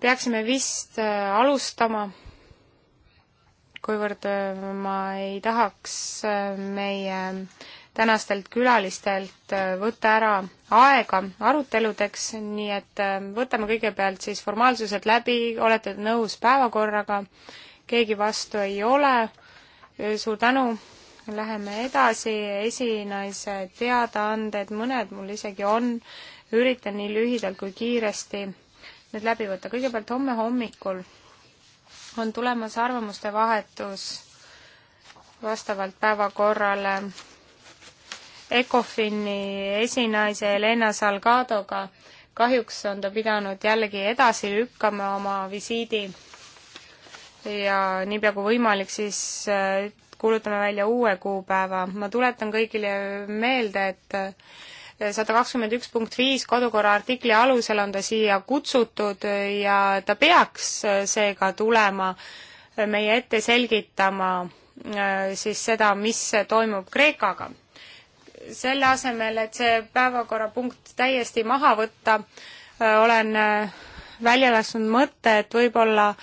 peaksime vist äh, alustama, kuivõrd äh, ma ei tahaks äh, meie tänastelt külalistelt võtta ära aega aruteludeks, nii et võtame kõigepealt siis formaalsused läbi, olete nõus päevakorraga, keegi vastu ei ole, suur tänu, läheme edasi, esinaise teadaanded, mõned mul isegi on, üritan nii lühidalt kui kiiresti nüüd läbi võtta. kõigepealt homme hommikul on tulemas arvamuste vahetus vastavalt päevakorrale ECOFIN-i esinaise Helena Salgadoga. kahjuks on ta pidanud jällegi edasi lükkama oma visiidi ja niipea kui võimalik, siis äh, kuulutame välja uue kuupäeva. ma tuletan kõigile meelde, et äh, sada kakskümmend üks punkt viis kodukorra artikli alusel on ta siia kutsutud ja ta peaks seega tulema meie ette selgitama äh, siis seda, mis toimub Kreekaga. selle asemel, et see päevakorrapunkt täiesti maha võtta, äh, olen äh, välja lasknud mõtte, et võib-olla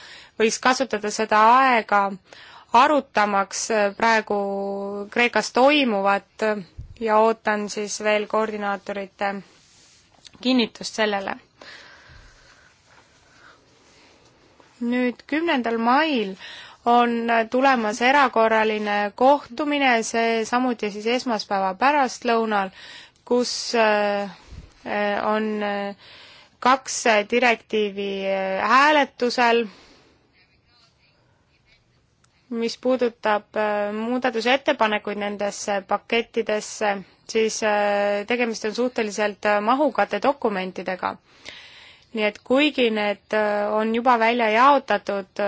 võiks kasutada seda aega arutamaks äh, praegu Kreekas toimuvat äh, ja ootan siis veel koordinaatorite kinnitust sellele. nüüd kümnendal mail on tulemas erakorraline kohtumine, see samuti siis esmaspäeva pärastlõunal, kus äh, on kaks direktiivi hääletusel mis puudutab äh, muudatusettepanekuid nendesse pakettidesse, siis äh, tegemist on suhteliselt äh, mahukate dokumentidega. nii et kuigi need on juba välja jaotatud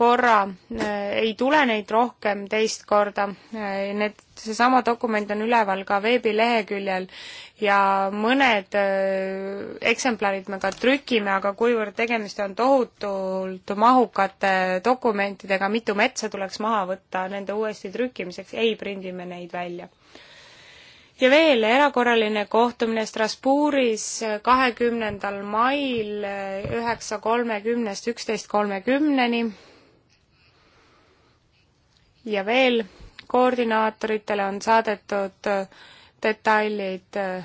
korra eh, ei tule neid rohkem teist korda. Eh, need, seesama dokument on üleval ka veebileheküljel ja mõned eh, eksemplarid me ka trükime, aga kuivõrd tegemist on tohutult mahukate dokumentidega, mitu metsa tuleks maha võtta nende uuesti trükkimiseks, ei prindi me neid välja ja veel erakorraline kohtumine Strasbourgis kahekümnendal mail üheksa kolmekümnest üksteist kolmekümneni ja veel koordinaatoritele on saadetud äh, detailid äh,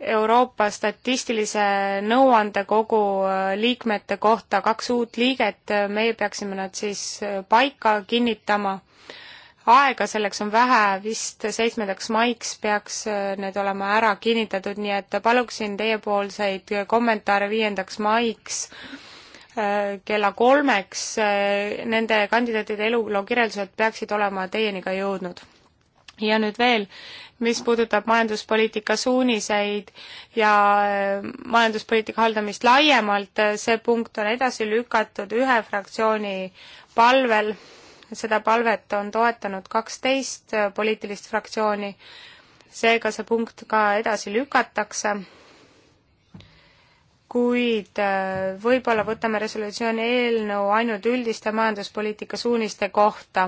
Euroopa statistilise nõuandekogu äh, liikmete kohta kaks uut liiget, meie peaksime nad siis paika kinnitama. aega selleks on vähe, vist seitsmendaks maiks peaks need olema ära kinnitatud, nii et paluksin teiepoolseid kommentaare viiendaks maiks äh, Äh, kella kolmeks äh, nende kandidaatide elulookirjeldused peaksid olema teieni ka jõudnud. ja nüüd veel, mis puudutab majanduspoliitika suuniseid ja äh, majanduspoliitika haldamist laiemalt, see punkt on edasi lükatud ühe fraktsiooni palvel, seda palvet on toetanud kaksteist poliitilist fraktsiooni, seega see punkt ka edasi lükatakse kuid äh, võib-olla võtame resolutsiooni eelnõu ainult üldiste majanduspoliitika suuniste kohta,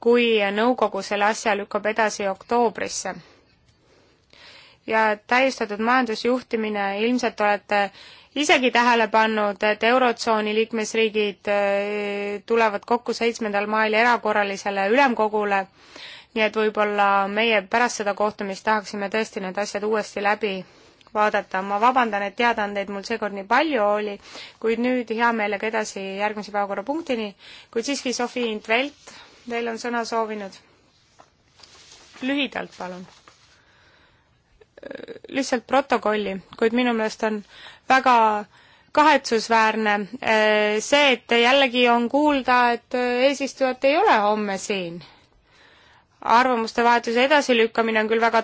kui nõukogu selle asja lükkab edasi oktoobrisse. ja täiustatud majandusjuhtimine, ilmselt olete isegi tähele pannud, et Eurotsooni liikmesriigid äh, tulevad kokku seitsmendal mail erakorralisele ülemkogule, nii et võib-olla meie pärast seda kohtumist tahaksime tõesti need asjad uuesti läbi vaadata. ma vabandan, et teadaandeid mul seekord nii palju oli, kuid nüüd hea meelega edasi järgmise päevakorrapunktini, kuid siiski Sofi Intvelt, teil on sõna soovinud. lühidalt, palun. lihtsalt protokolli, kuid minu meelest on väga kahetsusväärne eh, see, et jällegi on kuulda, et eh, eesistujat ei ole homme siin arvamuste vahetuse edasilükkamine on küll väga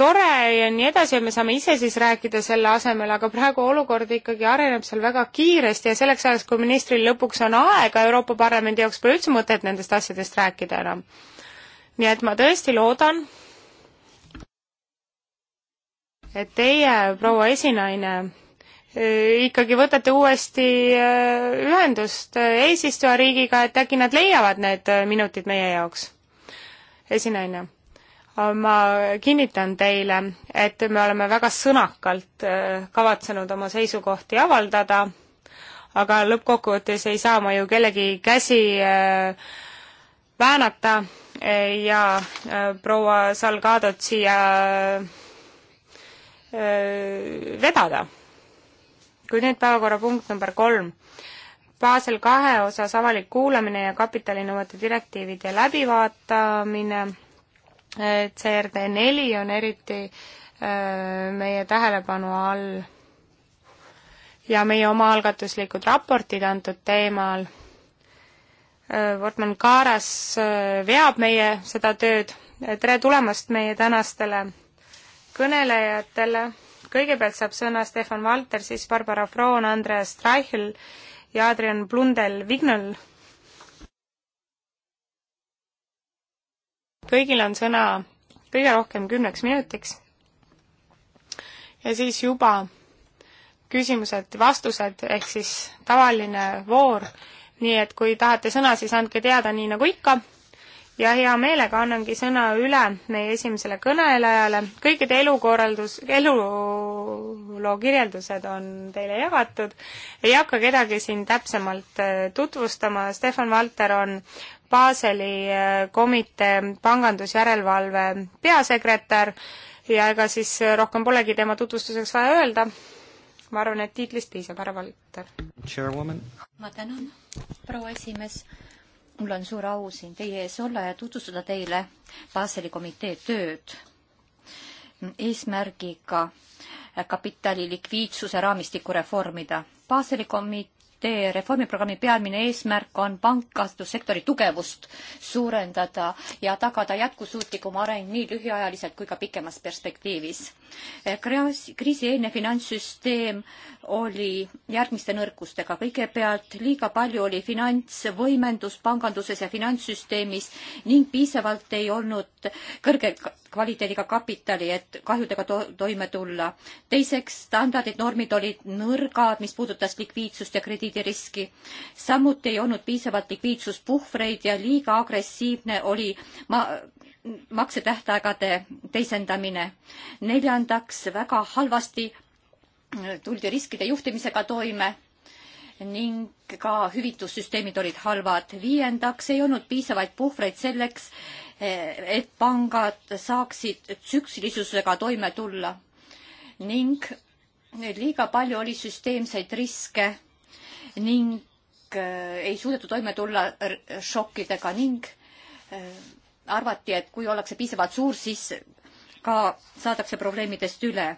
tore ja nii edasi ja me saame ise siis rääkida selle asemel, aga praegu olukord ikkagi areneb seal väga kiiresti ja selleks ajaks, kui ministril lõpuks on aega Euroopa Parlamendi jaoks, pole üldse mõtet nendest asjadest rääkida enam. nii et ma tõesti loodan, et teie, proua esinaine, äh, ikkagi võtate uuesti äh, ühendust äh, eesistujariigiga, et äkki nad leiavad need minutid meie jaoks, esinaine ma kinnitan teile, et me oleme väga sõnakalt äh, kavatsenud oma seisukohti avaldada, aga lõppkokkuvõttes ei saa ma ju kellegi käsi äh, väänata äh, ja proua Salgadot siia vedada. kui nüüd päevakorrapunkt number kolm Basel kahe osas avalik kuulamine ja kapitalinõuete direktiivide läbivaatamine CRD neli on eriti äh, meie tähelepanu all ja meie omaalgatuslikud raportid antud teemal. Äh, Wortmann Kaaras äh, veab meie seda tööd. tere tulemast meie tänastele kõnelejatele. kõigepealt saab sõna Stefan Valter, siis Barbara Froon, Andreas Streichel ja Adrian Blundel-Vignol kõigil on sõna kõige rohkem kümneks minutiks ja siis juba küsimused-vastused ehk siis tavaline voor, nii et kui tahate sõna, siis andke teada, nii nagu ikka. ja hea meelega annangi sõna üle meie esimesele kõnelejale, kõikide elukorraldus, eluloo kirjeldused on teile jagatud, ei hakka kedagi siin täpsemalt äh, tutvustama, Stefan Valter on Baseli äh, komitee pangandusjärelevalve peasekretär ja ega siis äh, rohkem polegi tema tutvustuseks vaja öelda. ma arvan, et tiitlist piisab, härra Valter. ma tänan, proua esimees. mul on suur au siin teie ees olla ja tutvustada teile Baseli komitee tööd eesmärgiga kapitali likviidsuse raamistikku reformida. Baseli komitee tee reformiprogrammi peamine eesmärk on pankandussektori tugevust suurendada ja tagada jätkusuutlikum areng nii lühiajaliselt kui ka pikemas perspektiivis. Eh, kriisieelne finantssüsteem oli järgmiste nõrkustega. kõigepealt liiga palju oli finantsvõimendus panganduses ja finantssüsteemis ning piisavalt ei olnud kõrge kvaliteediga kapitali, et kahjudega to toime tulla. teiseks, standardid, normid olid nõrgad, mis puudutas likviidsust ja krediidiriski. samuti ei olnud piisavalt likviidsuspuhvreid ja liiga agressiivne oli ma maksetähtaegade teisendamine. neljandaks, väga halvasti tuldi riskide juhtimisega toime ning ka hüvitussüsteemid olid halvad. viiendaks ei olnud piisavaid puhvreid selleks, et pangad saaksid tsüksilisusega toime tulla ning liiga palju oli süsteemseid riske ning äh, ei suudetud toime tulla šokkidega ning äh, arvati, et kui ollakse piisavalt suur, siis ka saadakse probleemidest üle.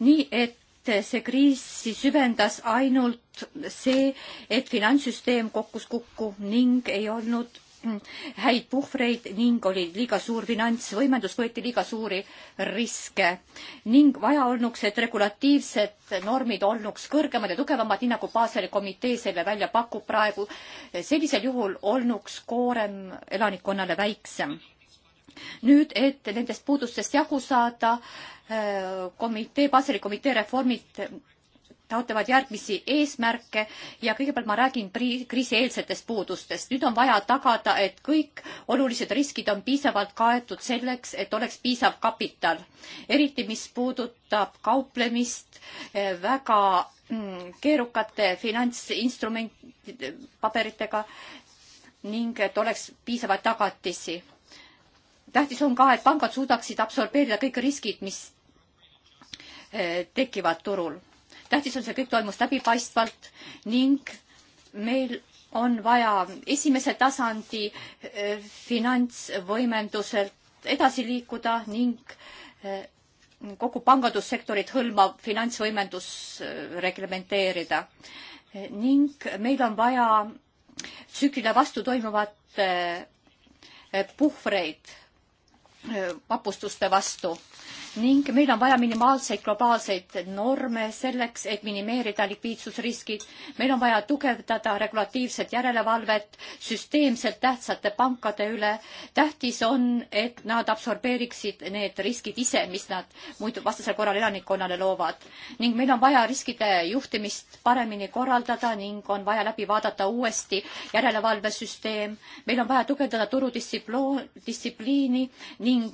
nii et see kriisi süvendas ainult see, et finantssüsteem kukkus kokku ning ei olnud häid puhvreid ning oli liiga suur finantsvõimendus, võeti liiga suuri riske ning vaja olnuks, et regulatiivsed normid olnuks kõrgemad ja tugevamad, nii nagu Baseli komitee selle välja pakub praegu. sellisel juhul olnuks koorem elanikkonnale väiksem. nüüd, et nendest puudustest jagu saada, komitee, Baseli komitee reformid taotlevad järgmisi eesmärke ja kõigepealt ma räägin kriisieelsetest puudustest. nüüd on vaja tagada, et kõik olulised riskid on piisavalt kaetud selleks, et oleks piisav kapital. eriti, mis puudutab kauplemist eh, väga mm, keerukate finantsinstrumentide, paberitega ning et oleks piisavaid tagatisi. tähtis on ka, et pangad suudaksid absorbeerida kõik riskid, mis eh, tekivad turul tähtis on, see kõik toimus läbipaistvalt ning meil on vaja esimese tasandi eh, finantsvõimenduselt edasi liikuda ning eh, kogu pangandussektorit hõlmav finantsvõimendus eh, reglementeerida. ning meil on vaja tsüklile vastu toimuvat puhvreid vapustuste vastu ning meil on vaja minimaalseid globaalseid norme selleks, et minimeerida likviidsusriskid. meil on vaja tugevdada regulatiivset järelevalvet süsteemselt tähtsate pankade üle. tähtis on, et nad absorbeeriksid need riskid ise, mis nad muidu vastasel korral elanikkonnale loovad. ning meil on vaja riskide juhtimist paremini korraldada ning on vaja läbi vaadata uuesti järelevalvesüsteem. meil on vaja tugevdada turudistsipliini ning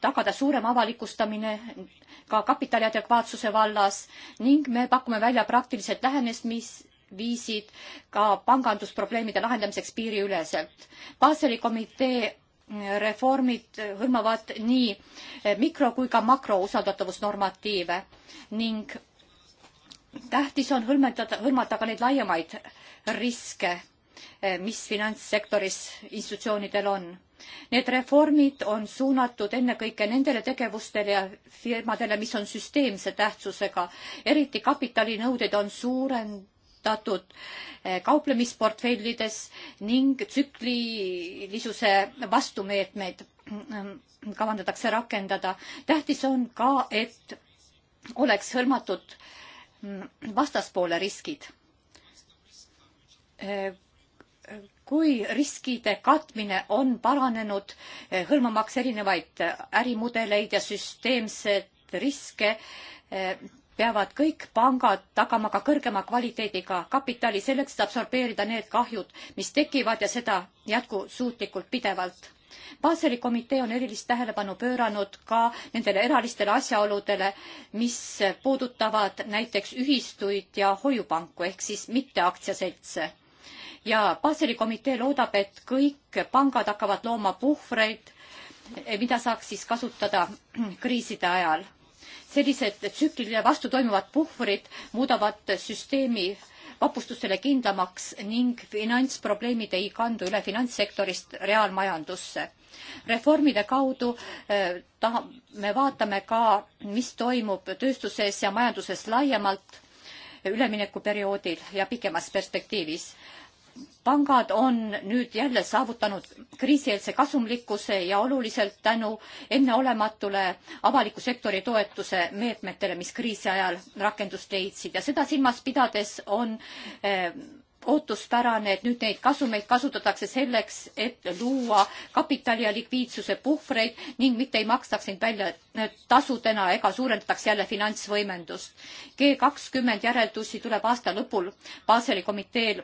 tagada suurem avalikustamine rakendamine ka kapitali adekvaatsuse vallas ning me pakume välja praktilised lähenemisviisid ka pangandusprobleemide lahendamiseks piiriüleselt. Baseli komitee mm, reformid hõlmavad nii eh, mikro kui ka makrousaldatavusnormatiive ning tähtis on hõlmata, hõlmata ka neid laiemaid riske Eh, mis finantssektoris institutsioonidel on. Need reformid on suunatud ennekõike nendele tegevustele ja firmadele, mis on süsteemse tähtsusega. eriti kapitalinõudeid on suurendatud eh, kauplemisportfellides ning tsüklilisuse vastumeetmeid mm, mm, kavandatakse rakendada. tähtis on ka, et oleks hõlmatud mm, vastaspoole riskid eh, kui riskide katmine on paranenud, eh, hõlmamaks erinevaid eh, ärimudeleid ja süsteemseid riske, eh, peavad kõik pangad tagama ka kõrgema kvaliteediga kapitali selleks, et absorbeerida need kahjud, mis tekivad ja seda jätkusuutlikult pidevalt. Baseli komitee on erilist tähelepanu pööranud ka nendele eralistele asjaoludele, mis puudutavad näiteks ühistuid ja hoiupanku ehk siis mitte aktsiaseltse ja Baseli komitee loodab, et kõik pangad hakkavad looma puhvreid, eh, mida saaks siis kasutada kriiside ajal. sellised tsüklile vastu toimuvad puhvrid muudavad süsteemi vapustustele kindlamaks ning finantsprobleemid ei kandu üle finantssektorist reaalmajandusse. reformide kaudu eh, taha, me vaatame ka, mis toimub tööstuses ja majanduses laiemalt üleminekuperioodil ja pikemas perspektiivis pangad on nüüd jälle saavutanud kriisieelse kasumlikkuse ja oluliselt tänu enneolematule avaliku sektori toetuse meetmetele, mis kriisi ajal rakendust leidsid ja seda silmas pidades on eh, ootuspärane, et nüüd neid kasumeid kasutatakse selleks, et luua kapitali ja likviidsuse puhvreid ning mitte ei makstaks neid välja eh, tasudena ega suurendataks jälle finantsvõimendust. G kakskümmend järeldusi tuleb aasta lõpul Baseli komiteel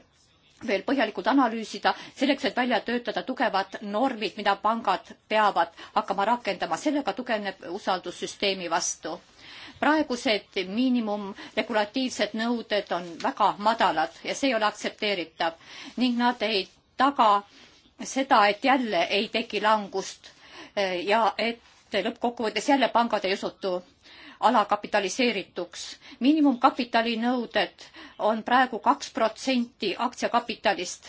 veel põhjalikult analüüsida, selleks et välja töötada tugevad normid, mida pangad peavad hakkama rakendama, sellega tugevneb usaldus süsteemi vastu. praegused miinimumregulatiivsed nõuded on väga madalad ja see ei ole aktsepteeritav ning nad ei taga seda, et jälle ei teki langust eh, ja et lõppkokkuvõttes jälle pangad ei usutu alakapitaliseerituks. miinimumkapitalinõuded on praegu kaks protsenti aktsiakapitalist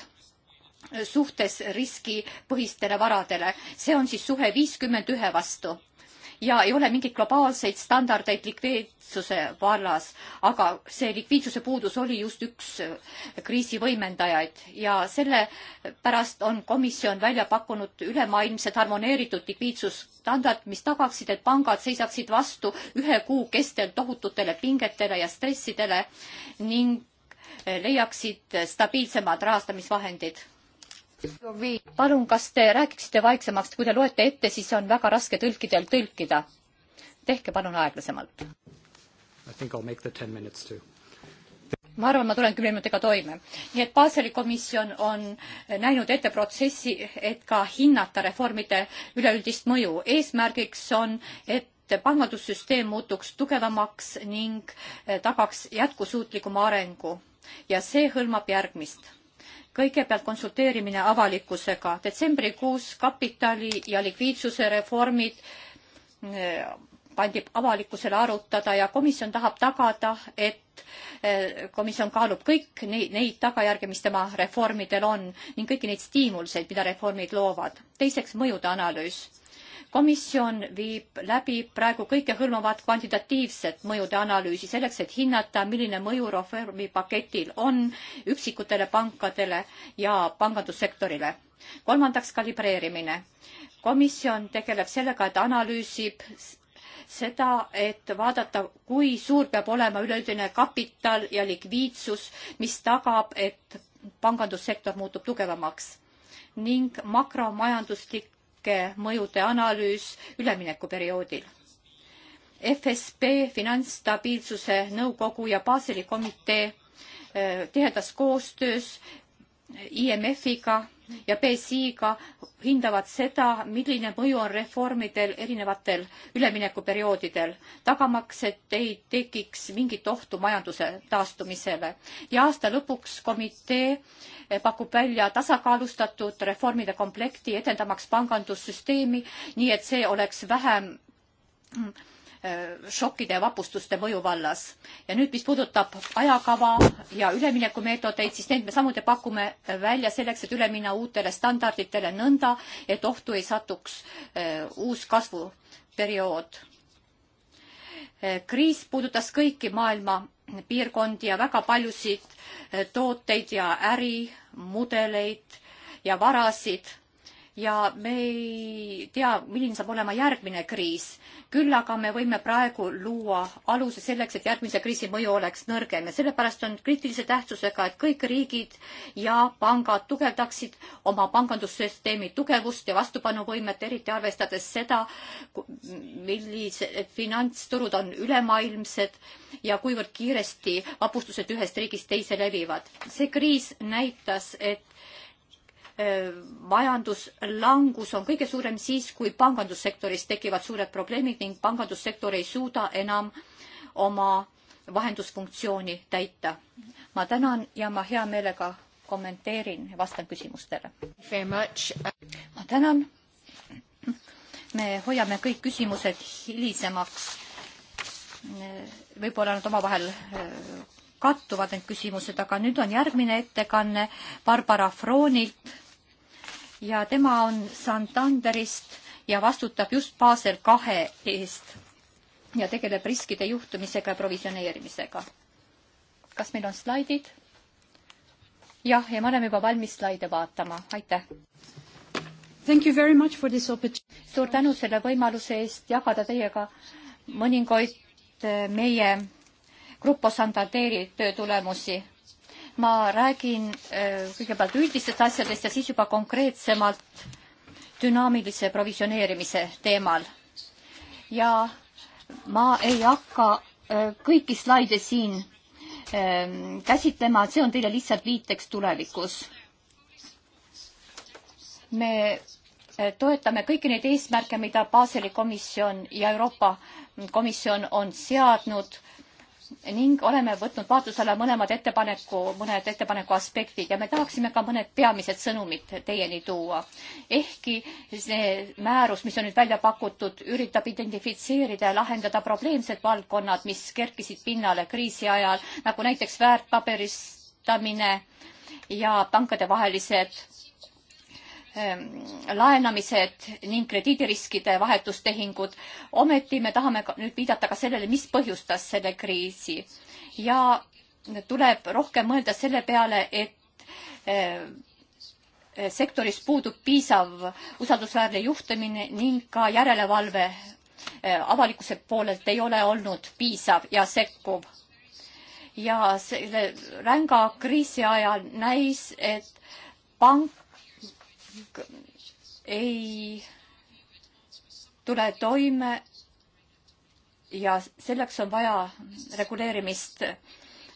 suhtes riskipõhistele varadele. see on siis suhe viiskümmend ühe vastu ja ei ole mingeid globaalseid standardeid likviidsuse vallas, aga see likviidsuse puudus oli just üks äh, kriisi võimendajaid ja sellepärast on komisjon välja pakkunud ülemaailmsed harmoneeritud likviidsusstandard, mis tagaksid, et pangad seisaksid vastu ühe kuu kestel tohututele pingetele ja stressidele ning äh, leiaksid stabiilsemad rahastamisvahendid palun, kas te räägiksite vaiksemaks, kui te loete ette, siis on väga raske tõlkidel tõlkida. tehke palun aeglasemalt. ma arvan, ma tulen kümne minutiga toime. nii et Baseli komisjon on näinud ette protsessi, et ka hinnata reformide üleüldist mõju. eesmärgiks on, et pangandussüsteem muutuks tugevamaks ning tagaks jätkusuutlikuma arengu ja see hõlmab järgmist kõigepealt konsulteerimine avalikkusega, detsembrikuus kapitali ja likviidsuse reformid eh, pandi avalikkusele arutada ja komisjon tahab tagada, et eh, komisjon kaalub kõik neid tagajärgi, mis tema reformidel on ning kõiki neid stiimulseid, mida reformid loovad. teiseks, mõjude analüüs komisjon viib läbi praegu kõikehõlmavat kvantitatiivset mõjude analüüsi selleks, et hinnata, milline mõju reformipaketil on üksikutele pankadele ja pangandussektorile. kolmandaks, kalibreerimine. komisjon tegeleb sellega, et analüüsib seda, et vaadata, kui suur peab olema üleüldine kapital ja likviidsus, mis tagab, et pangandussektor muutub tugevamaks ning makromajanduslik riske mõjude analüüs üleminekuperioodil. FSB, Finantsstabiilsuse Nõukogu ja Baseli komitee eh, tihedas koostöös IMF-iga ja BSI-ga hindavad seda, milline mõju on reformidel erinevatel üleminekuperioodidel, tagamaks, et ei tekiks mingit ohtu majanduse taastumisele. ja aasta lõpuks komitee pakub välja tasakaalustatud reformide komplekti, edendamaks pangandussüsteemi, nii et see oleks vähem Äh, šokkide ja vapustuste mõju vallas. ja nüüd, mis puudutab ajakava ja üleminekumeetodeid, siis neid me samuti pakume välja selleks, et üle minna uutele standarditele nõnda, et ohtu ei satuks äh, uus kasvuperiood. Äh, kriis puudutas kõiki maailma piirkondi ja väga paljusid tooteid ja ärimudeleid ja varasid ja me ei tea, milline saab olema järgmine kriis. küll aga me võime praegu luua aluse selleks, et järgmise kriisi mõju oleks nõrgem ja sellepärast on kriitilise tähtsusega, et kõik riigid ja pangad tugevdaksid oma pangandussüsteemi tugevust ja vastupanuvõimet, eriti arvestades seda, millised finantsturud on ülemaailmsed ja kuivõrd kiiresti vapustused ühest riigist teise levivad. see kriis näitas, et majanduslangus on kõige suurem siis, kui pangandussektoris tekivad suured probleemid ning pangandussektor ei suuda enam oma vahendusfunktsiooni täita. ma tänan ja ma hea meelega kommenteerin ja vastan küsimustele. ma tänan. me hoiame kõik küsimused hilisemaks. võib-olla nad omavahel kattuvad, need küsimused, aga nüüd on järgmine ettekanne Barbara Froonilt ja tema on Santanderist ja vastutab just Basel kahe eest ja tegeleb riskide juhtimisega ja provisioneerimisega. kas meil on slaidid? jah, ja me oleme juba valmis slaide vaatama, aitäh! Thank you very much for this opportunity. suur tänu selle võimaluse eest jagada teiega mõningaid meie Gruppo Santanderi töö tulemusi ma räägin äh, kõigepealt üldistest asjadest ja siis juba konkreetsemalt dünaamilise provisioneerimise teemal. ja ma ei hakka äh, kõiki slaide siin ähm, käsitlema, see on teile lihtsalt viiteks tulevikus. me äh, toetame kõiki neid eesmärke, mida Baseli komisjon ja Euroopa Komisjon on seadnud ning oleme võtnud vaatlusele mõlemad ettepaneku, mõned ettepaneku aspektid ja me tahaksime ka mõned peamised sõnumid teieni tuua. ehkki see määrus, mis on nüüd välja pakutud, üritab identifitseerida ja lahendada probleemsed valdkonnad, mis kerkisid pinnale kriisi ajal, nagu näiteks väärtpaberistamine ja pankadevahelised Ähm, laenamised ning krediidiriskide vahetustehingud. ometi me tahame nüüd viidata ka sellele, mis põhjustas selle kriisi ja tuleb rohkem mõelda selle peale, et äh, sektoris puudub piisav usaldusväärne juhtimine ning ka järelevalve äh, avalikkuse poolelt ei ole olnud piisav ja sekkuv. ja selle ränga kriisi ajal näis, et pank ei tule toime ja selleks on vaja reguleerimist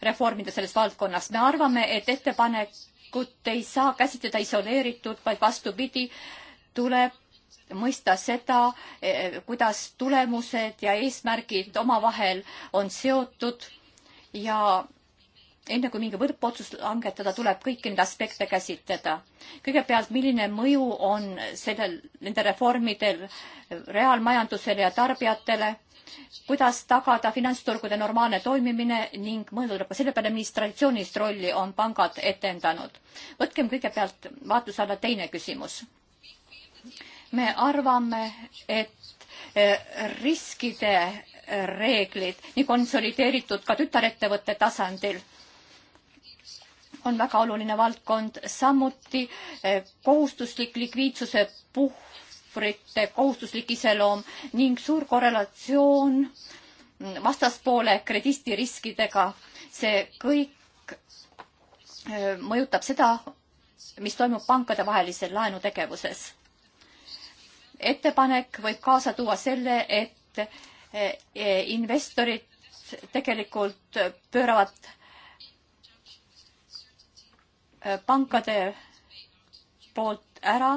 reformida selles valdkonnas. me arvame, et ettepanekut ei saa käsitleda isoleeritud, vaid vastupidi, tuleb mõista seda, kuidas tulemused ja eesmärgid omavahel on seotud ja enne kui mingi võrpotsust langetada, tuleb kõiki neid aspekte käsitleda. kõigepealt, milline mõju on sellel, nende reformidel reaalmajandusele ja tarbijatele, kuidas tagada finantsturgude normaalne toimimine ning mõelda tuleb ka selle peale, millist traditsioonilist rolli on pangad etendanud. võtkem kõigepealt vaatluse alla teine küsimus. me arvame, et eh, riskide reeglid nii konsolideeritud ka tütarettevõtte tasandil on väga oluline valdkond, samuti eh, kohustuslik likviidsuse puhvrite kohustuslik iseloom ning suur korrelatsioon mm, vastaspoole krediidiriskidega. see kõik eh, mõjutab seda, mis toimub pankadevahelises laenutegevuses. ettepanek võib kaasa tuua selle, et eh, investorid tegelikult pööravad Äh, pankade poolt ära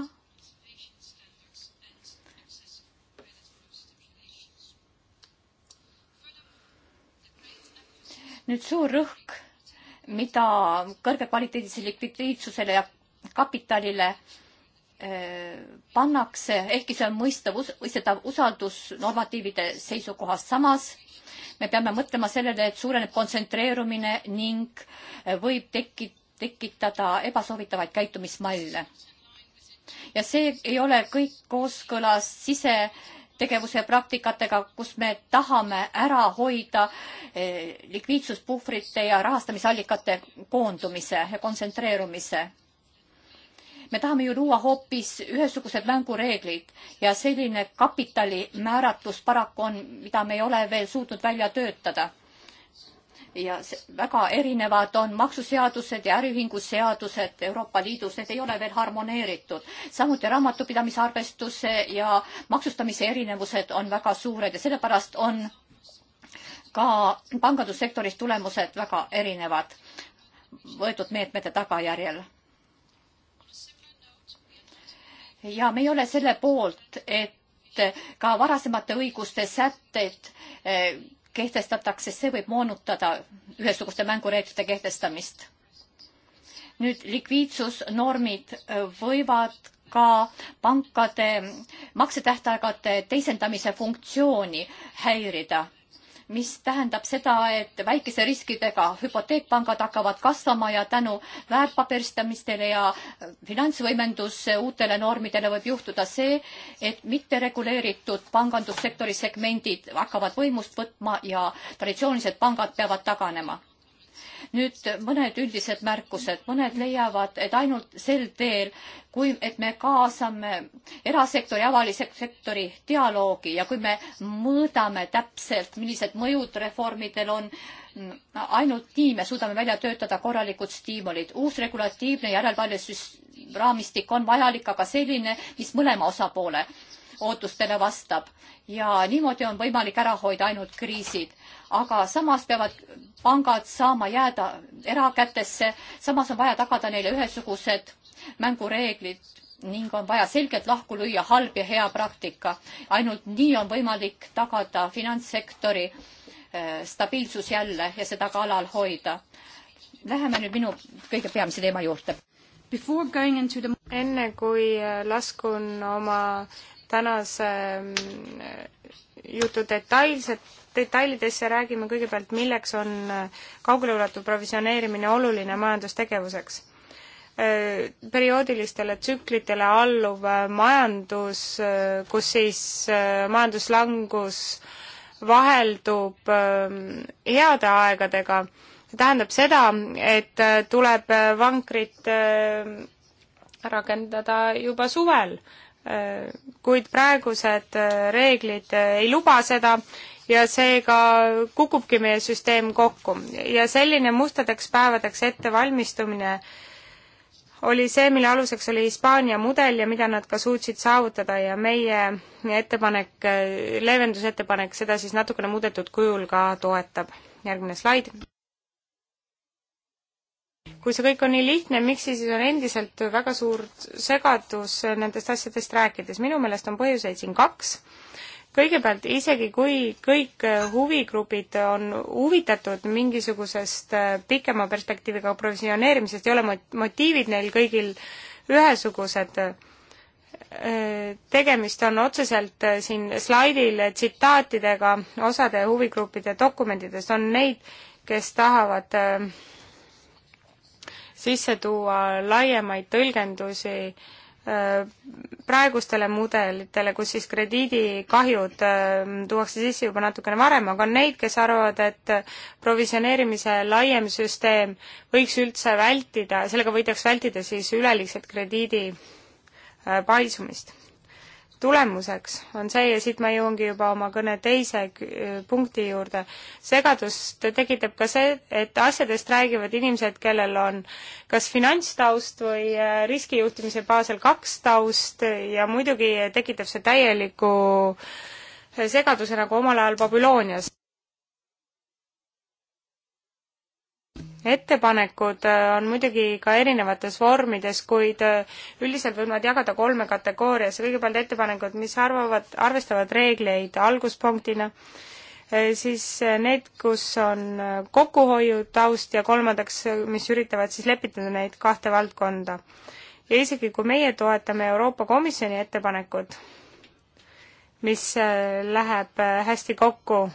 nüüd suur rõhk, mida kõrgekvaliteedise likviidsusele ja kapitalile äh, pannakse, ehkki see on mõistav, mõistetav usaldus normatiivide seisukohast. samas me peame mõtlema sellele, et suureneb kontsentreerumine ning äh, võib tekkida tekitada ebasoovitavaid käitumismalle. ja see ei ole kõik kooskõlas sisetegevuse praktikatega, kus me tahame ära hoida eh, likviidsuspuhvrite ja rahastamisallikate koondumise ja kontsentreerumise me tahame ju luua hoopis ühesugused mängureeglid ja selline kapitali määratlus paraku on, mida me ei ole veel suutnud välja töötada ja väga erinevad on maksuseadused ja äriühinguseadused Euroopa Liidus, need ei ole veel harmoneeritud. samuti raamatupidamise arvestuse ja maksustamise erinevused on väga suured ja sellepärast on ka pangandussektoris tulemused väga erinevad võetud meetmete tagajärjel ja me ei ole selle poolt, et ka varasemate õiguste sätteid eh, kehtestatakse, see võib moonutada ühesuguste mängureeglite kehtestamist. nüüd likviidsusnormid võivad ka pankade maksetähtaegade teisendamise funktsiooni häirida mis tähendab seda, et väikese riskidega hüpoteekpangad hakkavad kasvama ja tänu väärtpaberistamistele ja finantsvõimenduse uutele normidele võib juhtuda see, et mittereguleeritud pangandussektori segmendid hakkavad võimust võtma ja traditsioonilised pangad peavad taganema nüüd mõned üldised märkused, mõned leiavad, et ainult sel teel, kui, et me kaasame erasektori, avalise sektori dialoogi ja kui me mõõdame täpselt, millised mõjud reformidel on, ainult nii me suudame välja töötada korralikud stiimulid. uus regulatiivne järelevalve raamistik on vajalik, aga selline, mis mõlema osapoole ootustele vastab ja niimoodi on võimalik ära hoida ainult kriisid aga samas peavad pangad saama jääda erakätesse, samas on vaja tagada neile ühesugused mängureeglid ning on vaja selgelt lahku lüüa halb ja hea praktika. ainult nii on võimalik tagada finantssektori eh, stabiilsus jälle ja seda ka alal hoida. Läheme nüüd minu kõige peamise teema juurde. The... enne kui eh, laskun oma tänase mm, jutu detailset, detailidesse, räägime kõigepealt, milleks on äh, kaugeleulatuv provisioneerimine oluline majandustegevuseks. Äh, perioodilistele tsüklitele alluv äh, majandus, kus siis majanduslangus vaheldub ähm, heade aegadega, see tähendab seda, et tuleb vankrit rakendada juba suvel kuid praegused äh, reeglid äh, ei luba seda ja seega kukubki meie süsteem kokku. ja selline mustadeks päevadeks ettevalmistumine oli see, mille aluseks oli Hispaania mudel ja mida nad ka suutsid saavutada ja meie ettepanek, äh, leevendusettepanek seda siis natukene muudetud kujul ka toetab. järgmine slaid kui see kõik on nii lihtne, miks siis on endiselt väga suur segadus nendest asjadest rääkides? minu meelest on põhjuseid siin kaks. kõigepealt, isegi kui kõik huvigrupid on huvitatud mingisugusest äh, pikema perspektiiviga provisioneerimisest, ei ole motiivid neil kõigil ühesugused, äh, tegemist on otseselt äh, siin slaidil tsitaatidega osade huvigruppide dokumentidest, on neid, kes tahavad äh, sisse tuua laiemaid tõlgendusi äh, praegustele mudelitele, kus siis krediidikahjud äh, tuuakse sisse juba natukene varem, aga on neid, kes arvavad, et provisioneerimise laiem süsteem võiks üldse vältida, sellega võidaks vältida siis üleliigset krediidi äh, paisumist tulemuseks on see ja siit ma jõuangi juba oma kõne teise punkti juurde. segadust tekitab ka see, et asjadest räägivad inimesed, kellel on kas finantstaust või äh, riskijuhtimise baasil kaks taust ja muidugi tekitab see täieliku äh, segaduse nagu omal ajal Babylonias. ettepanekud äh, on muidugi ka erinevates vormides, kuid äh, üldiselt võib nad jagada kolme kategooriasse. kõigepealt ettepanekud, mis arvavad, arvestavad reegleid alguspunktina, äh, siis need, kus on kokkuhoiu taust ja kolmandaks, mis üritavad siis lepitada neid kahte valdkonda. ja isegi, kui meie toetame Euroopa Komisjoni ettepanekut, mis läheb hästi kokku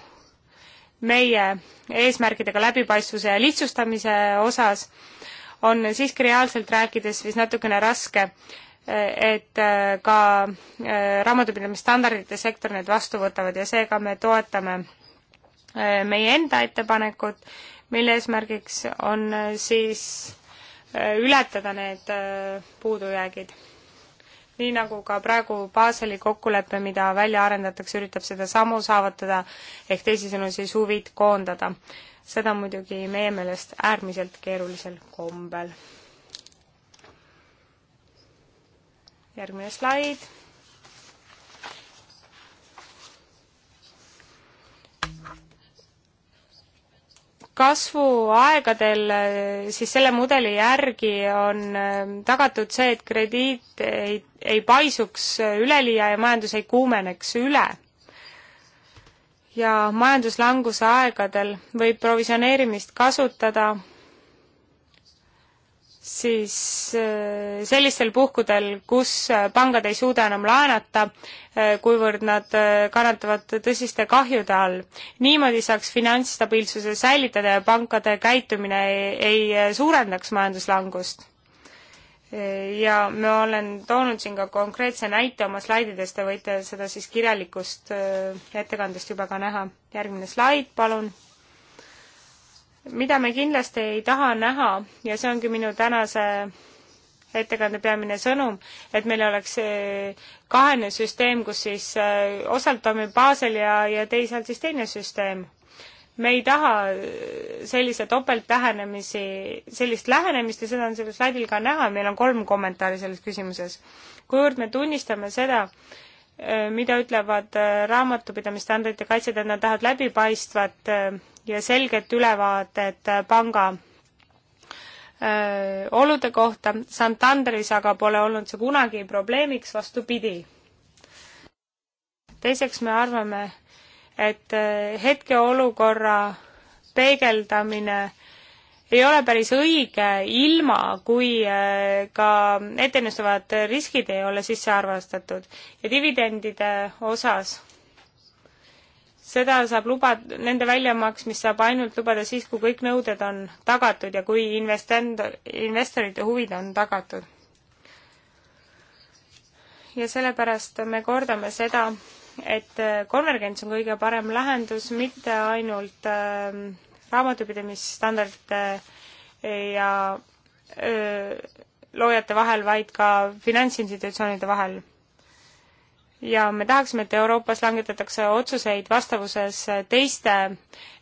meie eesmärkidega läbipaistvuse ja lihtsustamise osas, on siiski reaalselt rääkides vist natukene raske, eh, et eh, ka eh, raamatupidamisstandardite sektor need vastu võtavad ja seega me toetame meie enda ettepanekut, mille eesmärgiks on siis ületada need puudujäägid nii nagu ka praegu Baseli kokkulepe, mida välja arendatakse, üritab seda samu saavutada, ehk teisisõnu siis huvid koondada. seda muidugi meie meelest äärmiselt keerulisel kombel. järgmine slaid kasvuaegadel eh, siis selle mudeli järgi on eh, tagatud see, et krediit ei, ei paisuks eh, üleliia ja majandus ei kuumeneks üle. ja majanduslanguse aegadel võib provisioneerimist kasutada siis äh, sellistel puhkudel, kus äh, pangad ei suuda enam laenata, äh, kuivõrd nad kannatavad tõsiste kahjude all. niimoodi saaks finantsstabiilsuse säilitada ja pankade käitumine ei, ei suurendaks majanduslangust. ja ma olen toonud siin ka konkreetse näite oma slaidides, te võite seda siis kirjalikust ettekandest juba ka näha. järgmine slaid, palun mida me kindlasti ei taha näha ja see ongi minu tänase ettekande peamine sõnum, et meil oleks kahene süsteem, kus siis äh, osalt toimib baasel ja, ja teisalt siis teine süsteem. me ei taha äh, sellise topeltlähenemisi, sellist lähenemist ja seda on sellel slaidil ka näha, meil on kolm kommentaari selles küsimuses. kuivõrd me tunnistame seda, äh, mida ütlevad raamatupidamisstandardite kaitsjad, et nad tahavad läbipaistvat ja selget ülevaadet äh, panga öö, äh, olude kohta. Santanderis aga pole olnud see kunagi probleemiks, vastupidi. teiseks me arvame, et äh, hetkeolukorra peegeldamine ei ole päris õige, ilma kui ka ettenähtavad riskid ei ole sisse arvestatud. ja dividendide osas seda saab luba, nende väljamaksmist saab ainult lubada siis, kui kõik nõuded on tagatud ja kui investend-, investorite huvid on tagatud. ja sellepärast me kordame seda, et konvergents on kõige parem lahendus, mitte ainult ähm, äh, raamatupidamisstandardite ja öö, äh, loojate vahel, vaid ka finantsinstitutsioonide vahel ja me tahaksime, et Euroopas langetatakse otsuseid vastavuses teiste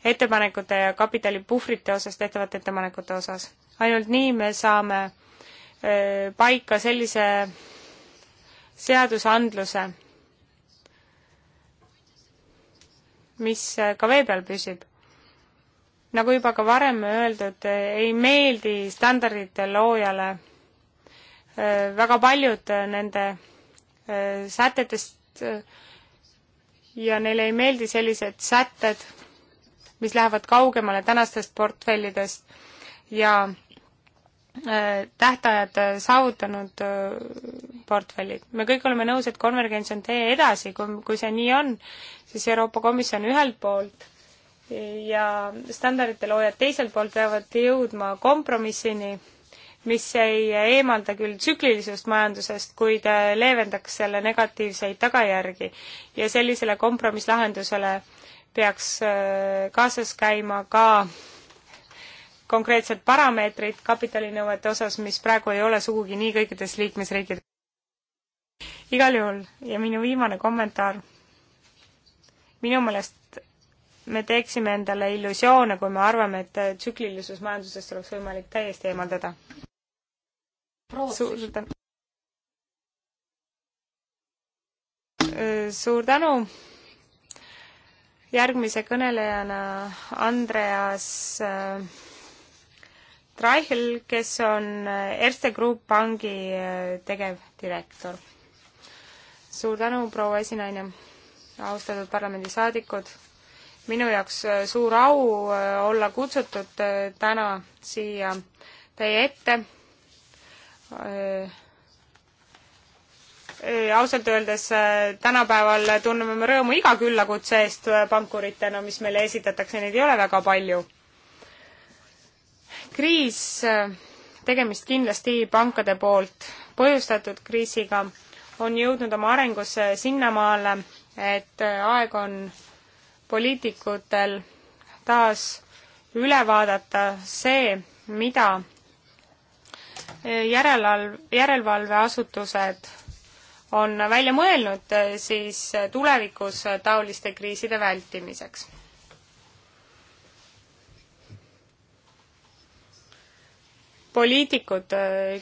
ettepanekute ja kapitalipuhvrite osas tehtavate ettepanekute osas. ainult nii me saame paika sellise seadusandluse, mis ka vee peal püsib. nagu juba ka varem öeldud, ei meeldi standardite loojale väga paljud nende sätetest ja neile ei meeldi sellised sätted, mis lähevad kaugemale tänastest portfellidest ja äh, tähtajad äh, saavutanud äh, portfellid. me kõik oleme nõus, et konvergents on tee edasi, kui, kui see nii on, siis Euroopa Komisjon ühelt poolt ja standardite loojad teiselt poolt peavad jõudma kompromissini mis ei eemalda küll tsüklilisust majandusest, kuid äh, leevendaks selle negatiivseid tagajärgi. ja sellisele kompromisslahendusele peaks äh, kaasas käima ka konkreetsed parameetrid kapitalinõuete osas, mis praegu ei ole sugugi nii kõikides liikmesriikides. igal juhul ja minu viimane kommentaar. minu meelest me teeksime endale illusioone, kui me arvame, et tsüklilisus majandusest oleks võimalik täiesti eemaldada suur tänu. Äh, suur tänu. järgmise kõnelejana Andreas äh, Traichel, kes on äh, Erste Group Pangi tegevdirektor. suur tänu, proua esinaine, austatud parlamendisaadikud. minu jaoks suur au olla kutsutud täna siia teie ette Äh, äh, ausalt öeldes äh, tänapäeval tunneme me rõõmu iga küllakutse eest pankuritena, mis meile esitatakse, neid ei ole väga palju. kriis, tegemist kindlasti pankade poolt põhjustatud kriisiga, on jõudnud oma arengusse sinnamaale, et aeg on poliitikutel taas üle vaadata see, mida järelal-, järelevalveasutused on välja mõelnud eh, siis eh, tulevikus eh, taoliste kriiside vältimiseks. poliitikud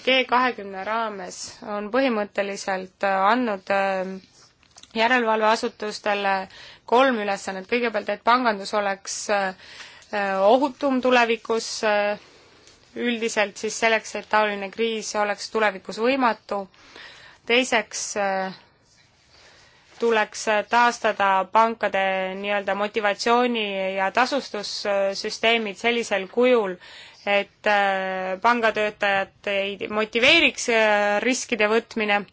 G kahekümne raames on põhimõtteliselt andnud järelevalveasutustele kolm ülesannet, kõigepealt, et pangandus oleks ohutum tulevikus, üldiselt siis selleks, et taoline kriis oleks tulevikus võimatu. teiseks äh, tuleks taastada pankade nii-öelda motivatsiooni ja tasustussüsteemid sellisel kujul, et äh, pangatöötajat ei motiveeriks äh, riskide võtmine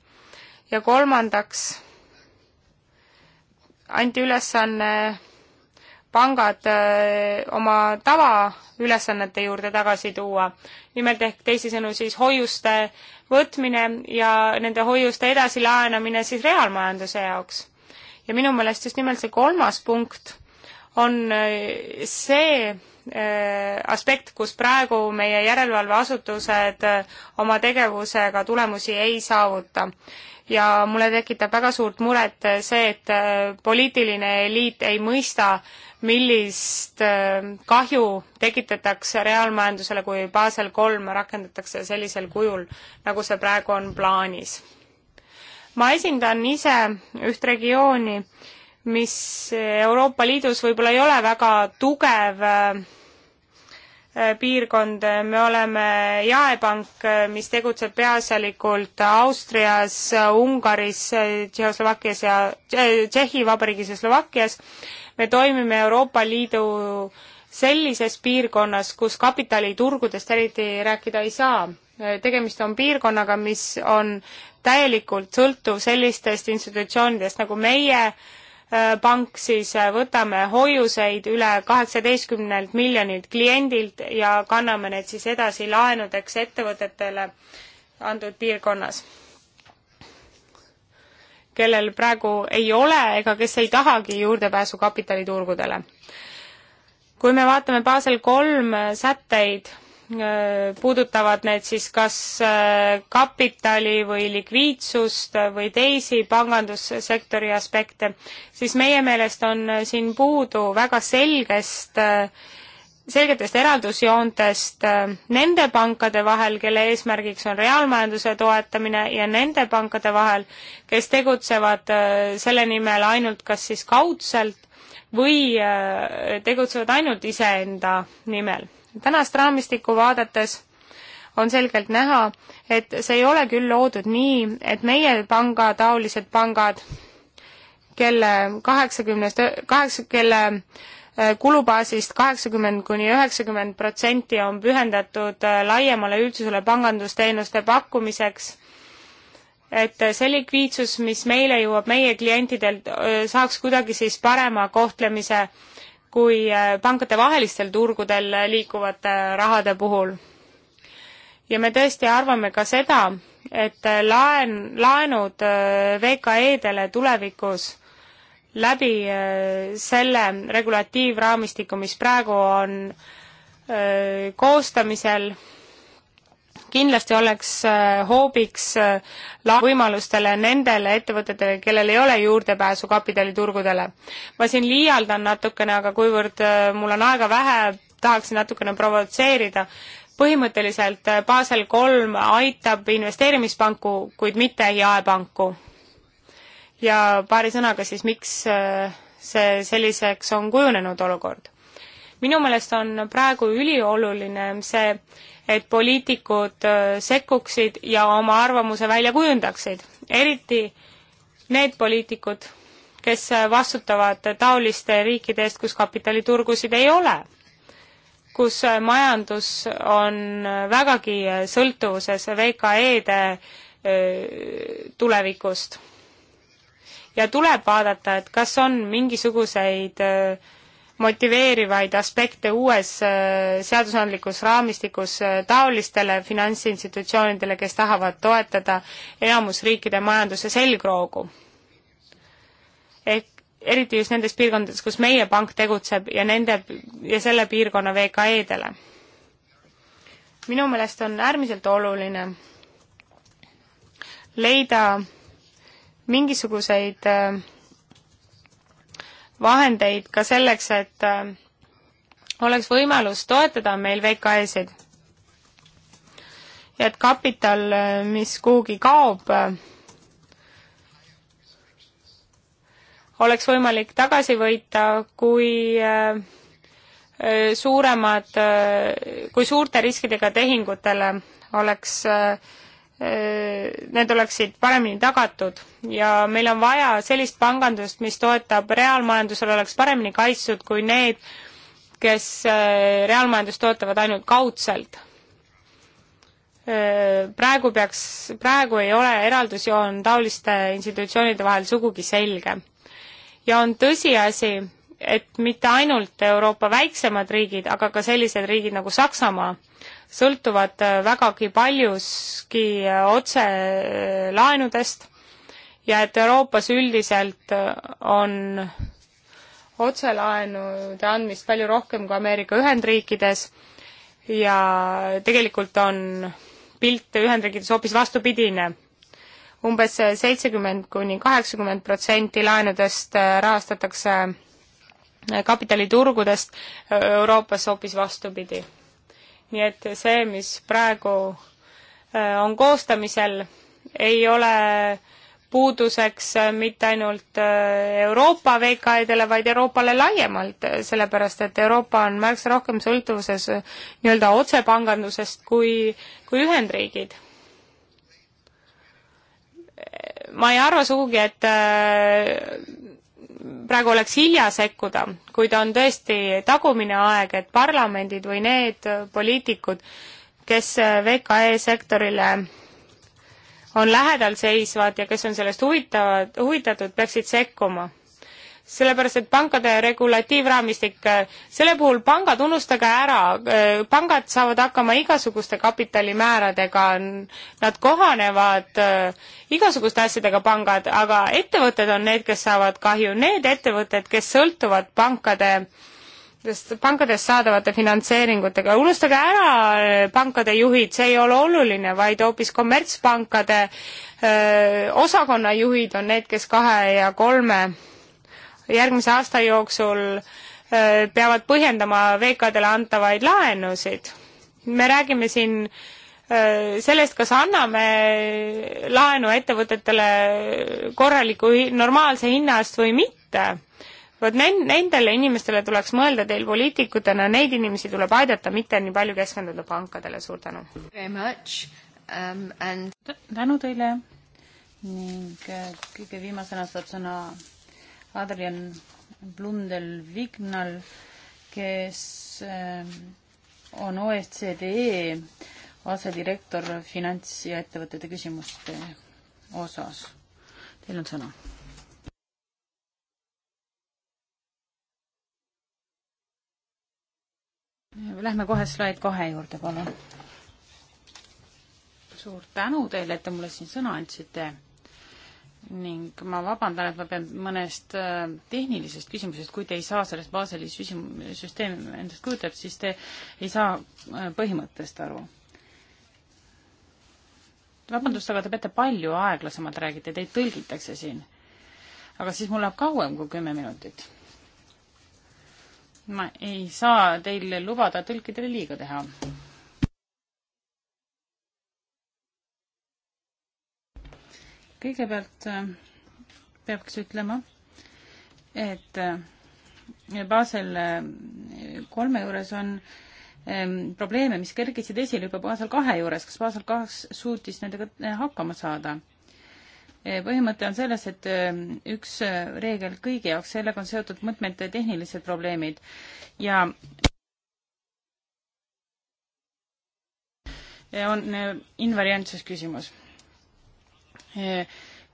ja kolmandaks anti ülesanne pangad äh, oma tavaülesannete juurde tagasi tuua. nimelt ehk teisisõnu siis hoiuste võtmine ja nende hoiuste edasilaenamine siis reaalmajanduse jaoks. ja minu meelest just nimelt see kolmas punkt on äh, see äh, aspekt, kus praegu meie järelevalveasutused oma tegevusega tulemusi ei saavuta. ja mulle tekitab väga suurt muret see, et poliitiline eliit ei mõista, millist äh, kahju tekitatakse reaalmajandusele, kui Basel kolm rakendatakse sellisel kujul, nagu see praegu on plaanis. ma esindan ise üht regiooni, mis Euroopa Liidus võib-olla ei ole väga tugev äh, äh, piirkond, me oleme jaepank, mis tegutseb peaasjalikult Austrias, Ungaris, Tšehhoslovakkias ja Tšehhi Vabariigis ja Slovakkias me toimime Euroopa Liidu sellises piirkonnas, kus kapitaliturgudest eriti rääkida ei saa. tegemist on piirkonnaga, mis on täielikult sõltuv sellistest institutsioonidest nagu meie äh, pank, siis äh, võtame hoiuseid üle kaheksateistkümnelt miljonilt kliendilt ja kanname need siis edasi laenudeks ettevõtetele antud piirkonnas kellel praegu ei ole ega kes ei tahagi juurdepääsu kapitaliturgudele. kui me vaatame Basel kolm äh, sätteid, äh, puudutavad need siis kas äh, kapitali või likviidsust või teisi pangandussektori aspekte, siis meie meelest on siin puudu väga selgest äh, selgetest eraldusjoontest äh, nende pankade vahel, kelle eesmärgiks on reaalmajanduse toetamine ja nende pankade vahel, kes tegutsevad äh, selle nimel ainult kas siis kaudselt või äh, tegutsevad ainult iseenda nimel. tänast raamistikku vaadates on selgelt näha, et see ei ole küll loodud nii, et meie panga taolised pangad, kelle kaheksakümnest, kaheksa, kelle Eh, kulubaasist kaheksakümmend kuni üheksakümmend protsenti on pühendatud eh, laiemale üldsusele pangandusteenuste pakkumiseks et eh, see likviidsus, mis meile jõuab, meie klientidelt, saaks kuidagi siis parema kohtlemise kui pankadevahelistel turgudel liikuvate rahade puhul. ja me tõesti arvame ka seda, et laen, laenud VKE-dele tulevikus läbi äh, selle regulatiivraamistiku, mis praegu on äh, koostamisel, kindlasti oleks äh, hoobiks võimalustele nendele ettevõtetele, kellel ei ole juurdepääsu kapitaliturgudele. ma siin liialdan natukene, aga kuivõrd mul on aega vähe, tahaksin natukene provotseerida. põhimõtteliselt Basel kolm aitab investeerimispanku, kuid mitte jaepanku ja paari sõnaga siis, miks äh, see selliseks on kujunenud olukord. minu meelest on praegu ülioluline see, et poliitikud äh, sekkuksid ja oma arvamuse välja kujundaksid, eriti need poliitikud, kes äh, vastutavad taoliste riikide eest, kus kapitaliturgusid ei ole, kus majandus on vägagi sõltuvuses VKE-de tulevikust ja tuleb vaadata, et kas on mingisuguseid äh, motiveerivaid aspekte uues äh, seadusandlikus raamistikus äh, taolistele finantsinstitutsioonidele, kes tahavad toetada enamusriikide majanduse selgroogu. ehk eriti just nendes piirkondades, kus meie pank tegutseb ja nende ja selle piirkonna VKE-dele. minu meelest on äärmiselt oluline leida mingisuguseid äh, vahendeid ka selleks, et äh, oleks võimalus toetada meil VKE-sid. ja et kapital, äh, mis kuhugi kaob, oleks võimalik tagasi võita, kui suuremad, kui suurte riskidega tehingutele oleks äh, need oleksid paremini tagatud ja meil on vaja sellist pangandust, mis toetab reaalmajandusele, oleks paremini kaitstud kui need, kes äh, reaalmajandust toetavad ainult kaudselt. Äh, praegu peaks, praegu ei ole eraldusjoon taoliste institutsioonide vahel sugugi selge. ja on tõsiasi, et mitte ainult Euroopa väiksemad riigid, aga ka sellised riigid nagu Saksamaa sõltuvad äh, vägagi paljuski äh, otse äh, laenudest ja et Euroopas üldiselt on otselaenude andmist palju rohkem kui Ameerika Ühendriikides ja tegelikult on pilt Ühendriikides hoopis vastupidine umbes. umbes seitsekümmend kuni kaheksakümmend protsenti laenudest rahastatakse kapitaliturgudest, Euroopas hoopis vastupidi nii et see, mis praegu äh, on koostamisel, ei ole puuduseks äh, mitte ainult äh, Euroopa VKE-dele, vaid Euroopale laiemalt, sellepärast et Euroopa on märksa rohkem sõltuvuses nii-öelda otsepangandusest kui, kui Ühendriigid. ma ei arva sugugi, et praegu oleks hilja sekkuda, kuid on tõesti tagumine aeg, et parlamendid või need poliitikud, kes VKE sektorile on lähedal seisvad ja kes on sellest huvitavad, huvitatud, peaksid sekkuma sellepärast, et pankade regulatiivraamistik, äh, selle puhul pangad, unustage ära, äh, pangad saavad hakkama igasuguste kapitalimääradega, nad kohanevad äh, igasuguste asjadega, pangad, aga ettevõtted on need, kes saavad kahju, need ettevõtted, kes sõltuvad pankade pankadest saadavate finantseeringutega, unustage ära pankade juhid, see ei ole oluline, vaid hoopis kommertspankade osakonnajuhid on need, kes kahe ja kolme järgmise aasta jooksul äh, peavad põhjendama VKD-le antavaid laenusid. me räägime siin äh, sellest, kas anname laenu ettevõtetele korraliku, normaalse hinna eest või mitte vot nendele inimestele tuleks mõelda teil poliitikutena, neid inimesi tuleb aidata, mitte nii palju keskenduda pankadele, suur tänu. Um, tänu teile ning äh, kõige viimasena saab sõna Adrian Blundel Vignal, kes ähm, on OECD e asedirektor finants- ja ettevõtete küsimuste osas. Teil on sõna. Lähme kohe slaid kahe juurde, palun. suur tänu teile, et te mulle siin sõna andsite ning ma vabandan, et ma pean mõnest äh, tehnilisest küsimusest, kui te ei saa sellest Baseli süsteemi endast kujutab, siis te ei saa äh, põhimõttest aru. vabandust, aga te peate palju aeglasemalt räägite, teid tõlgitakse siin. aga siis mul läheb kauem kui kümme minutit. ma ei saa teile lubada tõlkidele liiga teha kõigepealt äh, peaks ütlema, et äh, Basel äh, kolme juures on ähm, probleeme, mis kerkisid esile juba Basel kahe juures, kas Basel kaks suutis nendega hakkama saada? põhimõte on selles, et üks reegel kõigi jaoks, sellega on seotud mõtmed tehnilised probleemid ja on invariantsus küsimus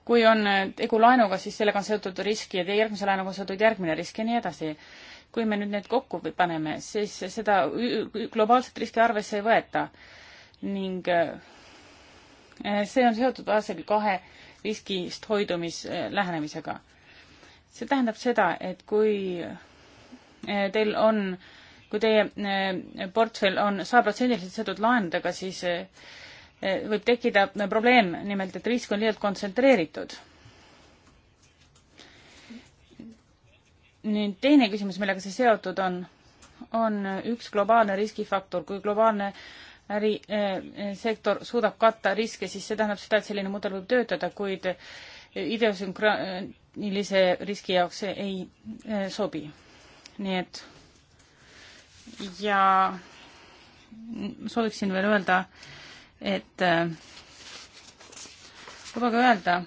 kui on tegu laenuga, siis sellega on seotud riski ja teie järgmise laenuga on seotud järgmine risk ja nii edasi. kui me nüüd need kokku paneme, siis seda globaalset riski arvesse ei võeta ning äh, see on seotud Basel kahe riskist hoidumislähenemisega. Äh, see tähendab seda, et kui äh, teil on, kui teie portfell on sajaprotsendiliselt seotud laenudega, siis Eh, võib tekkida probleem, nimelt et risk on liialt kontsentreeritud. nüüd teine küsimus, millega see seotud on, on üks globaalne riskifaktor, kui globaalne ärisektor eh, suudab katta riske, siis see tähendab seda, et selline mudel võib töötada, kuid ideosünkroonilise riski jaoks see ei eh, sobi. nii et ja sooviksin veel öelda, et äh, lubage öelda,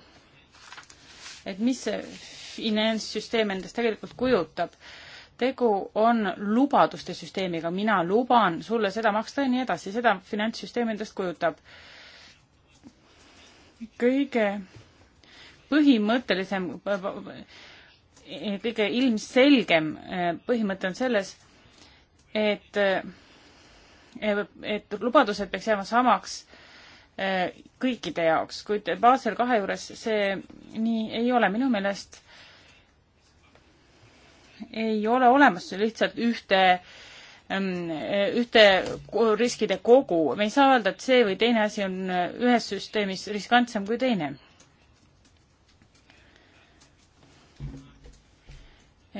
et mis see finantssüsteem endast tegelikult kujutab. tegu on lubaduste süsteemiga, mina luban sulle seda maksta ja nii edasi, seda finantssüsteem endast kujutab. kõige põhimõttelisem, kõige ilmselgem äh, põhimõte on selles, et äh, et lubadused peaks jääma samaks äh, kõikide jaoks, kuid Basel kahe juures see nii ei ole, minu meelest ei ole olemas lihtsalt ühte, ähm, ühte riskide kogu, me ei saa öelda, et see või teine asi on ühes süsteemis riskantsem kui teine.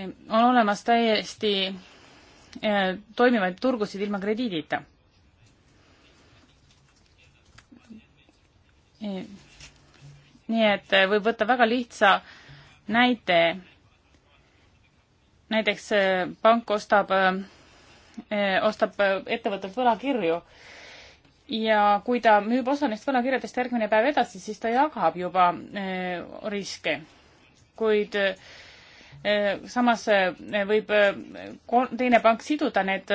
Äh, on olemas täiesti äh, toimivaid turgusid ilma krediidita nii et eh, võib võtta väga lihtsa näite. näiteks eh, pank ostab, eh, ostab ettevõttelt võlakirju ja kui ta müüb osa neist võlakirjadest järgmine päev edasi, siis ta jagab juba riske. kuid samas võib teine pank siduda need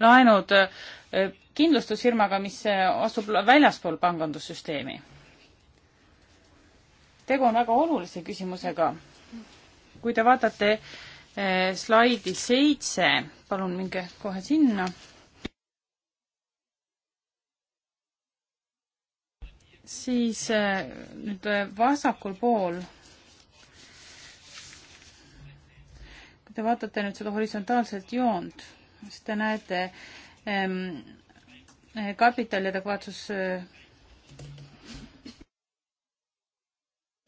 laenud kindlustusfirmaga, mis asub väljaspool pangandussüsteemi. tegu on väga olulise küsimusega. kui te vaatate eh, slaidi seitse, palun minge kohe sinna. siis eh, nüüd eh, vasakul pool te vaatate nüüd seda horisontaalset joont, siis te näete ähm, Eh, kapitali adekvaatsus eh,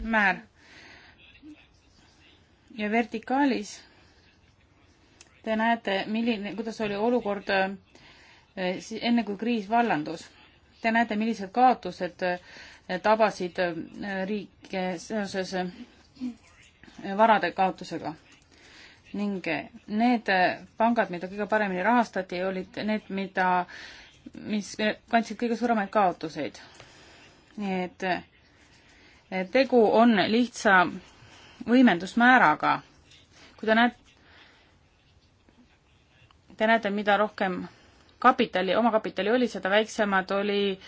määr. ja vertikaalis te näete, milline, kuidas oli olukord eh, enne, kui kriis vallandus. Te näete, millised kaotused tabasid riike seoses varade kaotusega. ning need pangad, mida kõige paremini rahastati, olid need, mida mis kandsid kõige suuremaid kaotuseid. nii et, et tegu on lihtsa võimendusmääraga. kui te näete, te näete, mida rohkem kapitali, omakapitali oli, seda väiksemad oli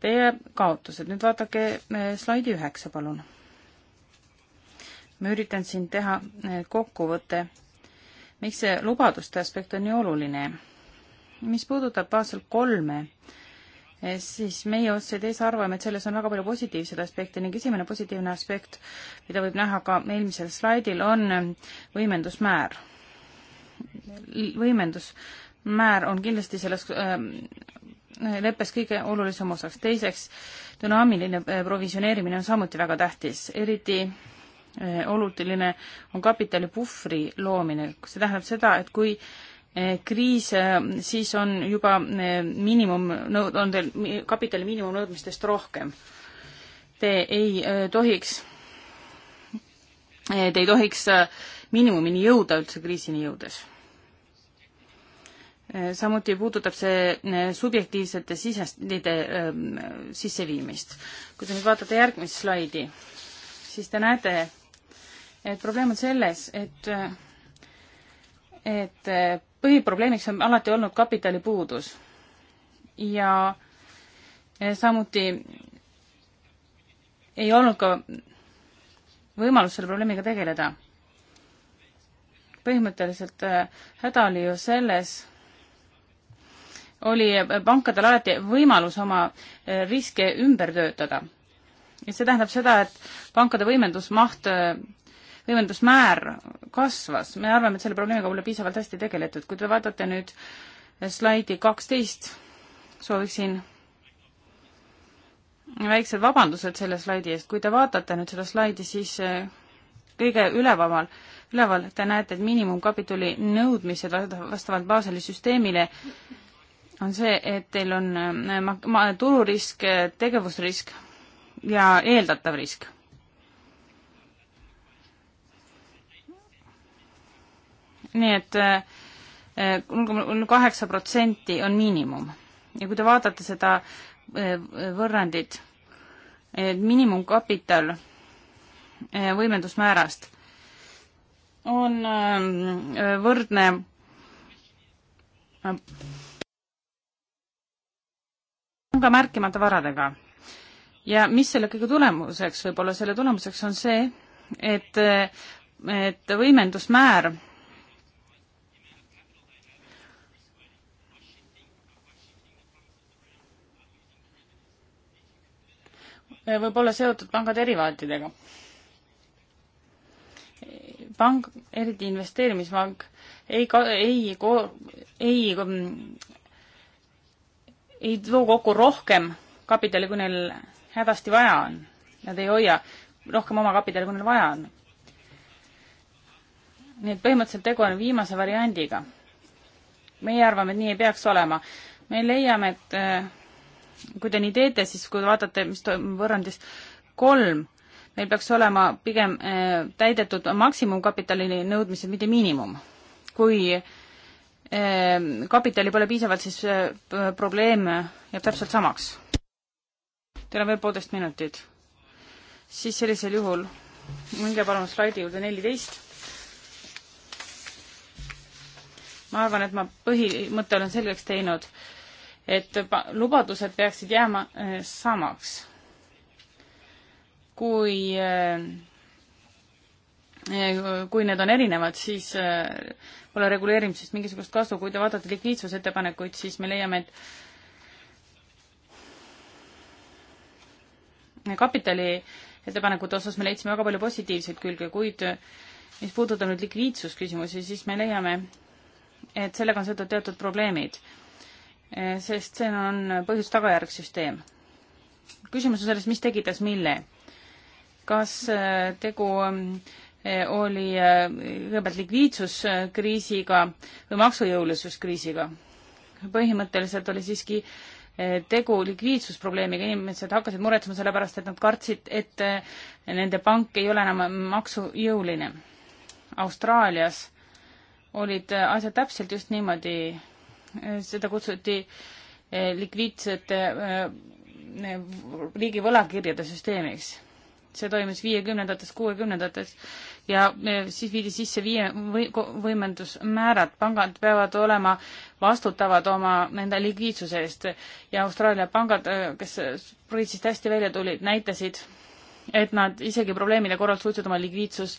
teie kaotused. nüüd vaadake eh, slaidi üheksa, palun. ma üritan siin teha eh, kokkuvõtte, miks see lubaduste aspekt on nii oluline mis puudutab Basel kolme, eh, siis meie OCD-s arvame, et selles on väga palju positiivseid aspekte ning esimene positiivne aspekt, mida võib näha ka eelmisel slaidil, on võimendusmäär. võimendusmäär on kindlasti selles eh, leppes kõige olulisem osaks. teiseks, dünaamiline eh, provisioneerimine on samuti väga tähtis, eriti oluline on kapitalipuhvri loomine. see tähendab seda, et kui Eh, kriis, eh, siis on juba eh, miinimum, on teil kapitali miinimumnõudmistest rohkem. Te ei tohiks, te ei tohiks miinimumini jõuda üldse kriisini jõudes. samuti puudutab see subjektiivsete sisestide sisseviimist. kui te nüüd vaatate järgmist slaidi, siis te näete, et probleem on selles, et et põhiprobleemiks on alati olnud kapitalipuudus ja eh, samuti ei olnud ka võimalust selle probleemiga tegeleda. põhimõtteliselt eh, häda oli ju selles, oli eh, pankadel alati võimalus oma riske ümber töötada. ja see tähendab seda, et pankade võimendusmaht võimendusmäär kasvas, me arvame, et selle probleemiga pole piisavalt hästi tegeletud, kui te vaatate nüüd slaidi kaksteist, sooviksin väiksed vabandused selle slaidi eest, kui te vaatate nüüd seda slaidi, siis eh, kõige ülevamal, üleval te näete, et miinimumkapitali nõudmised vastavalt Baseli süsteemile on see, et teil on eh, ma-, ma-, tururisk, eh, tegevusrisk ja eeldatav risk. nii et null äh, äh, koma null kaheksa protsenti on miinimum. ja kui te vaatate seda äh, võrrandit, miinimumkapital võimendusmäärast on võrdne panga märkimata varadega. ja mis selle kõige tulemuseks võib olla, selle tulemuseks on see, et, et võimendusmäär võib olla seotud panga derivaatidega. pank, eriti investeerimispank, ei, ei, ei, mm, ei too kokku rohkem kapitali, kui neil hädasti vaja on. Nad ei hoia rohkem omakapitali, kui neil vaja on. nii et põhimõtteliselt tegu on viimase variandiga. meie arvame, et nii ei peaks olema. me leiame, et äh, kui te nii teete, siis kui vaatate, mis toimub võrrandis kolm, meil peaks olema pigem äh, täidetud maksimumkapitali nõudmised, mitte miinimum. kui äh, kapitali pole piisavalt, siis äh, probleem jääb täpselt samaks. Teil on veel poolteist minutit. siis sellisel juhul minge palun slaidi juurde neliteist. ma arvan, et ma põhimõtte olen selgeks teinud et lubadused peaksid jääma äh, samaks. kui, äh, äh, kui need on erinevad, siis pole reguleerimisest mingisugust kasu, kui te vaatate likviidsusettepanekuid, siis me leiame, et kapitali ettepanekute osas me leidsime väga palju positiivseid külge, kuid mis puudutab nüüd likviidsusküsimusi, siis me leiame, et sellega on seotud teatud probleemid Eh, sest see on põhjus-tagajärg süsteem. küsimus on selles, mis tekitas mille. kas eh, tegu eh, oli kõigepealt likviidsuskriisiga või maksujõulisuskriisiga? põhimõtteliselt oli siiski tegu likviidsusprobleemiga, inimesed hakkasid muretsema selle pärast, et nad kartsid, et nende pank ei ole enam maksujõuline. Austraalias olid asjad täpselt just niimoodi seda kutsuti eh, likviidsete eh, riigi võlakirjade süsteemiks. see toimis viiekümnendates, kuuekümnendates ja eh, siis viidi sisse viie või, võimendusmäärad. pangad peavad olema vastutavad oma nende likviidsuse eest ja Austraalia pangad, kes kriisist hästi välja tulid, näitasid, et nad isegi probleemide korral suutsid oma likviidsus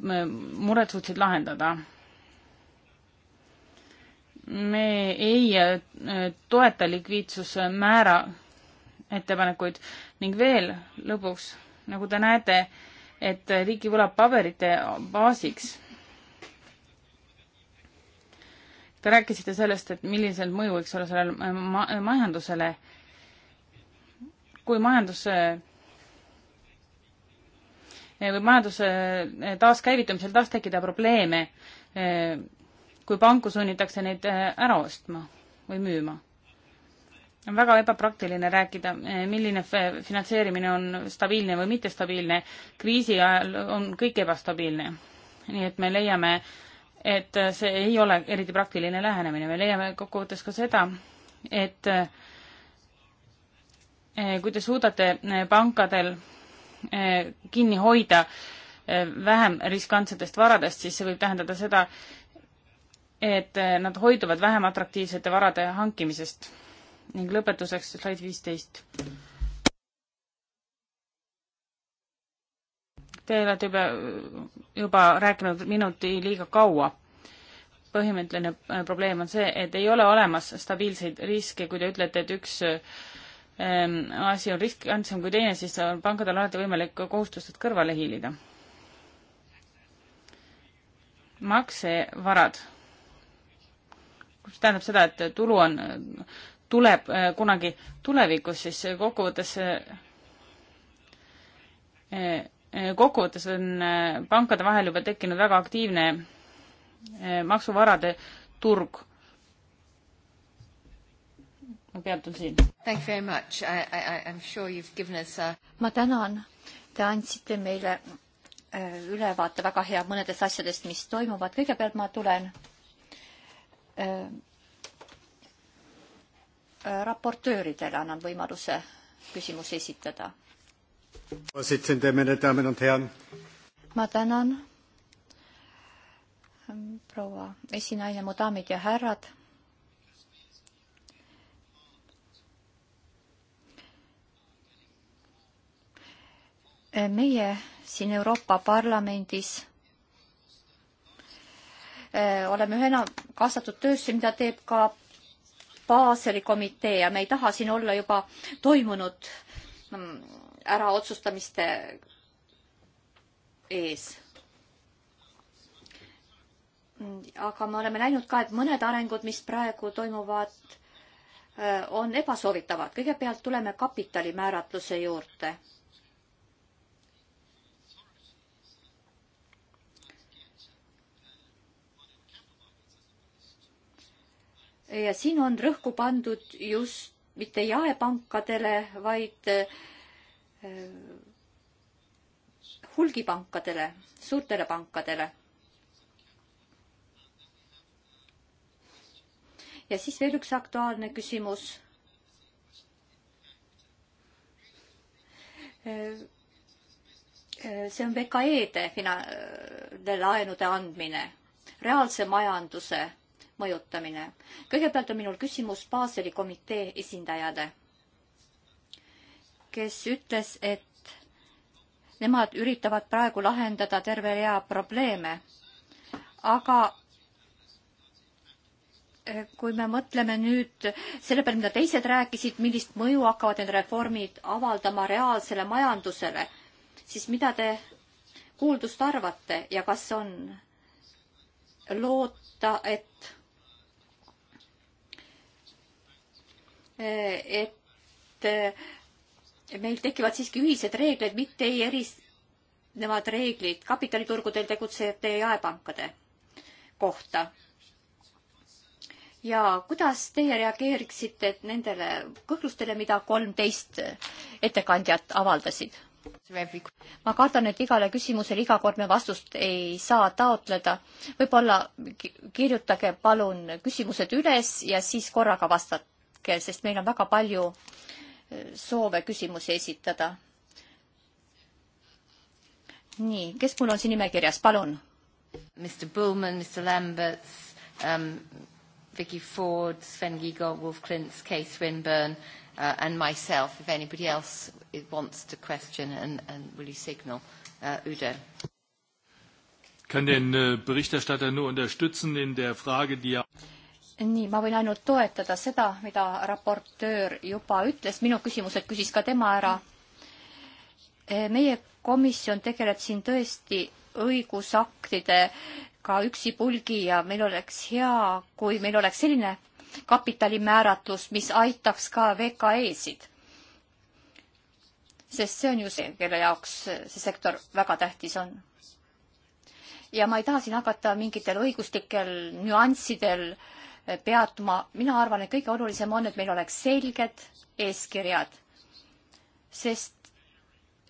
mured suutsid lahendada me ei äh, toeta likviidsuse määra ettepanekuid ning veel lõpuks, nagu te näete, et riigi võlapaberite baasiks. Te rääkisite sellest, et millisel mõju võiks olla sellel äh, ma äh, majandusele. kui majandus või majanduse taaskäivitamisel taas tekkida probleeme kui panku sunnitakse neid äh, ära ostma või müüma. on väga ebapraktiline rääkida, äh, milline finantseerimine on stabiilne või mittestabiilne. kriisi ajal on kõik ebastabiilne. nii et me leiame, et äh, see ei ole eriti praktiline lähenemine. me leiame kokkuvõttes ka seda, et kui te suudate pankadel kinni hoida vähem riskantsetest varadest, siis see võib tähendada seda, et eh, nad hoiduvad vähem atraktiivsete varade hankimisest. ning lõpetuseks slaid viisteist. Te olete juba, juba rääkinud minuti liiga kaua. põhimõtteline äh, probleem on see, et ei ole olemas stabiilseid riske, kui te ütlete, et üks ähm, asi on riskantsem kui teine, siis on pankadel alati võimalik kohustustest kõrvale hiilida. maksevarad mis tähendab seda, et tulu on, tuleb äh, kunagi tulevikus, siis kokkuvõttes äh, äh, kokkuvõttes on pankade vahel juba tekkinud väga aktiivne maksuvarade turg. ma peatun siin. Sure a... ma tänan, te andsite meile ülevaate väga hea mõnedest asjadest, mis toimuvad. kõigepealt ma tulen Äh, äh, raportööridele annan võimaluse küsimusi esitada. ma tänan, ähm, proua esinaine, mu daamid ja härrad. Äh, meie siin Euroopa Parlamendis Äh, oleme ühena kaasatud töösse, mida teeb ka Baseli komitee ja me ei taha siin olla juba toimunud mm, äraotsustamiste ees. aga me oleme näinud ka, et mõned arengud, mis praegu toimuvad, äh, on ebasoovitavad. kõigepealt tuleme kapitali määratluse juurde ja siin on rõhku pandud just mitte jaepankadele, vaid äh, hulgipankadele, suurtele pankadele. ja siis veel üks aktuaalne küsimus. Äh, äh, see on VKE-de fina-, laenude andmine reaalse majanduse mõjutamine. kõigepealt on minul küsimus Baseli komitee esindajale, kes ütles, et nemad üritavad praegu lahendada terve rea probleeme. aga eh, kui me mõtleme nüüd selle peale, mida teised rääkisid, millist mõju hakkavad need reformid avaldama reaalsele majandusele, siis mida te kuuldust arvate ja kas on loota, et Eh, et eh, meil tekivad siiski ühised reeglid, mitte ei erinevad reeglid kapitaliturgudel tegutsevate jaepankade kohta. ja kuidas teie reageeriksite nendele kõhklustele, mida kolmteist ettekandjat avaldasid? ma kardan, et igale küsimusele iga kord me vastust ei saa taotleda. võib-olla kirjutage palun küsimused üles ja siis korraga vastate hetkel, sest meil on väga palju eh, soove küsimusi esitada. nii, kes mul on siin nimekirjas, palun? Mr Bullman, Mr Lamberts um,, Vicky Ford, Sven Giegel, Wolf Klints, Kay Swinburne uh, and myself, if anybody else wants to question and, and will you signal uh,, Udo? kann den äh, Berichterstatter nur unterstützen in der Frage, die er nii, ma võin ainult toetada seda, mida raportöör juba ütles, minu küsimused küsis ka tema ära. meie komisjon tegeleb siin tõesti õigusaktidega üksipulgi ja meil oleks hea, kui meil oleks selline kapitalimääratlus, mis aitaks ka VKE-sid. sest see on ju see, kelle jaoks see sektor väga tähtis on. ja ma ei taha siin hakata mingitel õiguslikel nüanssidel äh, peatuma. mina arvan, et kõige olulisem on, et meil oleks selged eeskirjad, sest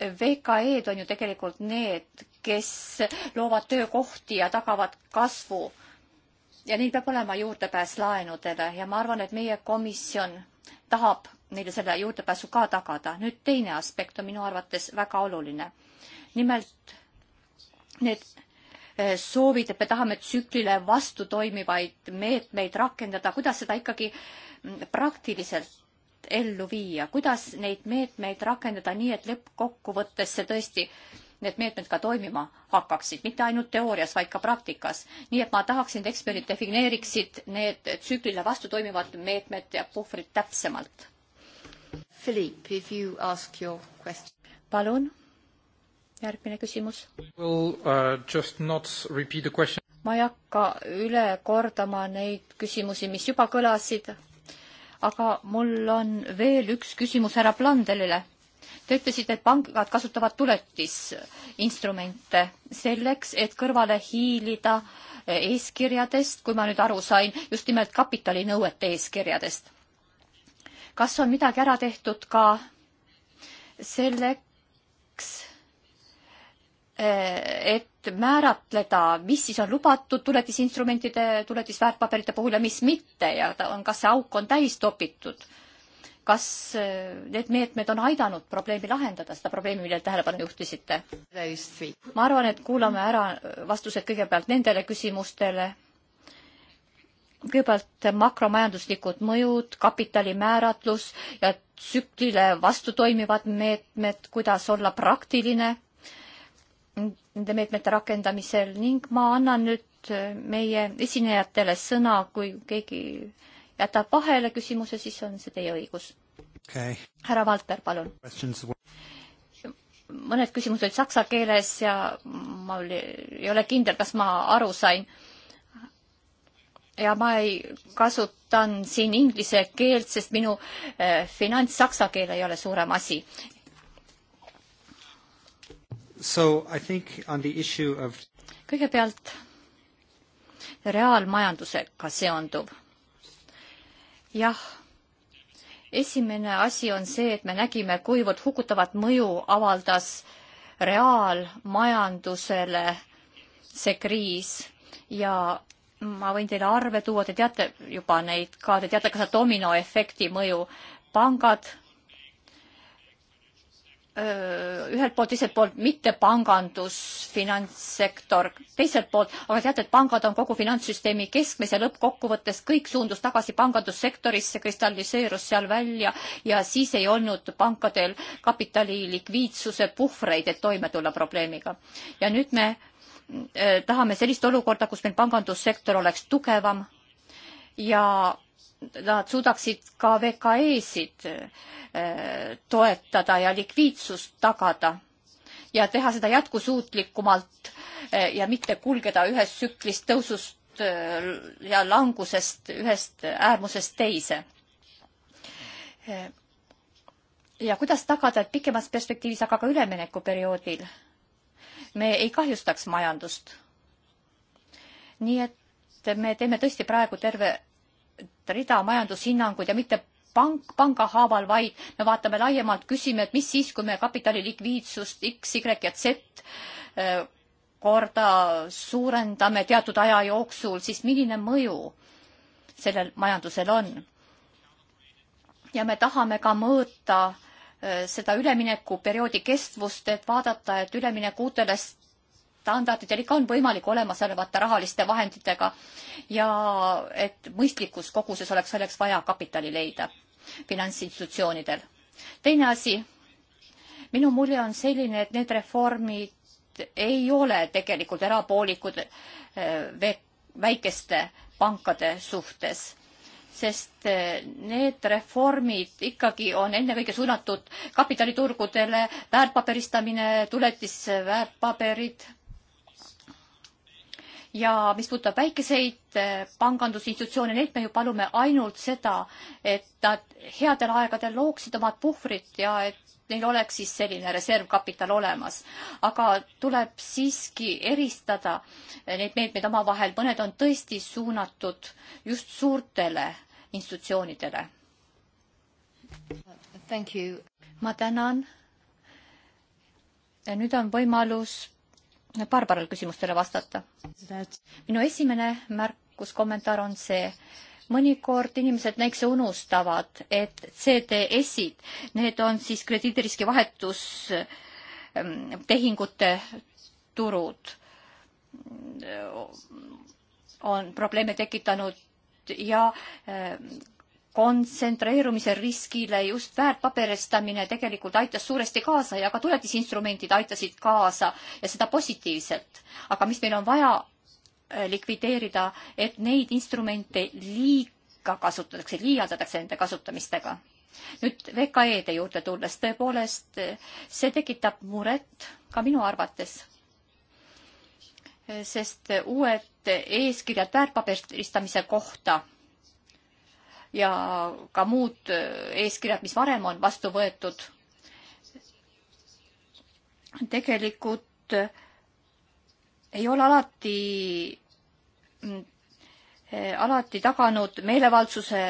VKE-d on ju tegelikult need, kes loovad töökohti ja tagavad kasvu. ja neil peab olema juurdepääs laenudele ja ma arvan, et meie komisjon tahab neile selle juurdepääsu ka tagada. nüüd teine aspekt on minu arvates väga oluline. nimelt need Eh, soovid, et me tahame tsüklile vastu toimivaid meetmeid rakendada, kuidas seda ikkagi mm, praktiliselt ellu viia, kuidas neid meetmeid rakendada nii, et lõppkokkuvõttes see tõesti need meetmed ka toimima hakkaksid, mitte ainult teoorias, vaid ka praktikas. nii et ma tahaksin, et eksperdid defineeriksid need tsüklile vastu toimivad meetmed ja puhvrid täpsemalt. Philippe, if you ask your question. palun järgmine küsimus. Uh, ma ei hakka üle kordama neid küsimusi, mis juba kõlasid, aga mul on veel üks küsimus härra Plandelile. Te ütlesite, et pangad kasutavad tuletisinstrumente selleks, et kõrvale hiilida eeskirjadest, kui ma nüüd aru sain, just nimelt kapitalinõuete eeskirjadest. kas on midagi ära tehtud ka selleks, Eh, et määratleda, mis siis on lubatud tuletisinstrumentide, tuletisväärtpaberite puhul ja mis mitte ja ta on, kas see auk on täis topitud. kas eh, need meetmed on aidanud probleemi lahendada, seda probleemi, millele tähelepanu juhtisite? ma arvan, et kuulame ära vastused kõigepealt nendele küsimustele. kõigepealt makromajanduslikud mõjud, kapitali määratlus ja tsüklile vastu toimivad meetmed, kuidas olla praktiline nende meetmete rakendamisel ning ma annan nüüd äh, meie esinejatele sõna, kui keegi jätab vahele küsimuse, siis on see teie õigus okay.. härra Valter, palun. mõned küsimused olid saksa keeles ja ma oli, ei ole kindel, kas ma aru sain. ja ma ei kasutan siin inglise keelt, sest minu äh, finants saksa keel ei ole suurem asi So I think on the issue of kõigepealt reaalmajandusega seonduv. jah, esimene asi on see, et me nägime, kuivõrd hukutavat mõju avaldas reaalmajandusele see kriis ja ma võin teile arve tuua, te teate juba neid ka, te teate ka seda dominoefekti mõju. pangad ühelt poolt, teiselt poolt mitte pangandus, finantssektor, teiselt poolt, aga teate, et pangad on kogu finantssüsteemi keskmes ja lõppkokkuvõttes kõik suundus tagasi pangandussektorisse, kristalliseerus seal välja ja siis ei olnud pankadel kapitali likviidsuse puhvreid, et toime tulla probleemiga. ja nüüd me tahame sellist olukorda, kus meil pangandussektor oleks tugevam ja nad suudaksid ka VKE-sid äh, toetada ja likviidsust tagada ja teha seda jätkusuutlikumalt äh, ja mitte kulgeda ühest tsüklist tõusust äh, ja langusest ühest äärmusest teise. ja kuidas tagada, et pikemas perspektiivis, aga ka üleminekuperioodil me ei kahjustaks majandust? nii et me teeme tõesti praegu terve rida majandushinnanguid ja mitte pank panga haaval, vaid me vaatame laiemalt, küsime, et mis siis, kui me kapitali likviidsust X, Y ja Z äh, korda suurendame teatud aja jooksul, siis milline mõju sellel majandusel on? ja me tahame ka mõõta äh, seda üleminekuperioodi kestvust, et vaadata, et üleminek uutele standardid ja ikka on võimalik olemasolevate rahaliste vahenditega ja et mõistlikus koguses oleks selleks vaja kapitali leida finantsinstitutsioonidel. teine asi, minu mulje on selline, et need reformid ei ole tegelikult erapoolikud eh, väikeste pankade suhtes sest eh, need reformid ikkagi on ennekõike suunatud kapitaliturgudele, väärtpaberistamine, tuletisväärtpaberid ja mis puudutab väikeseid eh, pangandusinstitutsioone, neid me ju palume ainult seda, et nad headel aegadel looksid omad puhvrid ja et neil oleks siis selline reservkapital olemas. aga tuleb siiski eristada eh, neid meetmeid omavahel, mõned on tõesti suunatud just suurtele institutsioonidele. ma tänan. nüüd on võimalus Barbaral küsimustele vastata. minu esimene märkus, kommentaar on see, mõnikord inimesed näiteks unustavad, et CDS-id, need on siis krediidiriski vahetustehingute ähm, turud, äh, on probleeme tekitanud ja äh, kontsentreerumise riskile just väärtpaberestamine tegelikult aitas suuresti kaasa ja ka tuletisinstrumendid aitasid kaasa ja seda positiivselt. aga mis meil on vaja äh, likvideerida, et neid instrumente liiga kasutatakse, liialdatakse nende kasutamistega. nüüd VKE-de juurde tulles, tõepoolest äh, see tekitab muret ka minu arvates äh, sest uued eeskirjad väärtpaberistamise kohta ja ka muud äh, eeskirjad, mis varem on vastu võetud. tegelikult äh, ei ole alati, mm, äh, alati taganud meelevaldsuse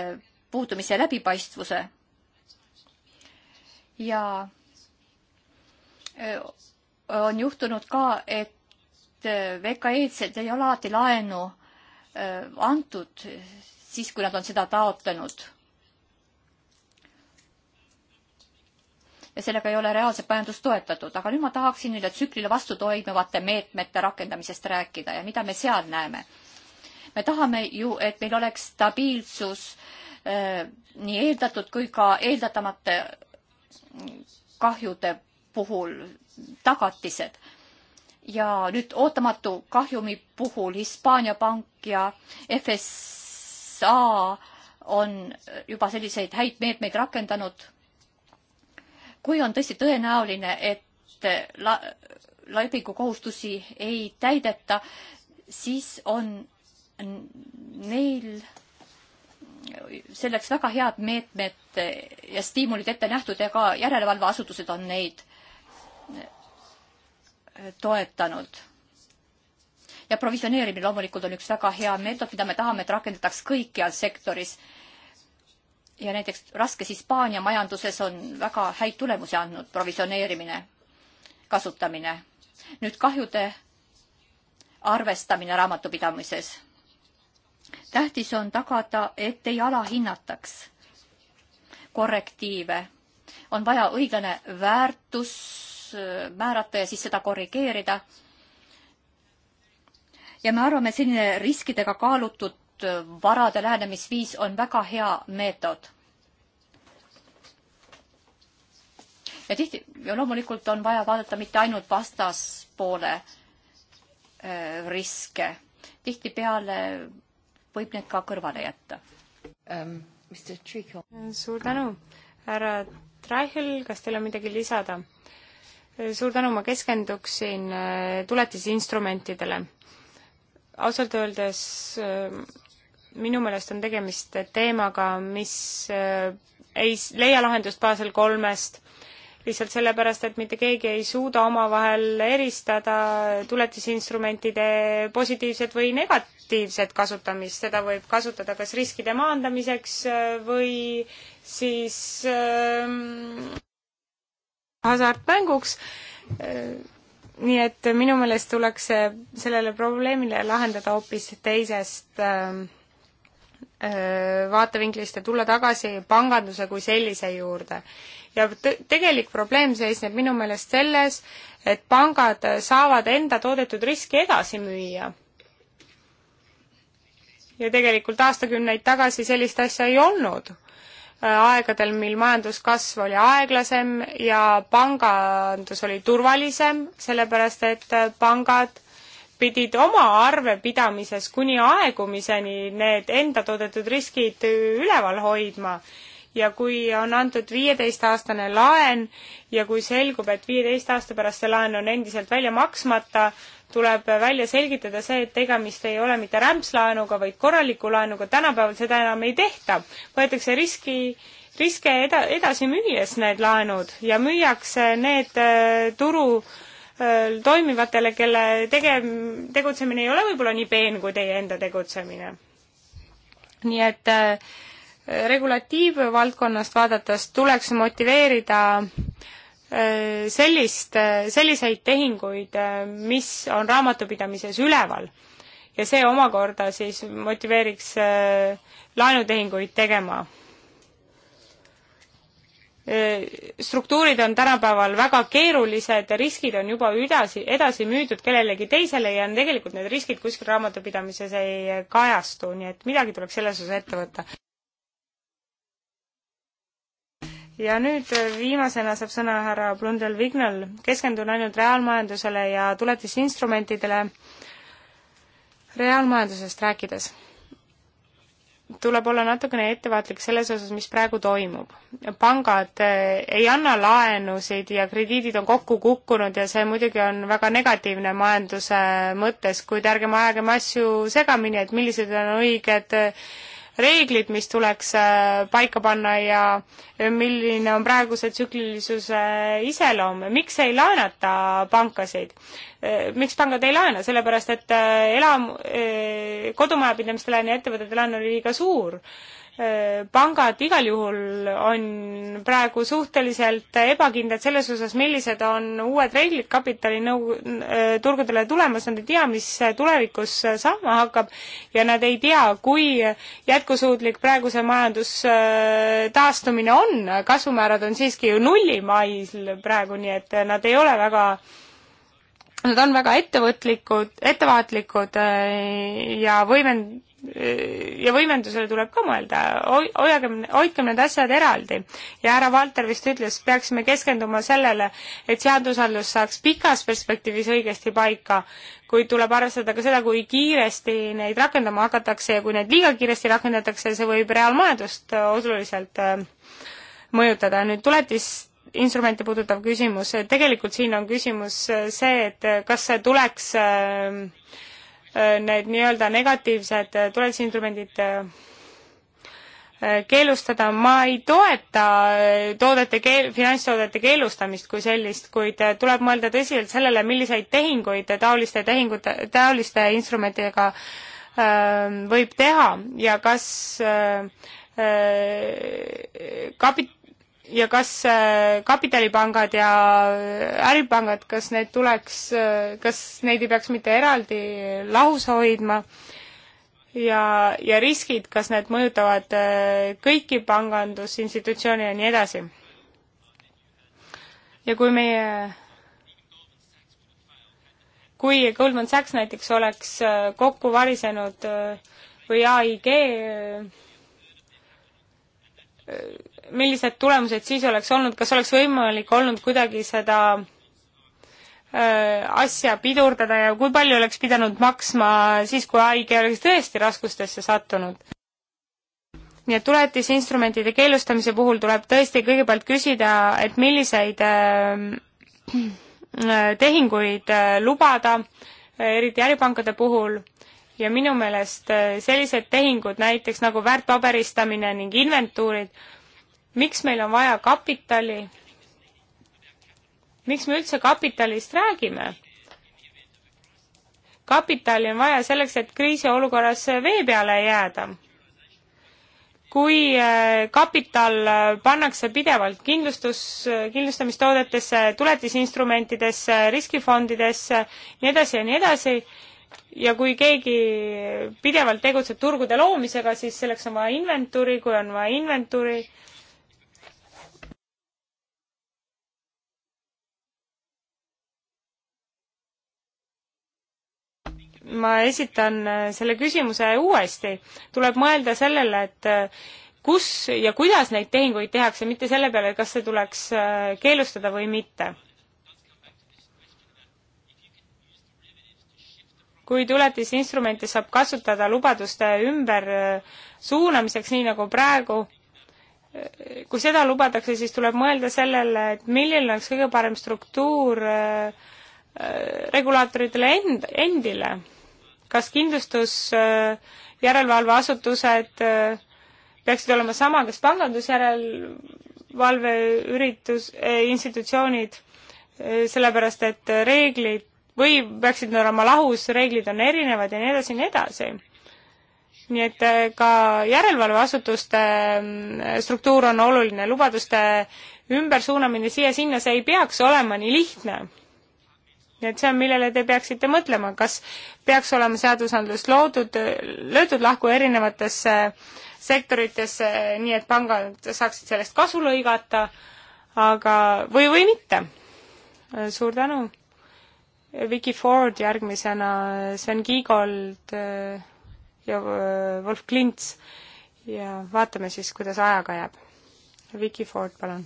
puudumise läbipaistvuse. ja on juhtunud ka, et VKE-d ei ole alati laenu antud siis, kui nad on seda taotlenud. ja sellega ei ole reaalset majandust toetatud, aga nüüd ma tahaksin nüüd tsüklile vastu toimivate meetmete rakendamisest rääkida ja mida me seal näeme. me tahame ju, et meil oleks stabiilsus äh, nii eeldatud kui ka eeldatamata mm, kahjude puhul tagatised ja nüüd ootamatu kahjumi puhul Hispaania pank ja FS USA on juba selliseid häid meetmeid rakendanud. kui on tõesti tõenäoline, et la-, lepingukohustusi ei täideta, siis on neil selleks väga head meetmed ja stiimulid ette nähtud ja ka järelevalveasutused on neid toetanud ja provisioneerimine loomulikult on üks väga hea meetod, mida me tahame, et rakendataks kõikjal sektoris. ja näiteks raskes Hispaania majanduses on väga häid tulemusi andnud provisioneerimine, kasutamine. nüüd kahjude arvestamine raamatupidamises. tähtis on tagada, et ei alahinnataks korrektiive. on vaja õiglane väärtus äh, määrata ja siis seda korrigeerida ja me arvame, selline riskidega kaalutud äh, varade lähenemisviis on väga hea meetod ja tihti ja loomulikult on vaja vaadata mitte ainult vastaspoole äh, riske, tihtipeale võib need ka kõrvale jätta um,. suur tänu, härra Traichel, kas teil on midagi lisada? suur tänu, ma keskenduksin äh, tuletisinstrumentidele ausalt öeldes äh, minu meelest on tegemist teemaga, mis äh, ei leia lahendust Basel kolmest, lihtsalt sellepärast, et mitte keegi ei suuda omavahel eristada tuletisinstrumentide positiivset või negatiivset kasutamist, seda võib kasutada kas riskide maandamiseks äh, või siis äh, hasartmänguks äh, nii et minu meelest tuleks sellele probleemile lahendada hoopis teisest ähm, äh, vaatevinklist ja tulla tagasi panganduse kui sellise juurde. ja tegelik probleem seisneb minu meelest selles, et pangad saavad enda toodetud riski edasi müüa. ja tegelikult aastakümneid tagasi sellist asja ei olnud aegadel, mil majanduskasv oli aeglasem ja pangandus oli turvalisem, sellepärast et pangad pidid oma arvepidamises kuni aegumiseni need enda toodetud riskid üleval hoidma ja kui on antud viieteistaastane laen ja kui selgub, et viieteist aasta pärast see laen on endiselt välja maksmata, tuleb välja selgitada see, et tegemist ei ole mitte rämpslaenuga, vaid korraliku laenuga, tänapäeval seda enam ei tehta. võetakse riski, riske eda-, edasi müües need laenud ja müüakse need äh, turu äh, toimivatele, kelle tege-, tegutsemine ei ole võib-olla nii peen kui teie enda tegutsemine. nii et äh, regulatiivvaldkonnast vaadates tuleks motiveerida äh, sellist, äh, selliseid tehinguid, äh, mis on raamatupidamises üleval ja see omakorda siis motiveeriks laenutehinguid tegema. struktuurid on tänapäeval väga keerulised, riskid on juba edasi, edasi müüdud kellelegi teisele ja on tegelikult need riskid kuskil raamatupidamises ei kajastu, nii et midagi tuleks selles osas ette võtta. ja nüüd äh, viimasena saab sõna härra Blundel Vignal. keskendun ainult reaalmajandusele ja tuletisinstrumentidele reaalmajandusest rääkides tuleb olla natukene ettevaatlik selles osas, mis praegu toimub. pangad äh, ei anna laenusid ja krediidid on kokku kukkunud ja see muidugi on väga negatiivne majanduse mõttes, kuid ärgem ajagem asju segamini, et millised on õiged äh, reeglid, mis tuleks äh, paika panna ja milline on praeguse tsüklilisuse iseloom, miks ei laenata pankasid? Äh, miks pangad ei laena, sellepärast et äh, elam-, kodumajapidamistele on ja ettevõtetele on liiga suur pangad igal juhul on praegu suhteliselt ebakindlad selles osas, millised on uued reeglid kapitalinõu-, äh, turgudele tulemas, nad ei tea, mis tulevikus saama hakkab ja nad ei tea, kui jätkusuutlik praeguse majandustaastumine äh, on, kasvumäärad on siiski ju nullimail praegu, nii et nad ei ole väga Nad on väga ettevõtlikud, ettevaatlikud äh, ja võimend-, ja võimendusele tuleb ka mõelda, hoiagem, hoidkem need asjad eraldi. ja härra Valter vist ütles, peaksime keskenduma sellele, et seadusandlus saaks pikas perspektiivis õigesti paika, kuid tuleb arvestada ka seda, kui kiiresti neid rakendama hakatakse ja kui neid liiga kiiresti rakendatakse, see võib reaalmajandust äh, oluliselt äh, mõjutada. nüüd tuletis instrumente puudutav küsimus, tegelikult siin on küsimus äh, see, et kas see tuleks äh, Äh, need nii-öelda negatiivsed äh, tuletisinstrumendid äh, keelustada, ma ei toeta toodete keel-, finantstoodete keelustamist kui sellist, kuid tuleb mõelda tõsiselt sellele, milliseid tehinguid taoliste tehingute, taoliste instrumentidega võib teha ja kas kapit-, ja kas äh, kapitalipangad ja äh, äripangad, kas need tuleks, äh, kas neid ei peaks mitte eraldi lahus hoidma ja, ja riskid, kas need mõjutavad kõiki pangandusinstitutsioone ja nii edasi. ja kui meie kui Goldman Sachs näiteks oleks kokku varisenud või AIG millised tulemused siis oleks olnud, kas oleks võimalik olnud kuidagi seda asja pidurdada ja kui palju oleks pidanud maksma siis, kui haige oleks tõesti raskustesse sattunud? nii et tuletisinstrumentide keelustamise puhul tuleb tõesti kõigepealt küsida, et milliseid tehinguid lubada, eriti äripankade puhul, ja minu meelest sellised tehingud, näiteks nagu väärtpaberistamine ning inventuurid, miks meil on vaja kapitali, miks me üldse kapitalist räägime? kapitali on vaja selleks, et kriisiolukorras vee peale jääda. kui äh, kapital äh, pannakse pidevalt kindlustus, kindlustamistoodetesse, tuletisinstrumentidesse, riskifondidesse, nii edasi ja nii edasi, ja kui keegi pidevalt tegutseb turgude loomisega, siis selleks on vaja inventuuri, kui on vaja inventuuri, ma esitan äh, selle küsimuse uuesti, tuleb mõelda sellele, et äh, kus ja kuidas neid tehinguid tehakse, mitte selle peale, kas see tuleks äh, keelustada või mitte. kui tuletisinstrumente saab kasutada lubaduste ümbersuunamiseks, nii nagu praegu, kui seda lubatakse, siis tuleb mõelda sellele, et milline oleks kõige parem struktuur regulaatoritele end-, endile kas kindlustusjärelevalveasutused äh, äh, peaksid olema sama, kes pangandusjärelevalveüritus, äh, institutsioonid, sellepärast et reeglid või peaksid nad olema lahus, reeglid on erinevad ja nii edasi ja nii edasi. nii et ka järelevalveasutuste mm, struktuur on oluline, lubaduste ümbersuunamine siia-sinna, see ei peaks olema nii lihtne ja et see on, millele te peaksite mõtlema, kas peaks olema seadusandlus loodud, löödud lahku erinevatesse sektoritesse, nii et pangad saaksid sellest kasu lõigata, aga, või, või mitte. suur tänu. Vicky Ford järgmisena, Sven Kiigold ja äh, Wolf Klints ja vaatame siis, kuidas ajaga jääb. Vicky Ford, palun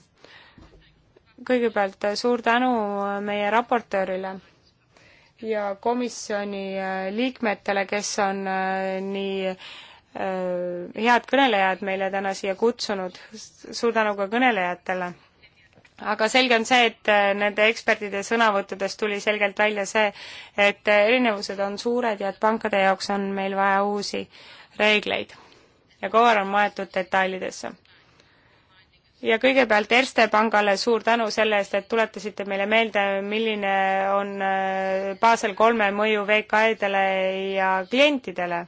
kõigepealt äh, suur tänu äh, meie raportöörile ja komisjoni äh, liikmetele, kes on nii head kõnelejad meile täna siia kutsunud, suur tänu ka kõnelejatele. aga selge on see, et nende ekspertide sõnavõttudest tuli selgelt välja see, et erinevused on suured ja et pankade jaoks on meil vaja uusi reegleid. ja koer on maetud detailidesse ja kõigepealt Erste pangale suur tänu selle eest, et tuletasite meile meelde, milline on äh, Basel kolme mõju VKE-dele ja klientidele.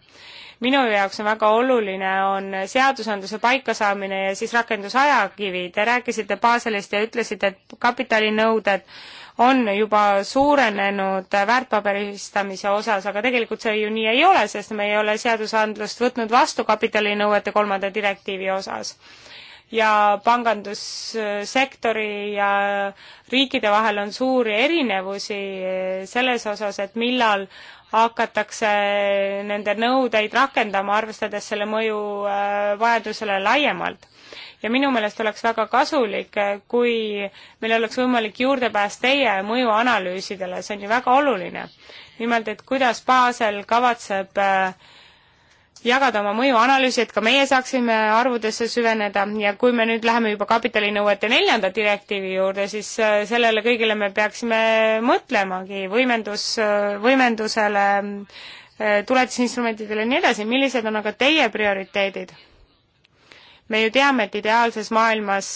minu jaoks on väga oluline, on seadusandluse paikasaamine ja siis rakendusajakivi. Te rääkisite Baselist ja ütlesite, et kapitalinõuded on juba suurenenud väärtpaberistamise osas, aga tegelikult see ju nii ei ole, sest me ei ole seadusandlust võtnud vastu kapitalinõuete kolmanda direktiivi osas ja pangandussektori ja riikide vahel on suuri erinevusi selles osas, et millal hakatakse nende nõudeid rakendama, arvestades selle mõju äh, vajadusele laiemalt. ja minu meelest oleks väga kasulik, äh, kui meil oleks võimalik juurdepääs teie mõjuanalüüsidele, see on ju väga oluline. nimelt, et kuidas Basel kavatseb äh, jagada oma mõjuanalüüsi, et ka meie saaksime arvudesse süveneda ja kui me nüüd läheme juba kapitalinõuete neljanda direktiivi juurde, siis äh, sellele kõigile me peaksime mõtlemagi, võimendus, äh, võimendusele, äh, tuletisinstrumentidele ja nii edasi, millised on aga teie prioriteedid? me ju teame, et ideaalses maailmas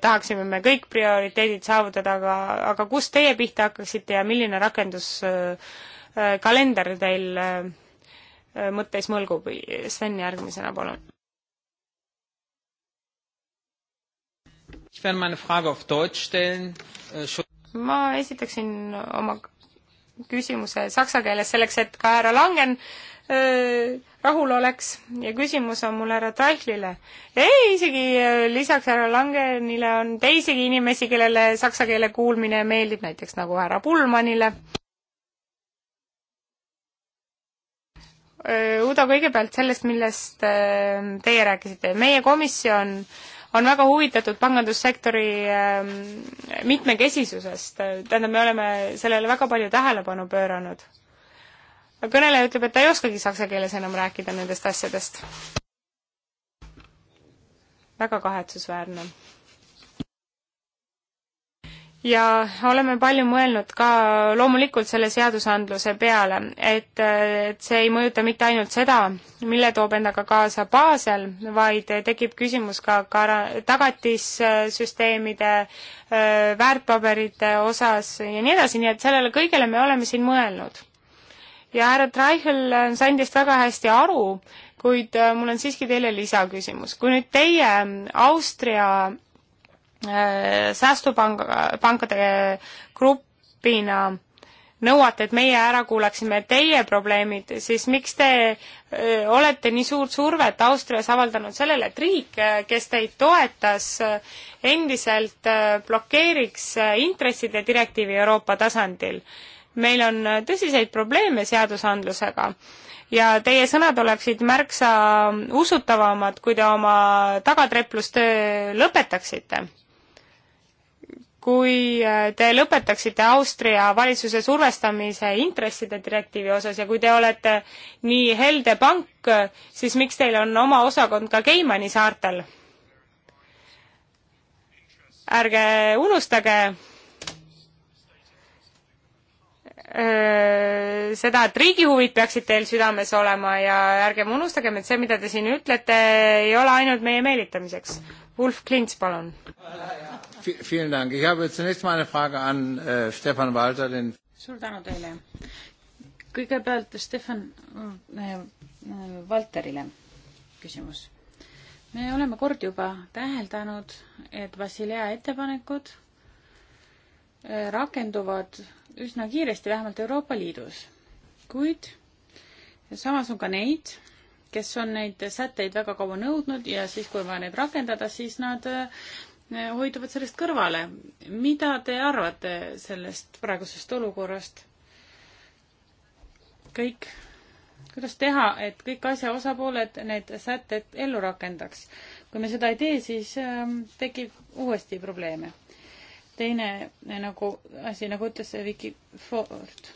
tahaksime me kõik prioriteedid saavutada, aga, aga kus teie pihta hakkaksite ja milline rakenduskalender teil Äh, mõtteis mõlgub. Sven järgmisena, palun. Äh, ma esitaksin oma küsimuse saksa keeles selleks, et ka härra Langen äh, rahul oleks ja küsimus on mul härra Traihlile. ei, isegi lisaks härra Langenile on teisigi inimesi, kellele saksa keele kuulmine meeldib, näiteks nagu härra Pullmanile Äh, Udo, kõigepealt sellest, millest äh, teie rääkisite. meie komisjon on väga huvitatud pangandussektori ähm, mitmekesisusest, tähendab, me oleme sellele väga palju tähelepanu pööranud. kõneleja ütleb, et ta ei oskagi saksa keeles enam rääkida nendest asjadest. väga kahetsusväärne ja oleme palju mõelnud ka loomulikult selle seadusandluse peale, et, et see ei mõjuta mitte ainult seda, mille toob endaga kaasa baasel, vaid tekib küsimus ka kara-, tagatissüsteemide, väärtpaberite osas ja nii edasi, nii et sellele kõigele me oleme siin mõelnud. ja härra Treichel äh, sai endist väga hästi aru, kuid äh, mul on siiski teile lisaküsimus. kui nüüd teie äh, Austria Äh, säästupanga, pankade grupina nõuate, et meie ära kuulaksime teie probleemid, siis miks te öö, äh, olete nii suurt survet Austrias avaldanud sellele, et riik, äh, kes teid toetas, endiselt blokeeriks intresside direktiivi Euroopa tasandil? meil on tõsiseid probleeme seadusandlusega ja teie sõnad oleksid märksa usutavamad, kui te oma tagatrepplustöö lõpetaksite kui äh, te lõpetaksite Austria valitsuse survestamise intresside direktiivi osas ja kui te olete nii helde pank, siis miks teil on oma osakond ka Keimani saartel? ärge unustage öö, äh, seda, et riigi huvid peaksid teil südames olema ja ärgem unustagem, et see, mida te siin ütlete, ei ole ainult meie meelitamiseks. Ulf Klints, palun. Äh, suur tänu teile. kõigepealt Stefan Valterile äh, äh, küsimus. me oleme kord juba täheldanud, et Vassilia ettepanekud rakenduvad üsna kiiresti, vähemalt Euroopa Liidus. kuid samas on ka neid, kes on neid sätteid väga kaua nõudnud ja siis, kui on vaja neid rakendada, siis nad eh, hoiduvad sellest kõrvale. mida te arvate sellest praegusest olukorrast? kõik, kuidas teha, et kõik asja osapooled need sätted ellu rakendaks? kui me seda ei tee, siis ehm, tekib uuesti probleeme. teine eh, nagu asi, nagu ütles Vicky Ford,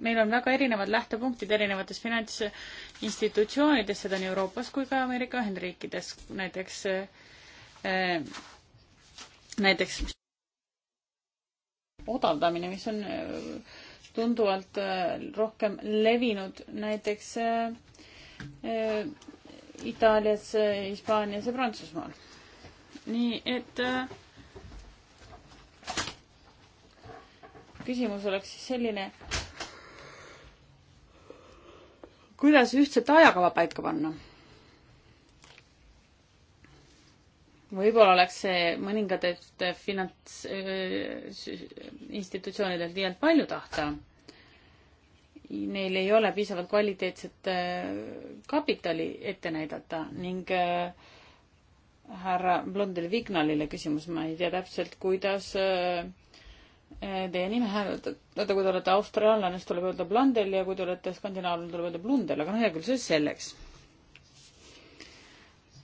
meil on väga erinevad lähtepunktid erinevates finants institutsioonides, seda nii Euroopas kui ka Ameerika Ühendriikides, näiteks eh, eh, näiteks odavdamine, mis on eh, tunduvalt rohkem levinud näiteks Itaalias, Hispaanias ja Prantsusmaal. nii et küsimus oleks siis selline, kuidas ühtset ajakava paika panna? võib-olla oleks see mõningatelt finantsinstitutsioonidelt äh, liialt palju tahta. Neil ei ole piisavalt kvaliteetset äh, kapitali ette näidata ning äh, härra Blondel Vignalile küsimus, ma ei tea täpselt, kuidas äh, Eh, teie nime hääletada, kui te olete austraallane, siis tuleb öelda Blundell ja kui te olete skandinaavlane, tuleb öelda Blundell, aga no hea küll, see selleks.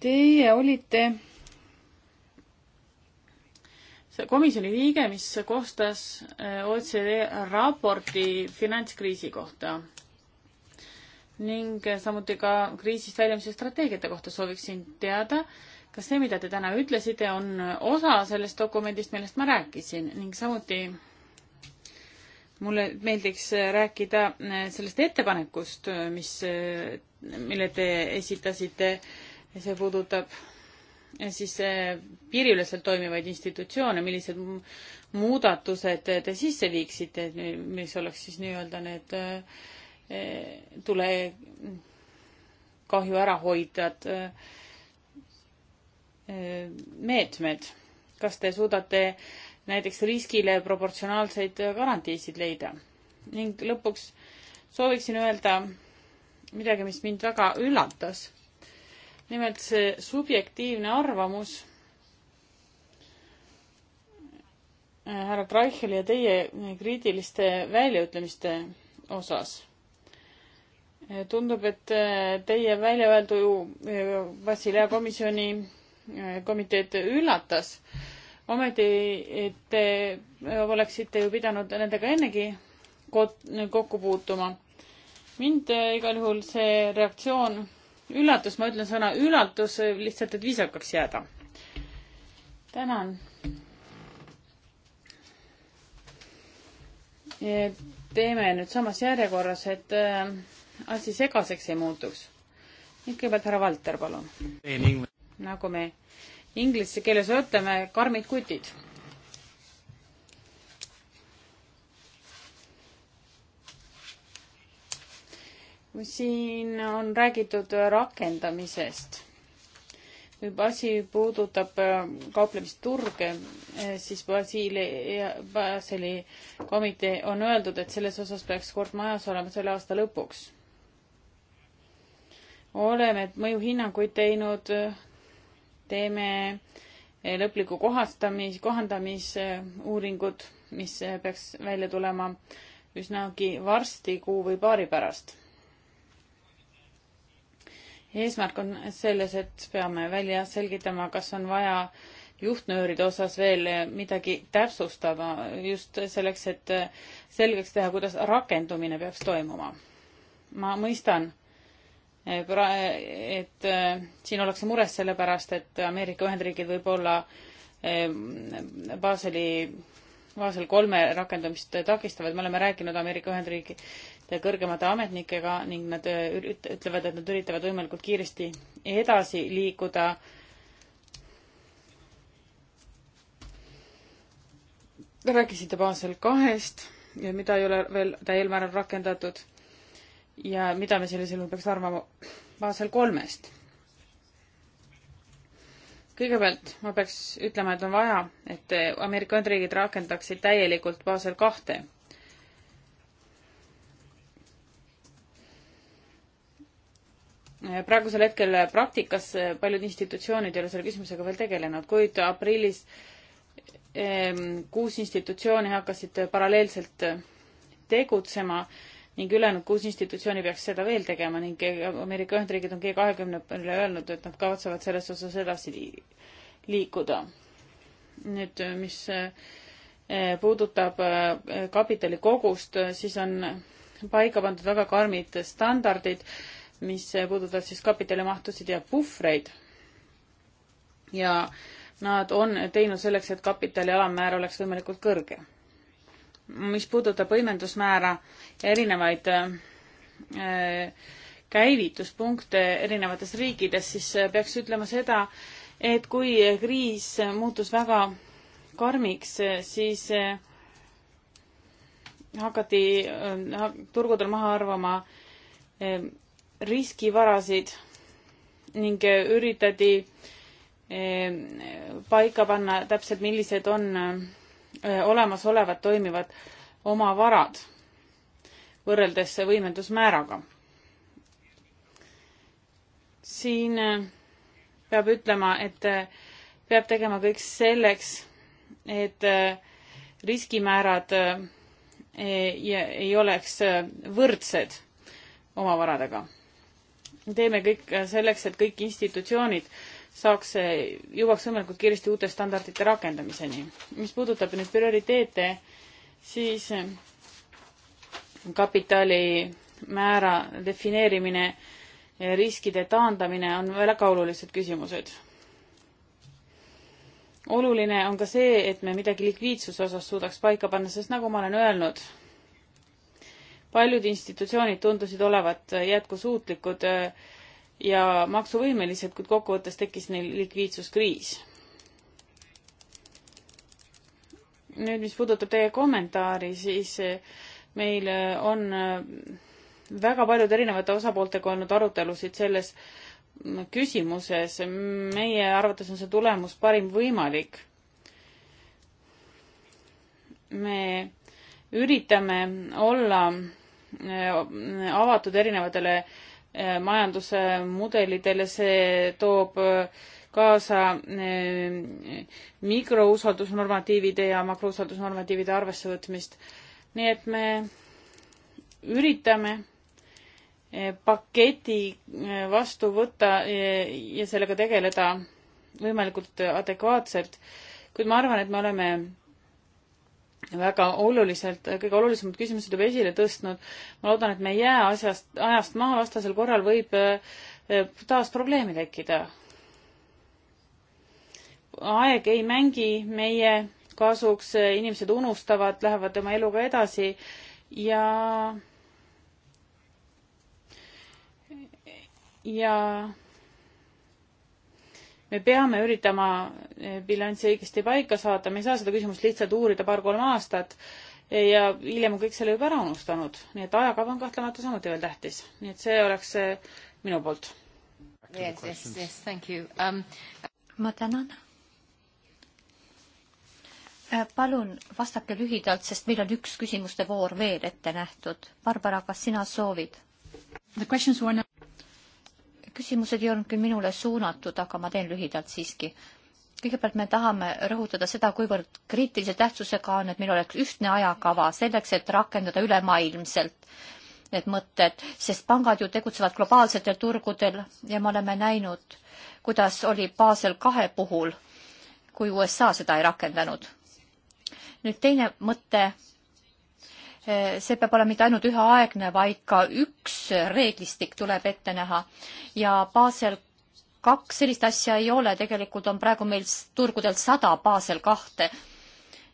Teie olite see komisjoni liige, mis koostas eh, OECD raporti finantskriisi kohta ning eh, samuti ka kriisist väljumise strateegiate kohta sooviksin teada kas see, mida te täna ütlesite, on osa sellest dokumendist, millest ma rääkisin ning samuti mulle meeldiks rääkida äh, sellest ettepanekust, äh, mis, äh, mille te esitasite, see puudutab siis piiriüleselt toimivaid institutsioone, millised muudatused te sisse viiksite, mis oleks siis nii-öelda need tule kahju ärahoidjad äh, meetmed. kas te suudate näiteks riskile proportsionaalseid garantiisid leida? ning lõpuks sooviksin öelda midagi, mis mind väga üllatas. nimelt see subjektiivne arvamus äh, härra Kreicheli ja teie kriitiliste väljaütlemiste osas. tundub, et äh, teie välja öeldu äh, Vassilea komisjoni komiteed üllatas. ometi te oleksite ju pidanud nendega ennegi kokku puutuma. mind igal juhul see reaktsioon üllatus, ma ütlen sõna üllatus lihtsalt, et viisakaks jääda. tänan. teeme nüüd samas järjekorras, et äh, asi segaseks ei muutuks. nüüd kõigepealt härra Valter, palun nagu me inglise keeles ütleme, karmid kutid. siin on räägitud rakendamisest. kui asi puudutab ähm, kauplemisturge, äh, siis Brasiilia, Baseli komitee on öeldud, et selles osas peaks kord majas olema selle aasta lõpuks oleme mõjuhinnanguid teinud äh, teeme eh, lõpliku kohastamis, kohandamisuuringud, mis eh, peaks välja tulema üsnagi varsti, kuu või paari pärast. eesmärk on selles, et peame välja selgitama, kas on vaja juhtnööride osas veel eh, midagi täpsustama, just selleks, et selgeks teha, kuidas rakendumine peaks toimuma. ma mõistan Eh, et eh, siin ollakse mures sellepärast, et Ameerika Ühendriigid võib-olla eh, Baseli, Basel kolme rakendamist takistavad, me oleme rääkinud Ameerika Ühendriikide kõrgemate ametnikega ning nad ütlevad, et nad üritavad võimalikult kiiresti edasi liikuda rääkisite Basel kahest, mida ei ole veel täiel määral rakendatud ja mida me sellisel juhul peaks arvama Basel kolmest? kõigepealt ma peaks ütlema, et on vaja, et Ameerika Ühendriigid rakendaksid täielikult Basel kahte. praegusel hetkel praktikas paljud institutsioonid ei ole selle küsimusega veel tegelenud, kuid aprillis ehm, kuus institutsiooni hakkasid paralleelselt tegutsema ning ülejäänud kuus institutsiooni peaks seda veel tegema ning Ameerika Ühendriigid on G20-le öelnud, et nad kavatsevad selles osas edasi liikuda. nüüd, mis eh, puudutab eh, kapitali kogust, siis on paika pandud väga karmid standardid, mis puudutavad siis kapitalimahtusid ja puhvreid. ja nad on teinud selleks, et kapitali alammäär oleks võimalikult kõrge mis puudutab võimendusmäära ja erinevaid äh, käivituspunkte erinevates riikides, siis äh, peaks ütlema seda, et kui kriis muutus väga karmiks, äh, siis hakati turgudel maha arvama riskivarasid ning üritati paika panna täpselt, millised on olemasolevad toimivad oma varad võrreldes võimendusmääraga. siin peab ütlema, et peab tegema kõik selleks, et riskimäärad e, ei oleks võrdsed oma varadega. teeme kõik selleks, et kõik institutsioonid saaks, jõuaks võimalikult kiiresti uute standardite rakendamiseni. mis puudutab nüüd prioriteete, siis eh, kapitali määra defineerimine, riskide taandamine on väga olulised küsimused. oluline on ka see, et me midagi likviidsuse osas suudaks paika panna, sest nagu ma olen öelnud, paljud institutsioonid tundusid olevat jätkusuutlikud äh, ja maksuvõimelised, kuid kokkuvõttes tekkis neil likviidsuskriis. nüüd, mis puudutab teie kommentaari, siis eh, meil eh, on eh, väga paljude erinevate osapooltega olnud arutelusid selles mm, küsimuses. meie arvates on see tulemus parim võimalik. me üritame olla avatud erinevatele äh, Äh, majanduse mudelidel ja see toob äh, kaasa äh, mikrousaldusnormatiivide ja makrousaldusnormatiivide arvessevõtmist. nii et me üritame paketi vastu võtta ja sellega tegeleda võimalikult adekvaatselt, kuid ma arvan, et me oleme väga oluliselt, kõige olulisemad küsimused juba esile tõstnud. ma loodan, et me ei jää asjast, ajast maha, vastasel korral võib eh, taas probleeme tekkida. aeg ei mängi meie kasuks, inimesed unustavad, lähevad oma eluga edasi ja ja me peame üritama eh, bilanssi õigesti paika saada, me ei saa seda küsimust lihtsalt uurida paar-kolm aastat eh, ja hiljem on kõik selle juba ära unustanud, nii et ajakava on kahtlemata samuti veel tähtis, nii et see oleks eh, minu poolt. Yes, yes, yes, thank you um.... ma tänan. Äh, palun vastake lühidalt, sest meil on üks küsimuste voor veel ette nähtud. Barbara, kas sina soovid? küsimused ei olnud küll minule suunatud, aga ma teen lühidalt siiski. kõigepealt me tahame rõhutada seda, kuivõrd kriitilise tähtsusega on, et meil oleks ühtne ajakava selleks, et rakendada ülemaailmselt need mõtted, sest pangad ju tegutsevad globaalsetel turgudel ja me oleme näinud, kuidas oli Basel kahe puhul, kui USA seda ei rakendanud. nüüd teine mõte Eh, see peab olema mitte ainult üheaegne, vaid ka üks reeglistik tuleb ette näha ja Basel kaks sellist asja ei ole, tegelikult on praegu meil turgudel sada Basel kahte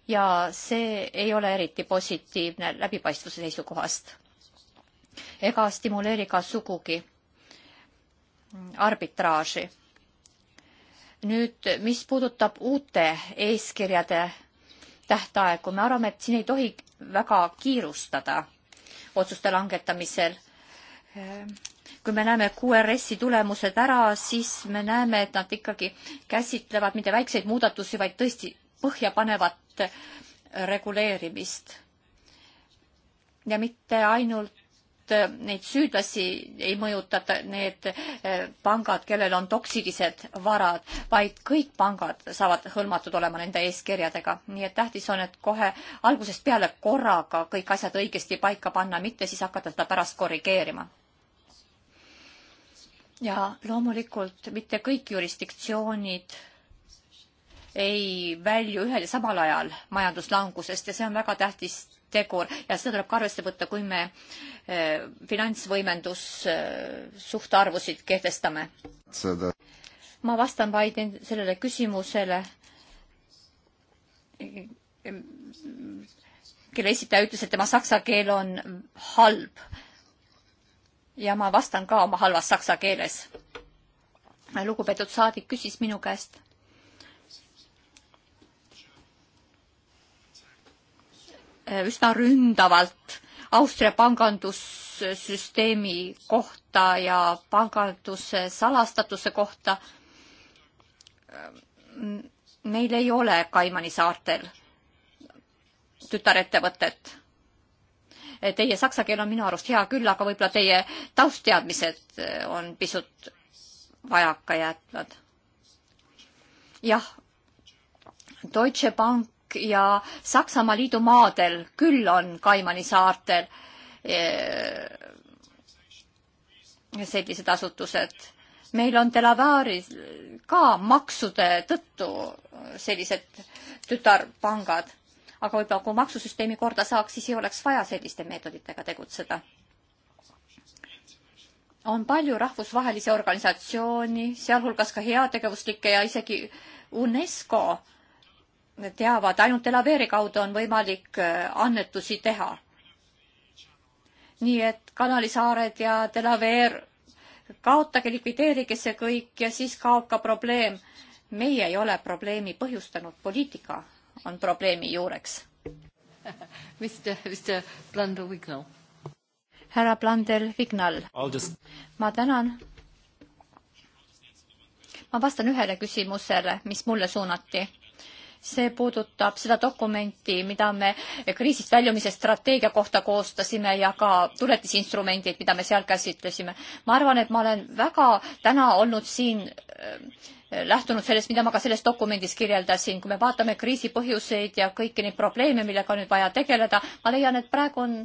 ja see ei ole eriti positiivne läbipaistvuse seisukohast ega stimuleeri ka sugugi arbitraaži. nüüd, mis puudutab uute eeskirjade tähtaegu, me arvame, et siin ei tohi väga kiirustada otsuste langetamisel. kui me näeme QRS-i tulemused ära, siis me näeme, et nad ikkagi käsitlevad mitte väikseid muudatusi, vaid tõesti põhjapanevat reguleerimist. ja mitte ainult et äh, neid süüdlasi ei mõjutata need äh, pangad, kellel on toksilised varad, vaid kõik pangad saavad hõlmatud olema nende eeskirjadega. nii et tähtis on, et kohe algusest peale korraga kõik asjad õigesti paika panna, mitte siis hakata seda pärast korrigeerima ja loomulikult mitte kõik jurisdiktsioonid ei välju ühel ja samal ajal majanduslangusest ja see on väga tähtis tegur ja seda tuleb ka arvesse võtta, kui me eh, finantsvõimendussuhtarvusid kehtestame. ma vastan vaid sellele küsimusele, kelle esitaja ütles, et tema saksa keel on halb. ja ma vastan ka oma halvas saksa keeles. lugupeetud saadik küsis minu käest Äh, üsna ründavalt Austria pangandussüsteemi kohta ja panganduse salastatuse kohta. meil ei ole Kaimani saartel tütarettevõtet. Teie saksa keel on minu arust hea küll, aga võib-olla teie taustteadmised äh, on pisut vajakajätvad. jah, Deutsche Bank Danmark ja Saksamaa liidumaadel küll on Kaimani saartel eh, sellised asutused. meil on Delaware'is ka maksude tõttu sellised tütarpangad, aga võib-olla kui maksusüsteemi korda saaks, siis ei oleks vaja selliste meetoditega tegutseda on palju rahvusvahelisi organisatsiooni, sealhulgas ka heategevuslikke ja isegi UNESCO teavad, ainult Elaveeri kaudu on võimalik äh, annetusi teha. nii et Kanalisaared ja Delaveer, kaotage, likvideerige see kõik ja siis kaob ka probleem. meie ei ole probleemi põhjustanud, poliitika on probleemi juureks. härra Plandel Vignal. Just... ma tänan. ma vastan ühele küsimusele, mis mulle suunati see puudutab seda dokumenti, mida me kriisist väljumise strateegia kohta koostasime ja ka tuletisinstrumendid, mida me seal käsitlesime. ma arvan, et ma olen väga täna olnud siin Äh, lähtunud sellest, mida ma ka selles dokumendis kirjeldasin, kui me vaatame kriisi põhjuseid ja kõiki neid probleeme, millega on nüüd vaja tegeleda, ma leian, et praegu on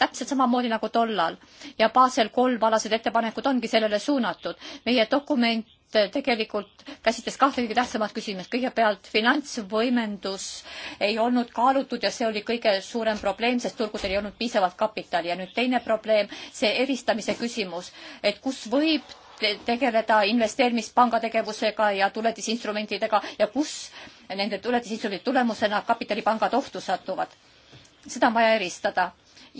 täpselt samamoodi nagu tollal ja Basel kolm alased ettepanekud ongi sellele suunatud. meie dokument äh, tegelikult käsitles kahte kõige tähtsamat küsimust. kõigepealt finantsvõimendus ei olnud kaalutud ja see oli kõige suurem probleem, sest turgudel ei olnud piisavalt kapitali ja nüüd teine probleem, see eristamise küsimus, et kus võib tegeleda investeerimispanga tegevusega ja tuletisinstrumentidega ja kus nende tuletisinstrumentide tulemusena kapitalipangad ohtu satuvad. seda on vaja eristada.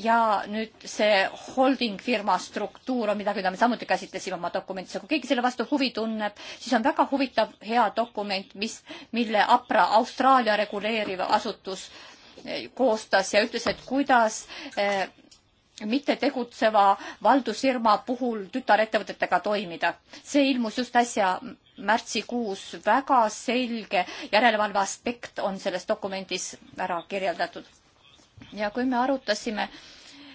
ja nüüd see holding firma struktuur on midagi, mida me samuti käsitlesime oma dokumentides ja kui keegi selle vastu huvi tunneb, siis on väga huvitav hea dokument, mis, mille APRA, Austraalia reguleeriv asutus eh, koostas ja ütles, et kuidas eh, mitte tegutseva valdusfirma puhul tütarettevõtetega toimida. see ilmus just äsja märtsikuus, väga selge järelevalve aspekt on selles dokumendis ära kirjeldatud. ja kui me arutasime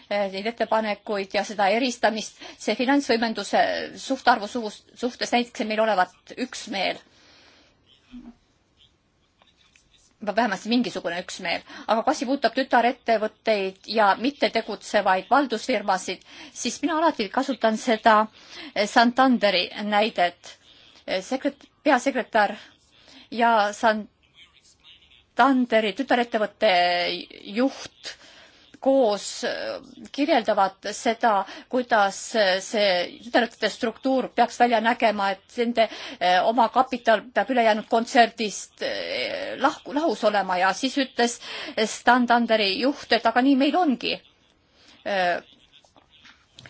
eh, neid ettepanekuid ja seda eristamist, see finantsvõimenduse suhtarvu suhtes näiteks meil olevat üksmeel vähemasti mingisugune üksmeel, aga kui asi puudutab tütarettevõtteid ja mittetegutsevaid valdusfirmasid, siis mina alati kasutan seda eh, Santanderi näidet. Eh, sekret-, peasekretär ja Santanderi tütarettevõtte juht koos äh, kirjeldavad seda, kuidas äh, see tütarlaste struktuur peaks välja nägema, et nende äh, oma kapital peab ülejäänud kontserdist lahku, lahus olema ja siis ütles Standarderi juht, et aga nii meil ongi.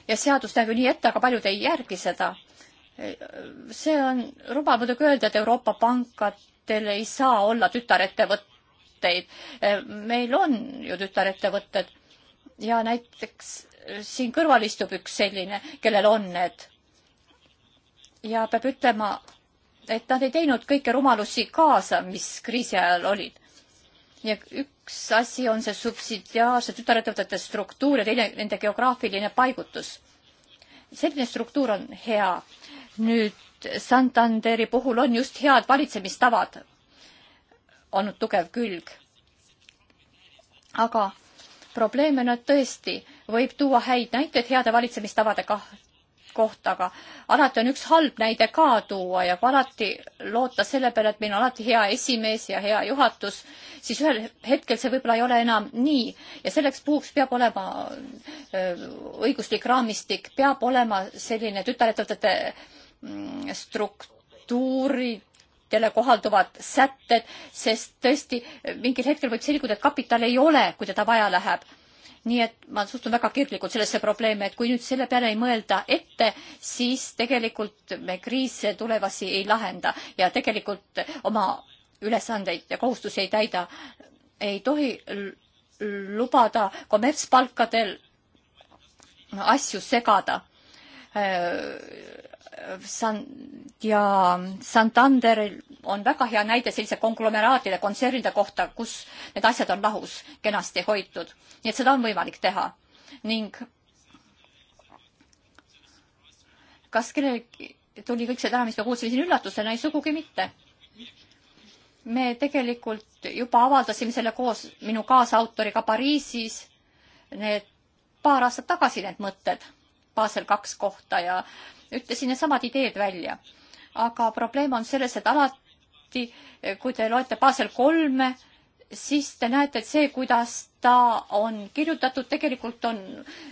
ja seadus näeb ju nii ette, aga paljud ei järgi seda. see on rumal muidugi öelda, et Euroopa pankadel ei saa olla tütarettevõtteid. meil on ju tütarettevõtted ja näiteks äh, siin kõrval istub üks selline, kellel on need. ja peab ütlema, et nad ei teinud kõiki rumalusi kaasa, mis kriisi ajal olid. ja üks asi on see subsidiaarse tütarettevõtete struktuur ja teine nende geograafiline paigutus. selline struktuur on hea. nüüd Santanderi puhul on just head valitsemistavad olnud tugev külg. aga probleeme, no tõesti, võib tuua häid näiteid heade valitsemistavade kah-, kohta, aga alati on üks halb näide ka tuua ja kui alati loota selle peale, et meil on alati hea esimees ja hea juhatus, siis ühel hetkel see võib-olla ei ole enam nii ja selleks puhuks peab olema õiguslik raamistik, peab olema selline tütarettevõtete mm, struktuurid, kapitale kohalduvad sätted, sest tõesti mingil hetkel võib selguda, et kapitali ei ole, kui teda vaja läheb. nii et ma suhtun väga kirglikult sellesse probleemi, et kui nüüd selle peale ei mõelda ette, siis tegelikult me kriise tulevasi ei lahenda ja tegelikult oma ülesandeid ja kohustusi ei täida. ei tohi lubada kommertspalkadel asju segada äh, San- ja Santanderil on väga hea näide sellise konglomeraatide, kontsernide kohta, kus need asjad on lahus, kenasti hoitud. nii et seda on võimalik teha ning kas kellelgi tuli kõik see täna, mis me kuulsime siin üllatusena, ei sugugi mitte. me tegelikult juba avaldasime selle koos minu kaasautoriga Pariisis need paar aastat tagasi, need mõtted Basel kaks kohta ja äh, ütlesin needsamad ideed välja. aga probleem on selles, et alati, kui te loete Basel kolme, siis te näete, et see, kuidas ta on kirjutatud, tegelikult on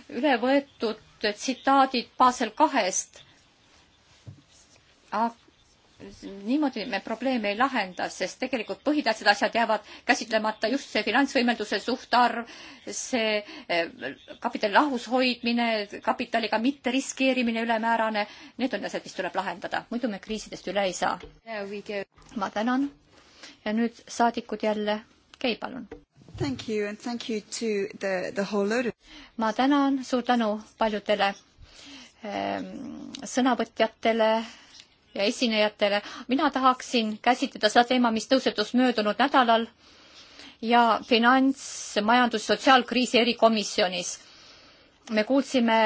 üle võetud tsitaadid Basel kahest. aga niimoodi me probleeme ei lahenda, sest tegelikult põhitähtsad asjad jäävad käsitlemata, just see finantsvõimenduse suhtarv, see eh, kapitali lahus hoidmine, kapitaliga mitte riskeerimine ülemäärane, need on asjad, mis tuleb lahendada, muidu me kriisidest üle ei saa. ma tänan ja nüüd saadikud jälle, Kei, palun. Thank you and thank you to the, the whole load of ma tänan, suur tänu paljudele ehm, sõnavõtjatele ja esinejatele. mina tahaksin käsitleda seda teema, mis tõusetus möödunud nädalal ja finants, majandus, sotsiaalkriisi erikomisjonis. me kuulsime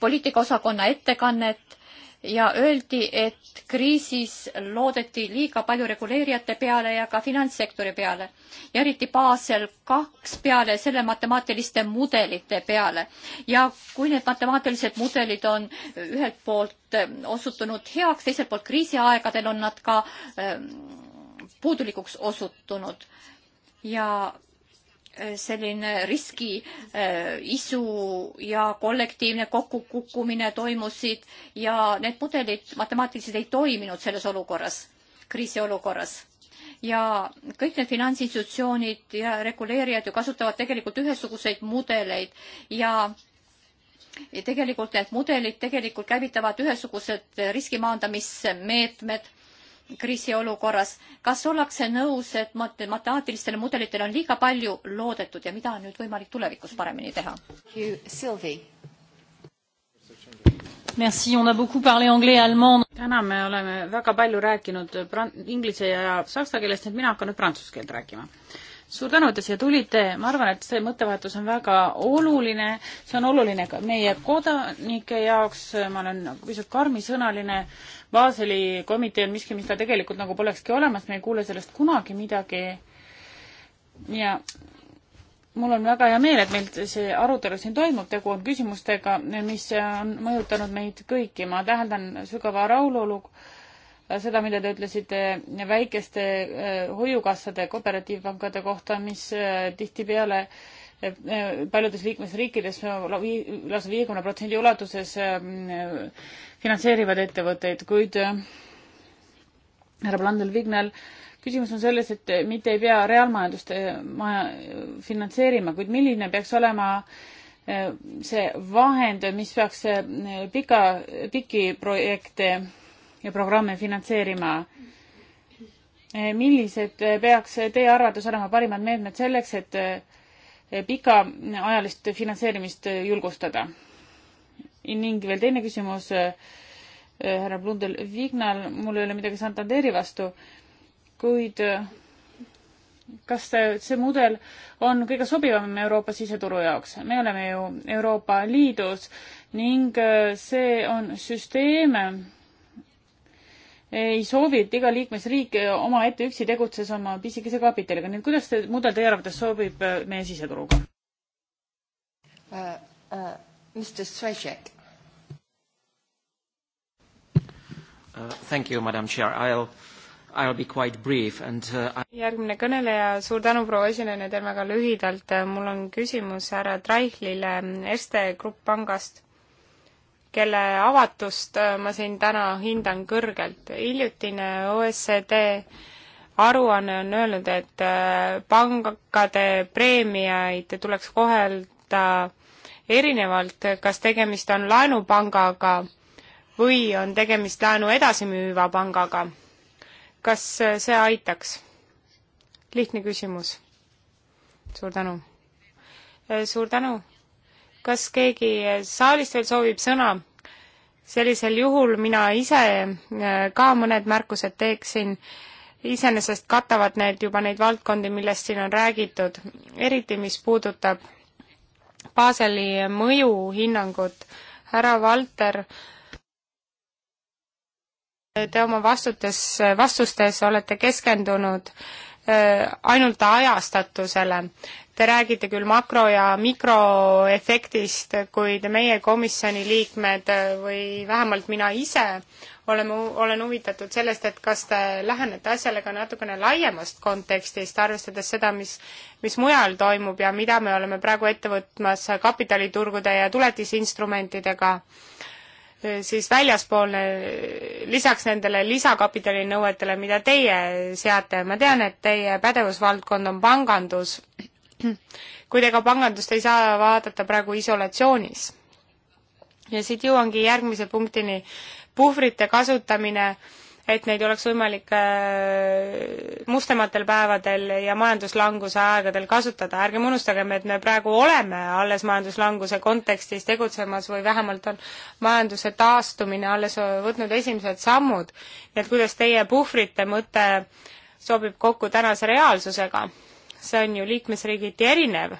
poliitikaosakonna ettekannet ja öeldi, et kriisis loodeti liiga palju reguleerijate peale ja ka finantssektori peale ja eriti Basel kaks peale, selle matemaatiliste mudelite peale. ja kui need matemaatilised mudelid on ühelt poolt ähm, osutunud heaks, teiselt poolt kriisiaegadel on nad ka ähm, puudulikuks osutunud ja selline riski äh, isu ja kollektiivne kokkukukkumine toimusid ja need mudelid matemaatiliselt ei toiminud selles olukorras, kriisiolukorras. ja kõik need finantsinstitutsioonid ja reguleerijad ju kasutavad tegelikult ühesuguseid mudeleid ja ja tegelikult need mudelid tegelikult käivitavad ühesugused riskimaandamismeetmed kriisiolukorras. kas ollakse nõus, et matemaatilistele mudelitele on liiga palju loodetud ja mida on nüüd võimalik tulevikus paremini teha? Merci, on a beaucoup parlé anglais, allemand. täna me oleme väga palju rääkinud inglise ja saksa keelest, nii et mina hakkan nüüd prantsuse keelt rääkima suur tänu, et te siia tulite, ma arvan, et see mõttevahetus on väga oluline, see on oluline ka meie kodanike jaoks, ma olen pisut karmisõnaline, Baseli komitee on miski, mis ta tegelikult nagu polekski olemas, me ei kuule sellest kunagi midagi ja mul on väga hea meel, et meil see arutelu siin toimub, tegu on küsimustega, mis on mõjutanud meid kõiki, ma täheldan sügava rahulolu seda, mida te ütlesite väikeste äh, hoiukassade, kooperatiivpankade kohta, mis äh, tihtipeale äh, paljudes liikmesriikides lausa viiekümne protsendi ulatuses ähm, finantseerivad ettevõtteid, kuid härra Blandel-Vignal küsimus on selles, et mitte ei pea reaalmajandust maja finantseerima, kuid milline peaks olema see vahend, mis peaks pika, pikki projekte ja programme finantseerima. Eh, millised peaks teie arvates olema parimad meetmed selleks, et eh, pikaajalist finantseerimist julgustada? ning veel teine küsimus eh, härra Blundel Vignal, mul ei ole midagi Santanderi vastu, kuid kas see mudel on kõige sobivam Euroopa siseturu jaoks? me oleme ju Euroopa Liidus ning see on süsteem, ei soovi, et iga liikmesriik eh, omaette üksi tegutses oma pisikese kapitaliga, nii et kuidas see te, mudel teie arvates sobib eh, meie siseturuga uh,? Uh, Mr Strejček uh,. Thank you, madam chair, I'll I'll be quite brief and uh, I... järgmine kõneleja, suur tänu, proua esineja, teeme ka lühidalt, mul on küsimus härra Treichlile Erste Grupp pangast kelle avatust äh, ma siin täna hindan kõrgelt. hiljutine OSCD aruanne on öelnud, et äh, pangade preemiaid tuleks kohelda erinevalt, kas tegemist on laenupangaga või on tegemist laenu edasimüüva pangaga. kas äh, see aitaks? lihtne küsimus. suur tänu. suur tänu kas keegi saalist veel soovib sõna? sellisel juhul mina ise äh, ka mõned märkused teeksin. iseenesest katavad need juba neid valdkondi, millest siin on räägitud, eriti mis puudutab Baseli mõjuhinnangut. härra Valter, te oma vastutes, vastustes olete keskendunud Äh, ainult ajastatusele. Te räägite küll makro- ja mikroefektist, kuid meie komisjoni liikmed äh, või vähemalt mina ise oleme, olen huvitatud sellest, et kas te lähenete asjale ka natukene laiemast kontekstist, arvestades seda, mis, mis mujal toimub ja mida me oleme praegu ette võtmas kapitaliturgude ja tuletisinstrumentidega äh, siis väljaspoolne, lisaks nendele lisakapitalinõuetele, mida teie seate, ma tean, et teie pädevusvaldkond on pangandus, kuid ega pangandust ei saa vaadata praegu isolatsioonis. ja siit jõuangi järgmise punktini, puhvrite kasutamine äh, et neid oleks võimalik äh, mustematel päevadel ja majanduslanguse aegadel kasutada. ärgem unustagem, et me praegu oleme alles majanduslanguse kontekstis tegutsemas või vähemalt on majanduse taastumine alles võtnud esimesed sammud. nii et kuidas teie puhvrite mõte sobib kokku tänase reaalsusega? see on ju liikmesriigiti erinev.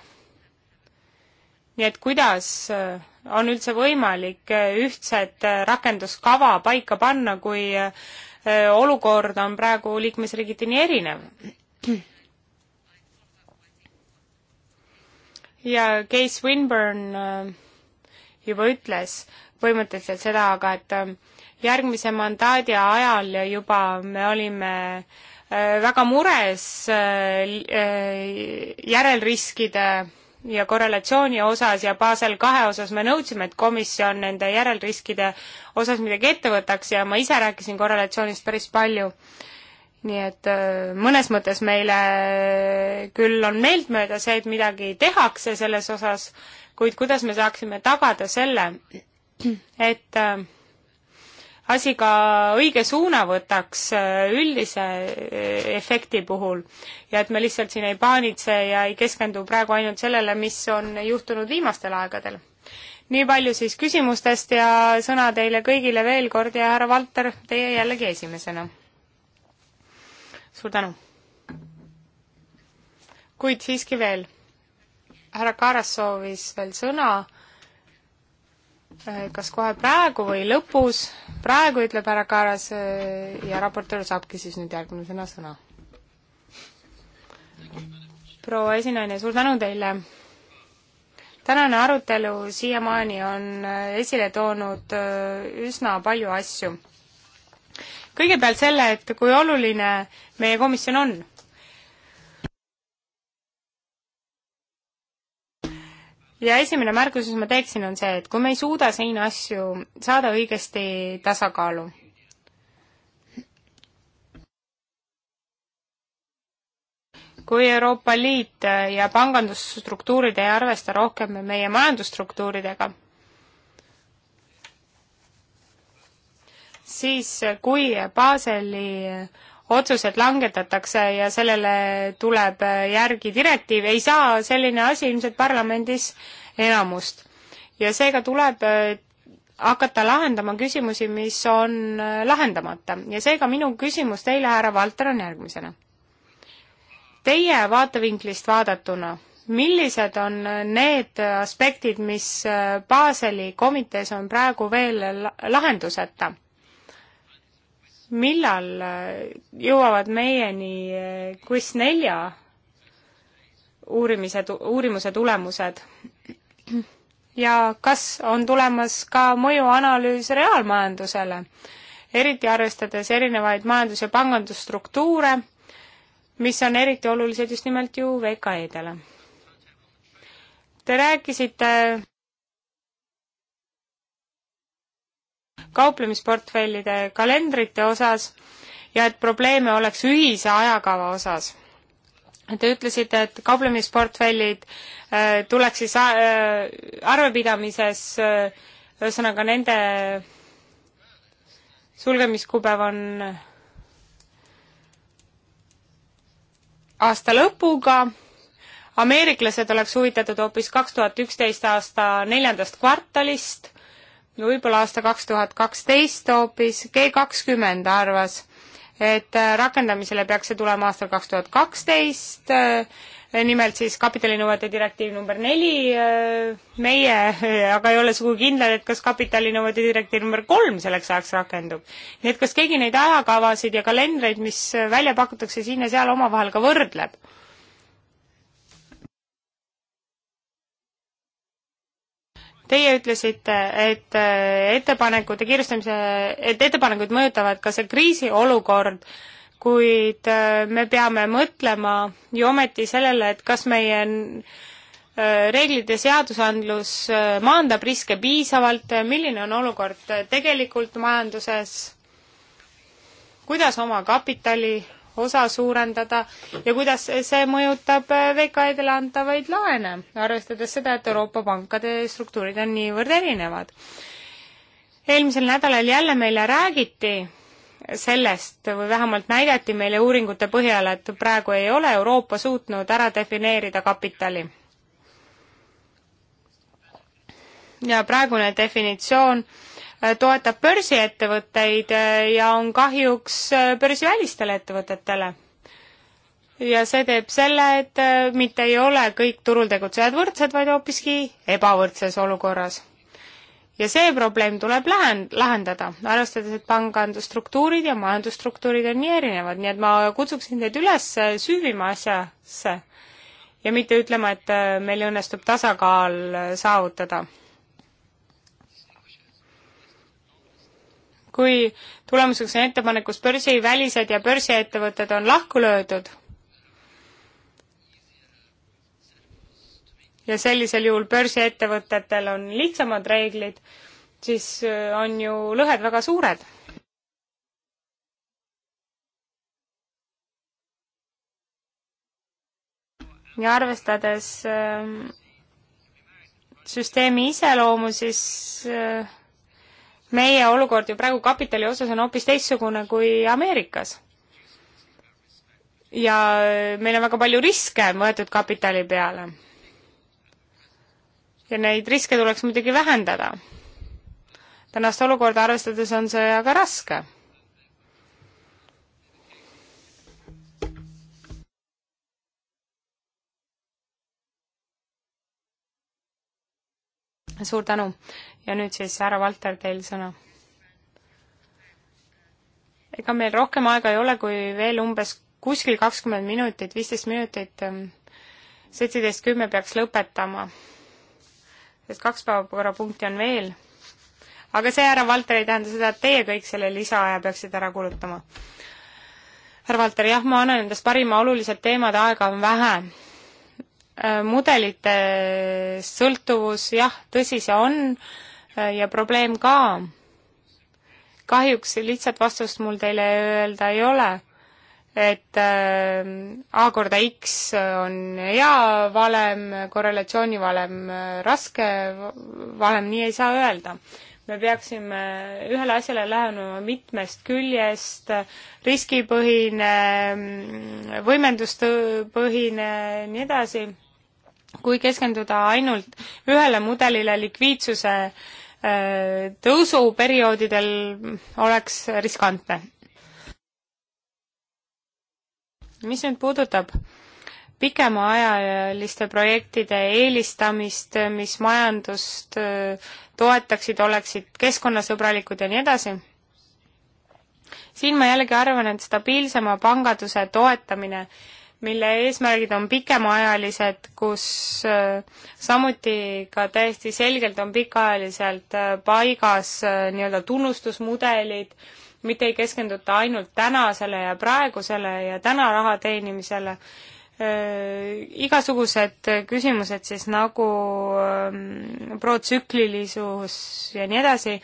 nii et kuidas äh, on üldse võimalik äh, ühtset rakenduskava paika panna, kui Äh, olukord on praegu liikmesriigiti nii erinev. ja Case Winburn äh, juba ütles põhimõtteliselt seda, aga et äh, järgmise mandaadi ajal juba me olime väga mures järelriskide ja korrelatsiooni osas ja Basel kahe osas me nõudsime, et komisjon nende järelriskide osas midagi ette võtaks ja ma ise rääkisin korrelatsioonist päris palju. nii et äh, mõnes mõttes meile küll on meeltmööda see, et midagi tehakse selles osas, kuid kuidas me saaksime tagada selle, et äh, asi ka õige suuna võtaks äh, üldise äh, efekti puhul ja et me lihtsalt siin ei paanitse ja ei keskendu praegu ainult sellele, mis on juhtunud viimastel aegadel. nii palju siis küsimustest ja sõna teile kõigile veel kord ja härra Valter, teie jällegi esimesena. suur tänu. kuid siiski veel, härra Kaaras soovis veel sõna Äh, kas kohe praegu või lõpus, praegu ütleb härra Kaaras äh, ja raportöör saabki siis nüüd järgmisena sõna. proua esinaine, suur tänu teile! tänane arutelu siiamaani on äh, esile toonud üsna palju asju. kõigepealt selle, et kui oluline meie komisjon on ja esimene märgus, mis ma teeksin, on see, et kui me ei suuda siin asju saada õigesti tasakaalu, kui Euroopa Liit ja pangandusstruktuurid ei arvesta rohkem meie majandusstruktuuridega, siis kui Baseli otsused langetatakse ja sellele tuleb järgi direktiiv, ei saa selline asi ilmselt parlamendis enamust. ja seega tuleb äh, hakata lahendama küsimusi, mis on äh, lahendamata ja seega minu küsimus teile, härra Valter, on järgmisena. Teie vaatevinklist vaadatuna, millised on äh, need aspektid, mis Baseli komitees on praegu veel lahenduseta? millal äh, jõuavad meieni äh, QIS4 uurimise, uurimuse tulemused ja kas on tulemas ka mõjuanalüüs reaalmajandusele, eriti arvestades erinevaid majandus- ja pangandusstruktuure, mis on eriti olulised just nimelt ju VKE-dele. Te rääkisite kauplemisportfellide kalendrite osas ja et probleeme oleks ühise ajakava osas. Te ütlesite, et kauplemisportfellid äh, tuleks siis äh, arvepidamises, äh, ühesõnaga nende sulgemiskuupäev on aasta lõpuga, ameeriklased oleks huvitatud hoopis kaks tuhat üksteist aasta neljandast kvartalist võib-olla aasta kaks tuhat kaksteist hoopis, G kakskümmend arvas, et äh, rakendamisele peaks see tulema aastal kaks tuhat kaksteist, äh, nimelt siis kapitalinõuete direktiiv number neli, äh, meie aga ei ole sugugi kindlad, et kas kapitalinõuete direktiiv number kolm selleks ajaks rakendub. nii et kas keegi neid ajakavasid ja kalendreid, mis välja pakutakse siin ja seal, omavahel ka võrdleb? Teie ütlesite, et äh, ettepanekute kiirustamise, et ettepanekuid mõjutavad ka see kriisiolukord, kuid äh, me peame mõtlema ju ometi sellele, et kas meie äh, reeglid ja seadusandlus maandab riske piisavalt, milline on olukord tegelikult majanduses, kuidas oma kapitali osa suurendada ja kuidas see mõjutab VKE-dele antavaid laene, arvestades seda, et Euroopa pankade struktuurid on niivõrd erinevad. eelmisel nädalal jälle meile räägiti sellest või vähemalt näidati meile uuringute põhjal, et praegu ei ole Euroopa suutnud ära defineerida kapitali. ja praegune definitsioon äh, Äh, toetab börsiettevõtteid äh, ja on kahjuks äh, börsivälistele ettevõtetele. ja see teeb selle, et mitte ei ole kõik turul tegutsejad võrdsed, vaid hoopiski ebavõrdses olukorras. ja see probleem tuleb lähen-, lahendada, arvestades, et pangandusstruktuurid ja majandusstruktuurid on nii erinevad, nii et ma kutsuksin teid üles süüvima asjasse ja mitte ütlema, et meil õnnestub tasakaal saavutada kui tulemuseks on ettepanekus börsivälised ja börsiettevõtted on lahku löödud ja sellisel juhul börsiettevõtetel on lihtsamad reeglid, siis äh, on ju lõhed väga suured. ja arvestades äh, süsteemi iseloomu, siis äh, meie olukord ju praegu kapitali osas on hoopis teistsugune kui Ameerikas. ja meil on väga palju riske võetud kapitali peale. ja neid riske tuleks muidugi vähendada. tänast olukorda arvestades on see aga raske suur tänu ja nüüd siis härra Valter, teil sõna. ega meil rohkem aega ei ole, kui veel umbes kuskil kakskümmend minutit, viisteist minutit, ähm, seitseteist kümme peaks lõpetama. sest kaks päevakorrapunkti on veel. aga see, härra Valter, ei tähenda seda, et teie kõik selle lisaaja peaksite ära kulutama. härra Valter, jah, ma annan endast parima, olulised teemad, aega on vähe Äh, mudelitest sõltuvus, jah, tõsi see on äh, ja probleem ka. kahjuks lihtsat vastust mul teile öelda ei ole, et äh, A korda X on hea valem, korrelatsioonivalem raske valem, nii ei saa öelda me peaksime ühele asjale lähenema mitmest küljest, riskipõhine, mm, võimenduspõhine, nii edasi kui keskenduda ainult ühele mudelile likviidsuse äh, tõusuperioodidel, oleks riskantne. mis nüüd puudutab pikemaajaliste projektide eelistamist, mis majandust äh, toetaksid, oleksid keskkonnasõbralikud ja nii edasi, siin ma jällegi arvan, et stabiilsema panganduse toetamine äh, mille eesmärgid on pikemaajalised, kus äh, samuti ka täiesti selgelt on pikaajaliselt äh, paigas äh, nii-öelda tunnustusmudelid, mitte ei keskenduta ainult tänasele ja praegusele ja täna raha teenimisele, igasugused küsimused siis nagu ähm, protsüklilisus ja nii edasi,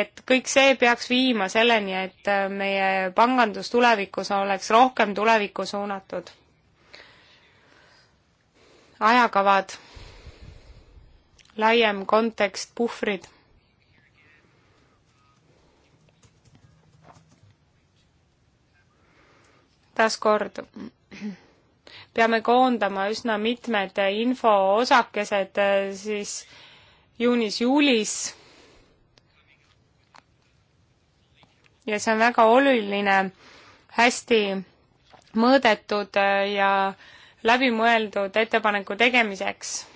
et kõik see peaks viima selleni, et meie pangandus tulevikus oleks rohkem tulevikku suunatud ajakavad, laiem kontekst, puhvrid. taaskord peame koondama üsna mitmed infoosakesed siis juunis-juulis ja see on väga oluline, hästi mõõdetud ja äh, läbimõeldud ettepaneku tegemiseks.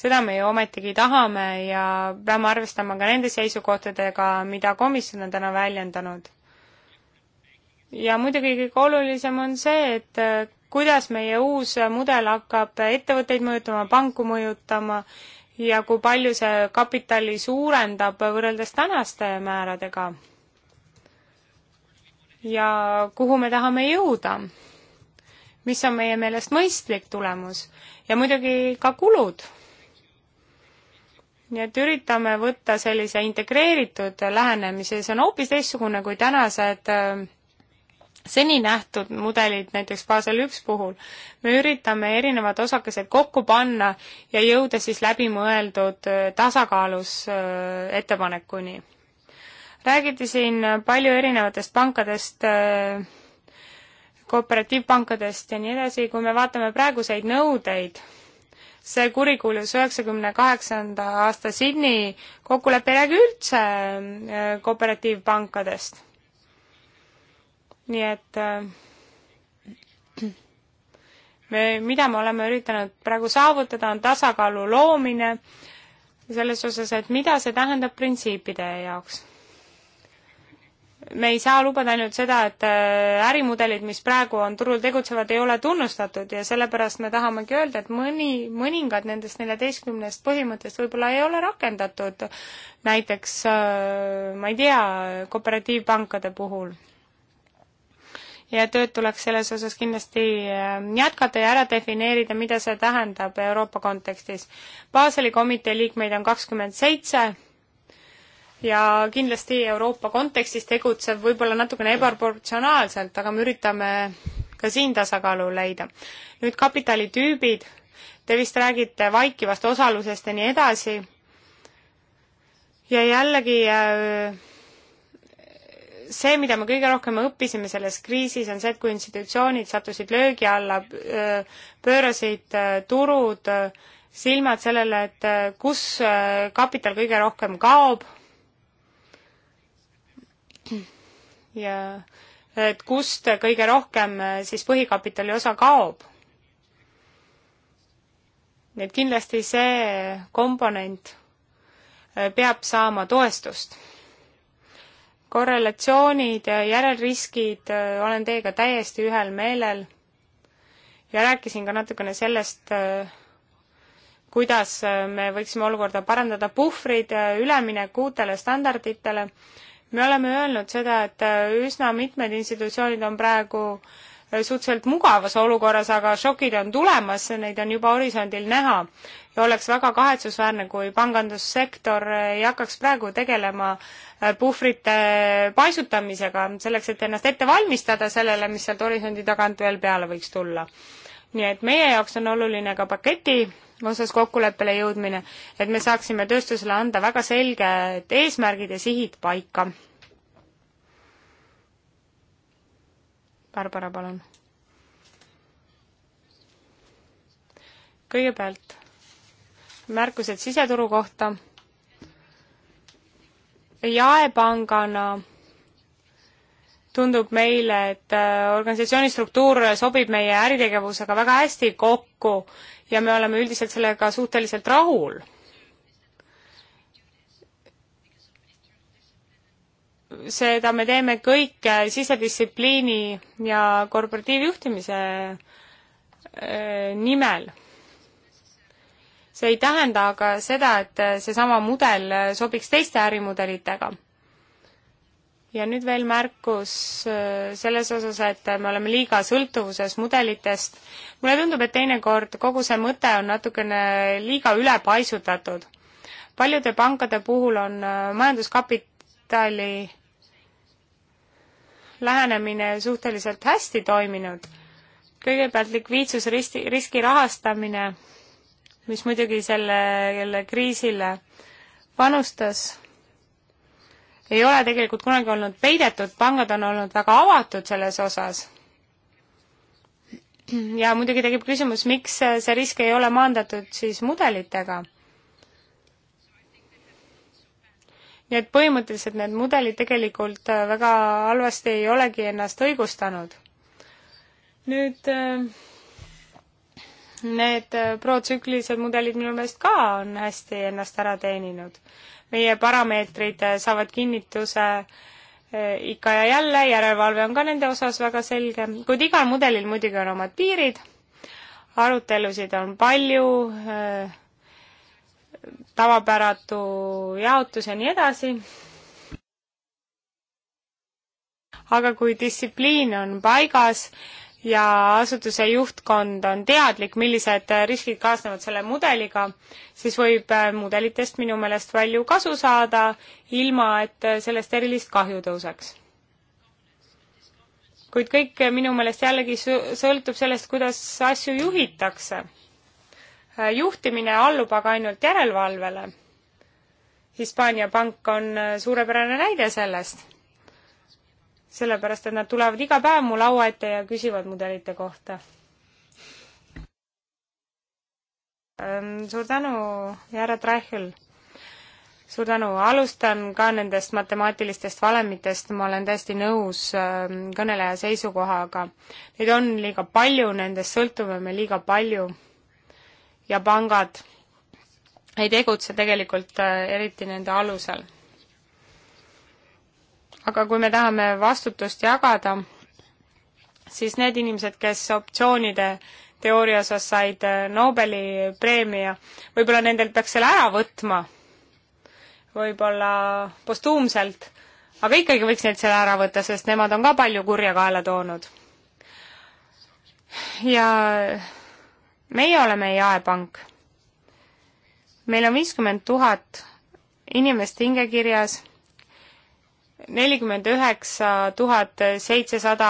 seda me ju ometigi tahame ja peame arvestama ka nende seisukohtadega, mida komisjon on täna väljendanud. ja muidugi kõige olulisem on see, et äh, kuidas meie uus mudel hakkab ettevõtteid mõjutama, panku mõjutama ja kui palju see kapitali suurendab võrreldes tänaste määradega. ja kuhu me tahame jõuda mis on meie meelest mõistlik tulemus ja muidugi ka kulud. nii et üritame võtta sellise integreeritud lähenemise, see on hoopis teistsugune kui tänased äh, seni nähtud mudelid näiteks Basel üks puhul, me üritame erinevad osakesed kokku panna ja jõuda siis läbimõeldud äh, tasakaalus äh, ettepanekuni. räägiti siin palju erinevatest pankadest äh, kooperatiivpankadest ja nii edasi, kui me vaatame praeguseid nõudeid, see kurikuulus üheksakümne kaheksanda aasta Sydney kokkulepe ei räägi üldse äh, kooperatiivpankadest. nii et äh, me, mida me oleme üritanud praegu saavutada, on tasakaalu loomine selles osas, et mida see tähendab printsiipide jaoks me ei saa lubada ainult seda, et äh, ärimudelid, mis praegu on turul tegutsevad, ei ole tunnustatud ja sellepärast me tahamegi öelda, et mõni, mõningad nendest neljateistkümnest põhimõttest võib-olla ei ole rakendatud. näiteks äh, ma ei tea, kooperatiivpankade puhul. ja tööd tuleks selles osas kindlasti äh, jätkata ja ära defineerida, mida see tähendab Euroopa kontekstis. Baseli komitee liikmeid on kakskümmend seitse ja kindlasti Euroopa kontekstis tegutsev võib-olla natukene ebaproportsionaalselt, aga me üritame ka siin tasakaalu leida. nüüd kapitalitüübid, te vist räägite vaikivast osalusest ja nii edasi, ja jällegi äh, see, mida me kõige rohkem õppisime selles kriisis, on see, et kui institutsioonid sattusid löögi alla, äh, pöörasid äh, turud silmad sellele, et kus kapital kõige rohkem kaob ja et kust kõige rohkem eh, siis põhikapitali osa kaob. nii et kindlasti see komponent eh, peab saama toestust. korrelatsioonid, järelriskid, eh, olen teiega täiesti ühel meelel ja rääkisin ka natukene sellest, kuidas me võiksime olukorda parandada, puhvrid, üleminek uutele standarditele me oleme öelnud seda, et äh, üsna mitmed institutsioonid on praegu äh, suhteliselt mugavas olukorras, aga šokid on tulemas, neid on juba horisondil näha. ja oleks väga kahetsusväärne, kui pangandussektor äh, ei hakkaks praegu tegelema puhvrite paisutamisega, selleks et ennast ette valmistada sellele, mis sealt horisondi tagant veel peale võiks tulla. nii et meie jaoks on oluline ka paketi osas kokkuleppele jõudmine, et me saaksime tööstusele anda väga selged eesmärgid ja sihid paika. Barbara, palun. kõigepealt märkused siseturu kohta. jaepangana tundub meile, et äh, organisatsiooni struktuur sobib meie äritegevusega väga hästi kokku ja me oleme üldiselt sellega suhteliselt rahul. seda me teeme kõik sisedistsipliini ja korporatiivjuhtimise eh, nimel see ei tähenda aga seda, et seesama mudel sobiks teiste ärimudelitega ja nüüd veel märkus äh, selles osas, et me oleme liiga sõltuvuses mudelitest. mulle tundub, et teinekord kogu see mõte on natukene liiga ülepaisutatud. paljude pankade puhul on äh, majanduskapitali lähenemine suhteliselt hästi toiminud. kõigepealt likviidsusriski, riski rahastamine, mis muidugi sellele kriisile panustas ei ole tegelikult kunagi olnud peidetud, pangad on olnud väga avatud selles osas. ja muidugi tekib küsimus, miks see risk ei ole maandatud siis mudelitega. nii et põhimõtteliselt need mudelid tegelikult äh, väga halvasti ei olegi ennast õigustanud. nüüd äh, need äh, protsüklilised mudelid minu meelest ka on hästi ennast ära teeninud meie parameetrid saavad kinnituse eh, ikka ja jälle, järelevalve on ka nende osas väga selge, kuid igal mudelil muidugi on omad piirid, arutelusid on palju, eh, tavapäratu jaotus ja nii edasi, aga kui distsipliin on paigas, ja asutuse juhtkond on teadlik, millised riskid kaasnevad selle mudeliga, siis võib äh, mudelitest minu meelest palju kasu saada, ilma et äh, sellest erilist kahju tõuseks. kuid kõik äh, minu meelest jällegi sõltub sellest, kuidas asju juhitakse. juhtimine allub aga ainult järelevalvele. Hispaania pank on suurepärane näide sellest sellepärast, et nad tulevad iga päev mu laua ette ja küsivad mudelite kohta. Ehm, suur tänu, härra Trechel! suur tänu, alustan ka nendest matemaatilistest valemitest, ma olen täiesti nõus ehm, kõneleja seisukohaga. Neid on liiga palju, nendest sõltume me liiga palju ja pangad ei tegutse tegelikult eh, eriti nende alusel aga kui me tahame vastutust jagada, siis need inimesed, kes optsioonide teooria osas said äh, Nobeli preemia, võib-olla nendelt peaks selle ära võtma, võib-olla postuumselt, aga ikkagi võiks neilt selle ära võtta, sest nemad on ka palju kurja kaela toonud. ja meie oleme jaepank. meil on viiskümmend tuhat inimest hingekirjas nelikümmend üheksa tuhat seitsesada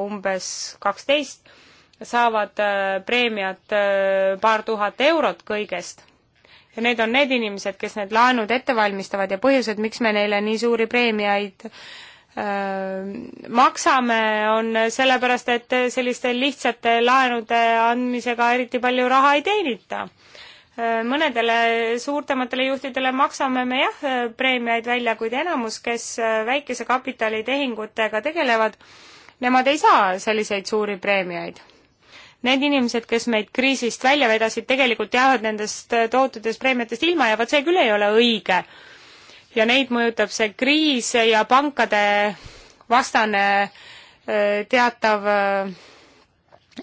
umbes kaksteist saavad äh, preemiat äh, paar tuhat eurot kõigest. ja need on need inimesed, kes need laenud ette valmistavad ja põhjused, miks me neile nii suuri preemiaid äh, maksame, on sellepärast, et selliste lihtsate laenude andmisega eriti palju raha ei teenita Äh, mõnedele suurtematele juhtidele maksame me jah äh, preemiaid välja, kuid enamus, kes äh, väikese kapitali tehingutega tegelevad, nemad ei saa selliseid suuri preemiaid. Need inimesed, kes meid kriisist välja vedasid, tegelikult jäävad nendest tohututest preemiatest ilma ja vot see küll ei ole õige. ja neid mõjutab see kriis ja pankade vastane teatav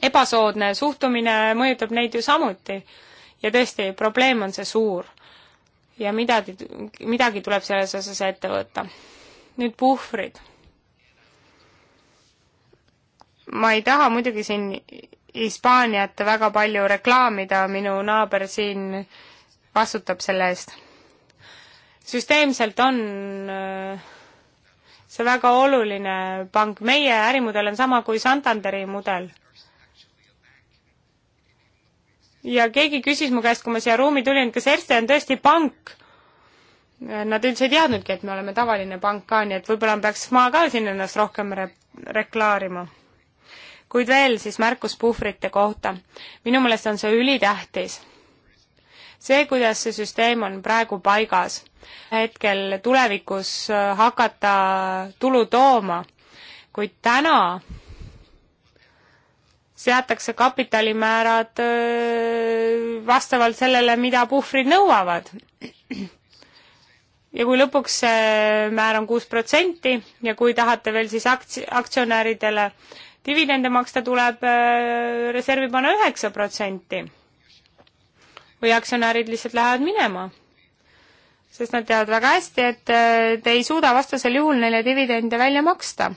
ebasoodne suhtumine mõjutab neid ju samuti ja tõesti, probleem on see suur. ja midagi, midagi tuleb selles osas ette võtta. nüüd puhvrid. ma ei taha muidugi siin Hispaaniat väga palju reklaamida, minu naaber siin vastutab selle eest. süsteemselt on äh, see väga oluline pank, meie ärimudel on sama kui Santanderi mudel ja keegi küsis mu käest, kui ma siia ruumi tulin, kas Erste on tõesti pank. Nad üldse ei teadnudki, et me oleme tavaline pank ka, nii et võib-olla peaks ma ka siin ennast rohkem re reklaarima. kuid veel siis märkus puhvrite kohta. minu meelest on see ülitähtis. see, kuidas see süsteem on praegu paigas, hetkel tulevikus äh, hakata tulu tooma, kuid täna seatakse kapitalimäärad vastavalt sellele, mida puhvrid nõuavad. ja kui lõpuks see määr on kuus protsenti ja kui tahate veel siis akts-, aktsionäridele dividende maksta, tuleb reservi panna üheksa protsenti. või aktsionärid lihtsalt lähevad minema. sest nad teavad väga hästi, et te ei suuda vastasel juhul neile dividende välja maksta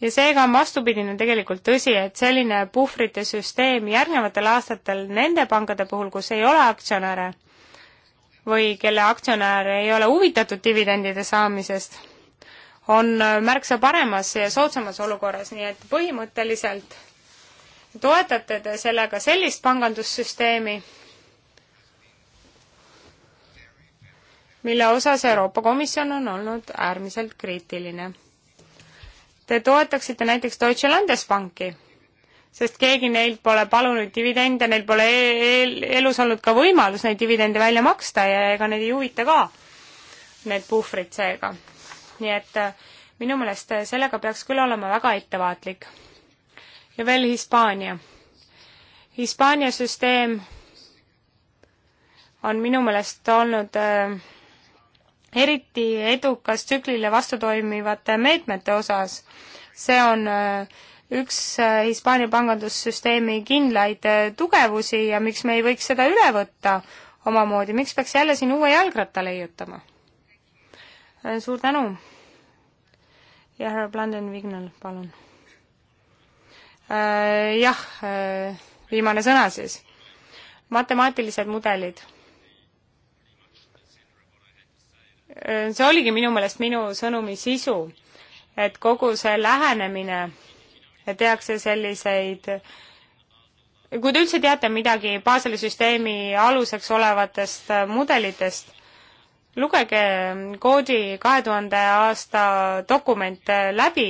ja seega on vastupidine tegelikult tõsi, et selline puhvrite süsteem järgnevatel aastatel nende pankade puhul, kus ei ole aktsionäre või kelle aktsionär ei ole huvitatud dividendide saamisest, on märksa paremas ja soodsamas olukorras, nii et põhimõtteliselt toetate te sellega sellist pangandussüsteemi, mille osas Euroopa Komisjon on olnud äärmiselt kriitiline te toetaksite näiteks Deutsche Landespanki, sest keegi neilt pole palunud dividende, neil pole e-, elus olnud ka võimalus neid dividende välja maksta ja ega neid ei huvita ka, need puhvrid seega. nii et äh, minu meelest äh, sellega peaks küll olema väga ettevaatlik. ja veel Hispaania. Hispaania süsteem on minu meelest olnud äh, eriti edukas tsüklile vastu toimivate meetmete osas. see on äh, üks äh, Hispaania pangandussüsteemi kindlaid äh, tugevusi ja miks me ei võiks seda üle võtta omamoodi, miks peaks jälle siin uue jalgratta leiutama? suur tänu! ja härra Blanden-Vignal, palun jah, viimane sõna siis. matemaatilised mudelid. see oligi minu meelest minu sõnumi sisu, et kogu see lähenemine, et tehakse selliseid kui te üldse teate midagi Baseli süsteemi aluseks olevatest mudelitest, lugege koodi kahe tuhande aasta dokument läbi,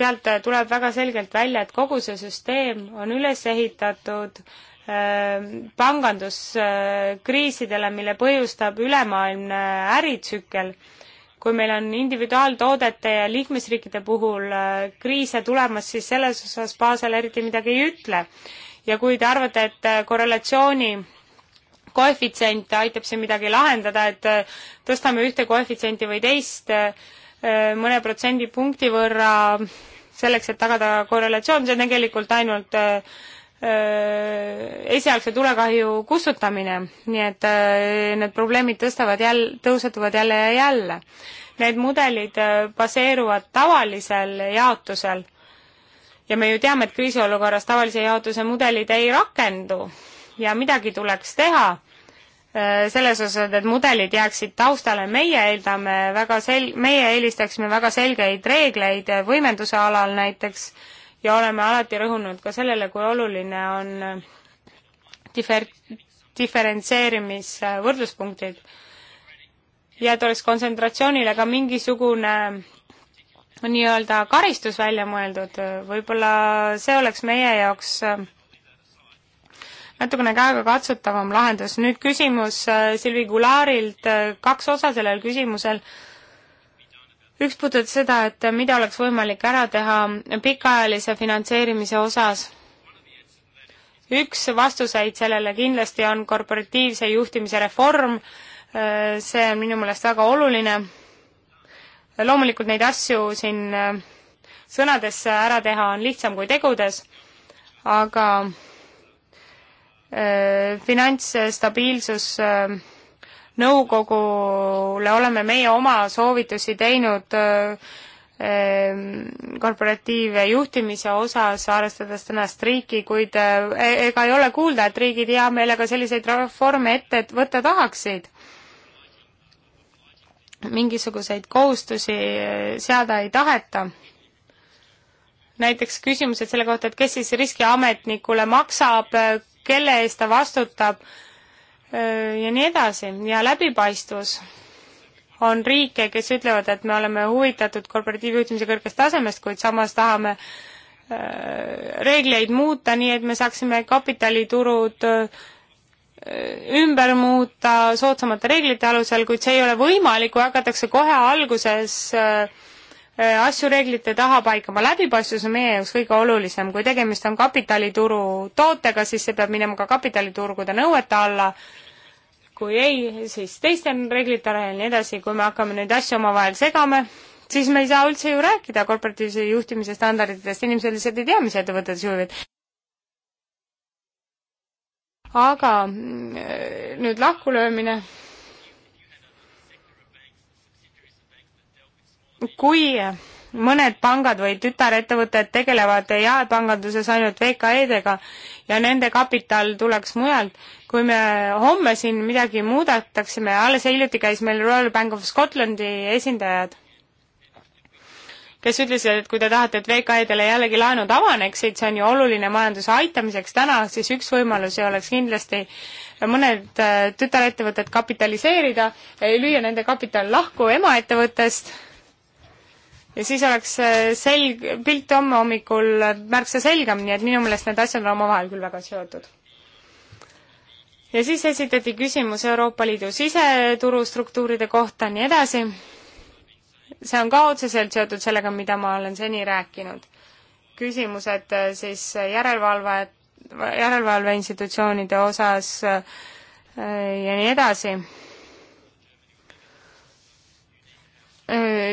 sealt tuleb väga selgelt välja, et kogu see süsteem on üles ehitatud äh, Äh, panganduskriisidele, mille põhjustab ülemaailmne äritsükkel, kui meil on individuaaltoodete ja liikmesriikide puhul äh, kriise tulemas, siis selles osas Basel eriti midagi ei ütle. ja kui te arvate, et äh, korrelatsiooni koefitsient aitab siin midagi lahendada, et tõstame ühte koefitsienti või teist mõne protsendipunkti võrra selleks, et tagada korrelatsioon, see on tegelikult ainult Äh, esialgse tulekahju kustutamine, nii et äh, need probleemid tõstavad jälle, tõusetuvad jälle ja jälle. Need mudelid äh, baseeruvad tavalisel jaotusel ja me ju teame, et kriisiolukorras tavalise jaotuse mudelid ei rakendu ja midagi tuleks teha selles osas, et mudelid jääksid taustale, meie eeldame väga sel-, meie eelistaksime väga selgeid reegleid võimenduse alal näiteks, ja oleme alati rõhunud ka sellele, kui oluline on äh, difer-, diferentseerimise võrdluspunktid ja et oleks kontsentratsioonile ka mingisugune äh, nii-öelda karistus välja mõeldud, äh, võib-olla see oleks meie jaoks natukene käegakatsutavam lahendus. nüüd küsimus Silvi Kularilt, kaks osa sellel küsimusel üks puudutab seda, et mida oleks võimalik ära teha pikaajalise finantseerimise osas. üks vastuseid sellele kindlasti on korporatiivse juhtimise reform, see on minu meelest väga oluline. loomulikult neid asju siin sõnadesse ära teha on lihtsam kui tegudes, aga finantsstabiilsus äh, nõukogule oleme meie oma soovitusi teinud äh, ähm, korporatiive juhtimise osas, arvestades tänast riiki, kuid äh, e-, ega ei ole kuulda, et riigid hea meelega selliseid reforme ette võtta tahaksid. mingisuguseid kohustusi äh, seada ei taheta näiteks küsimused selle kohta, et kes siis riskiametnikule maksab, kelle eest ta vastutab, ja nii edasi ja läbipaistvus on riike, kes ütlevad, et me oleme huvitatud korporatiivjuhtimise kõrgest tasemest, kuid samas tahame äh, reegleid muuta, nii et me saaksime kapitaliturud äh, ümber muuta soodsamate reeglite alusel, kuid see ei ole võimalik, kui hakatakse kohe alguses äh, asju reeglite taha paikama. läbipaistvus on meie jaoks kõige olulisem, kui tegemist on kapitalituru tootega, siis see peab minema ka kapitaliturgude nõuete alla kui ei, siis teistel reeglitel ja nii edasi, kui me hakkame neid asju omavahel segama, siis me ei saa üldse ju rääkida korporatiivse juhtimise standarditest, inimesed lihtsalt ei tea, mis ettevõttes juhivad. aga mm, nüüd lahkulöömine kui mõned pangad või tütarettevõtted tegelevad jaepanganduses ainult VKE-dega ja nende kapital tuleks mujalt. kui me homme siin midagi muudataksime, alles hiljuti käis meil Royal Bank of Scotlandi esindajad, kes ütlesid, et kui te tahate, et VKE-dele jällegi laenud avaneksid, see on ju oluline majanduse aitamiseks täna, siis üks võimalus oleks kindlasti mõned äh, tütarettevõtted kapitaliseerida, lüüa nende kapital lahku emaettevõttest ja siis oleks äh, selg, pilt homme hommikul märksa selgem, nii et minu meelest need asjad on omavahel küll väga seotud. ja siis esitati küsimus Euroopa Liidu siseturustruktuuride kohta, nii edasi. see on ka otseselt seotud sellega, mida ma olen seni rääkinud. küsimused äh, siis järelevalve, järelevalve institutsioonide osas äh, ja nii edasi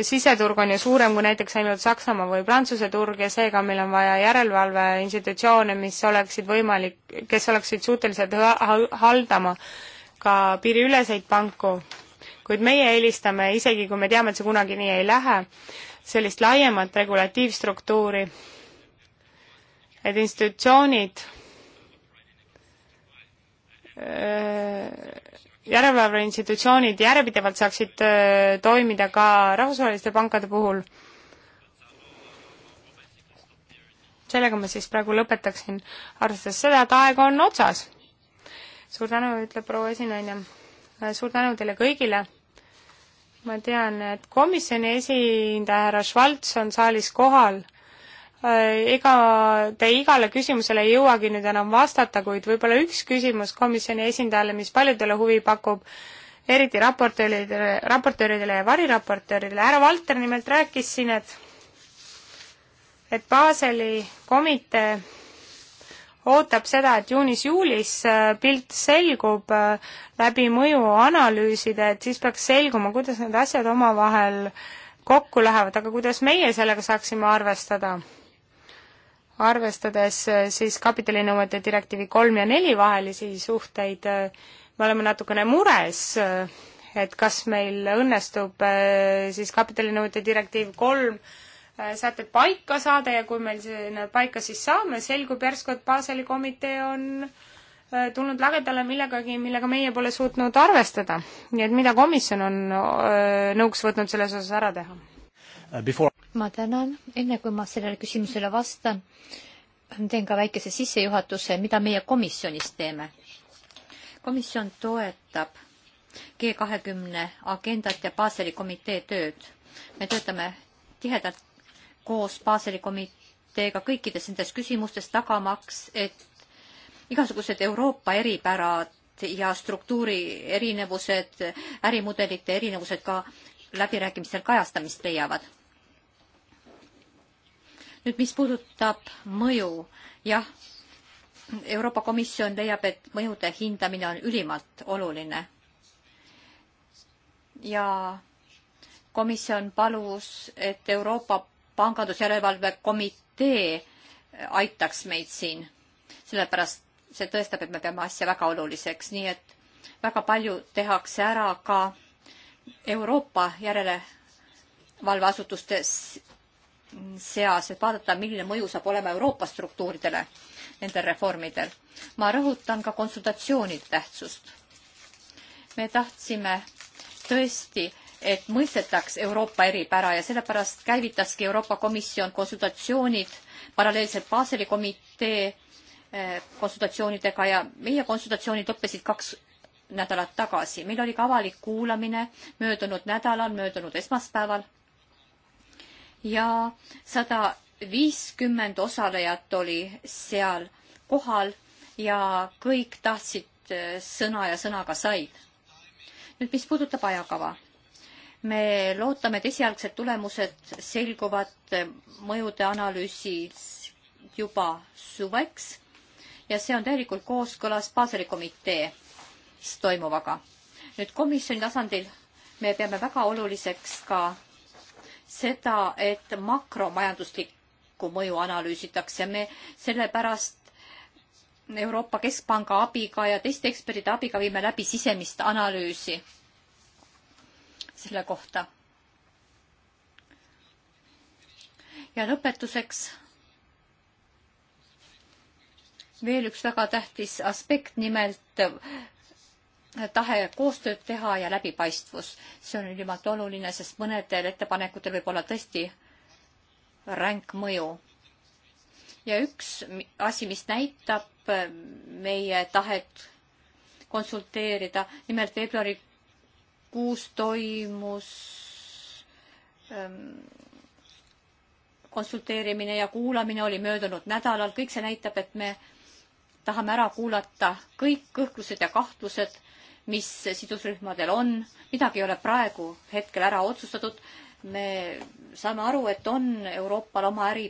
siseturg on ju suurem kui näiteks ainult Saksamaa või Prantsuse turg ja seega meil on vaja järelevalveinstitutsioone, mis oleksid võimalik, kes oleksid suutelised haldama ka piiriüleseid panku. kuid meie eelistame, isegi kui me teame, et see kunagi nii ei lähe, sellist laiemat regulatiivstruktuuri, et institutsioonid öö, järelevalveinstitutsioonid järjepidevalt saaksid äh, toimida ka rahvusvaheliste pankade puhul. sellega ma siis praegu lõpetaksin, arvestades seda, et aeg on otsas. suur tänu, ütleb proua esinaine. Äh, suur tänu teile kõigile. ma tean, et komisjoni esindaja härra Schvaltz on saalis kohal Äh, ega te igale küsimusele ei jõuagi nüüd enam vastata, kuid võib-olla üks küsimus komisjoni esindajale, mis paljudele huvi pakub, eriti raportööridele, raportööridele ja variraportööridele, härra Valter nimelt rääkis siin, et et Baseli komitee ootab seda, et juunis-juulis äh, pilt selgub äh, läbi mõjuanalüüside, et siis peaks selguma, kuidas need asjad omavahel kokku lähevad, aga kuidas meie sellega saaksime arvestada arvestades äh, siis kapitalinõuete direktiivi kolm ja neli vahelisi suhteid, äh, me oleme natukene mures, äh, et kas meil õnnestub siis kapitalinõuete direktiiv kolm sätted paika saada ja kui meil sinna paika siis saame, selgub järsku, et Baseli komitee on tulnud lagedale millegagi, millega meie pole suutnud arvestada. nii et mida komisjon on nõuks võtnud selles osas ära teha? Before ma tänan, enne kui ma sellele küsimusele vastan, teen ka väikese sissejuhatuse, mida meie komisjonis teeme. komisjon toetab G kahekümne agendat ja Baseli komitee tööd. me töötame tihedalt koos Baseli komiteega kõikides nendes küsimustes, tagamaks, et igasugused Euroopa eripärad ja struktuuri erinevused, ärimudelite erinevused ka läbirääkimistel kajastamist leiavad nüüd, mis puudutab mõju, jah, Euroopa Komisjon leiab, et mõjude hindamine on ülimalt oluline. ja komisjon palus, et Euroopa Pangandusjärelevalve Komitee aitaks meid siin, sellepärast see tõestab, et me peame asja väga oluliseks, nii et väga palju tehakse ära ka Euroopa järelevalveasutustes seas, et vaadata, milline mõju saab olema Euroopa struktuuridele nendel reformidel. ma rõhutan ka konsultatsioonide tähtsust. me tahtsime tõesti, et mõistetaks Euroopa eripära ja sellepärast käivitaski Euroopa Komisjon konsultatsioonid paralleelselt Baseli komitee eh, konsultatsioonidega ja meie konsultatsioonid lõppesid kaks nädalat tagasi. meil oli ka avalik kuulamine möödunud nädalal, möödunud esmaspäeval ja sada viiskümmend osalejat oli seal kohal ja kõik tahtsid äh, sõna ja sõnaga said. nüüd, mis puudutab ajakava. me loodame, et esialgsed tulemused selguvad äh, mõjude analüüsis juba suveks ja see on täielikult kooskõlas Baseli komitees toimuvaga. nüüd komisjoni tasandil me peame väga oluliseks ka seda, et makromajanduslikku mõju analüüsitakse. me sellepärast Euroopa Keskpanga abiga ja teiste ekspertide abiga viime läbi sisemist analüüsi selle kohta. ja lõpetuseks veel üks väga tähtis aspekt, nimelt tahe koostööd teha ja läbipaistvus. see on ülimalt oluline, sest mõnedel ettepanekutel võib olla tõesti ränk mõju. ja üks asi, mis näitab ähm, meie tahet konsulteerida, nimelt veebruarikuus toimus ähm, konsulteerimine ja kuulamine oli möödunud nädalal, kõik see näitab, et me tahame ära kuulata kõik kõhklused ja kahtlused mis sidusrühmadel on, midagi ei ole praegu hetkel ära otsustatud. me saame aru, et on Euroopal oma äri,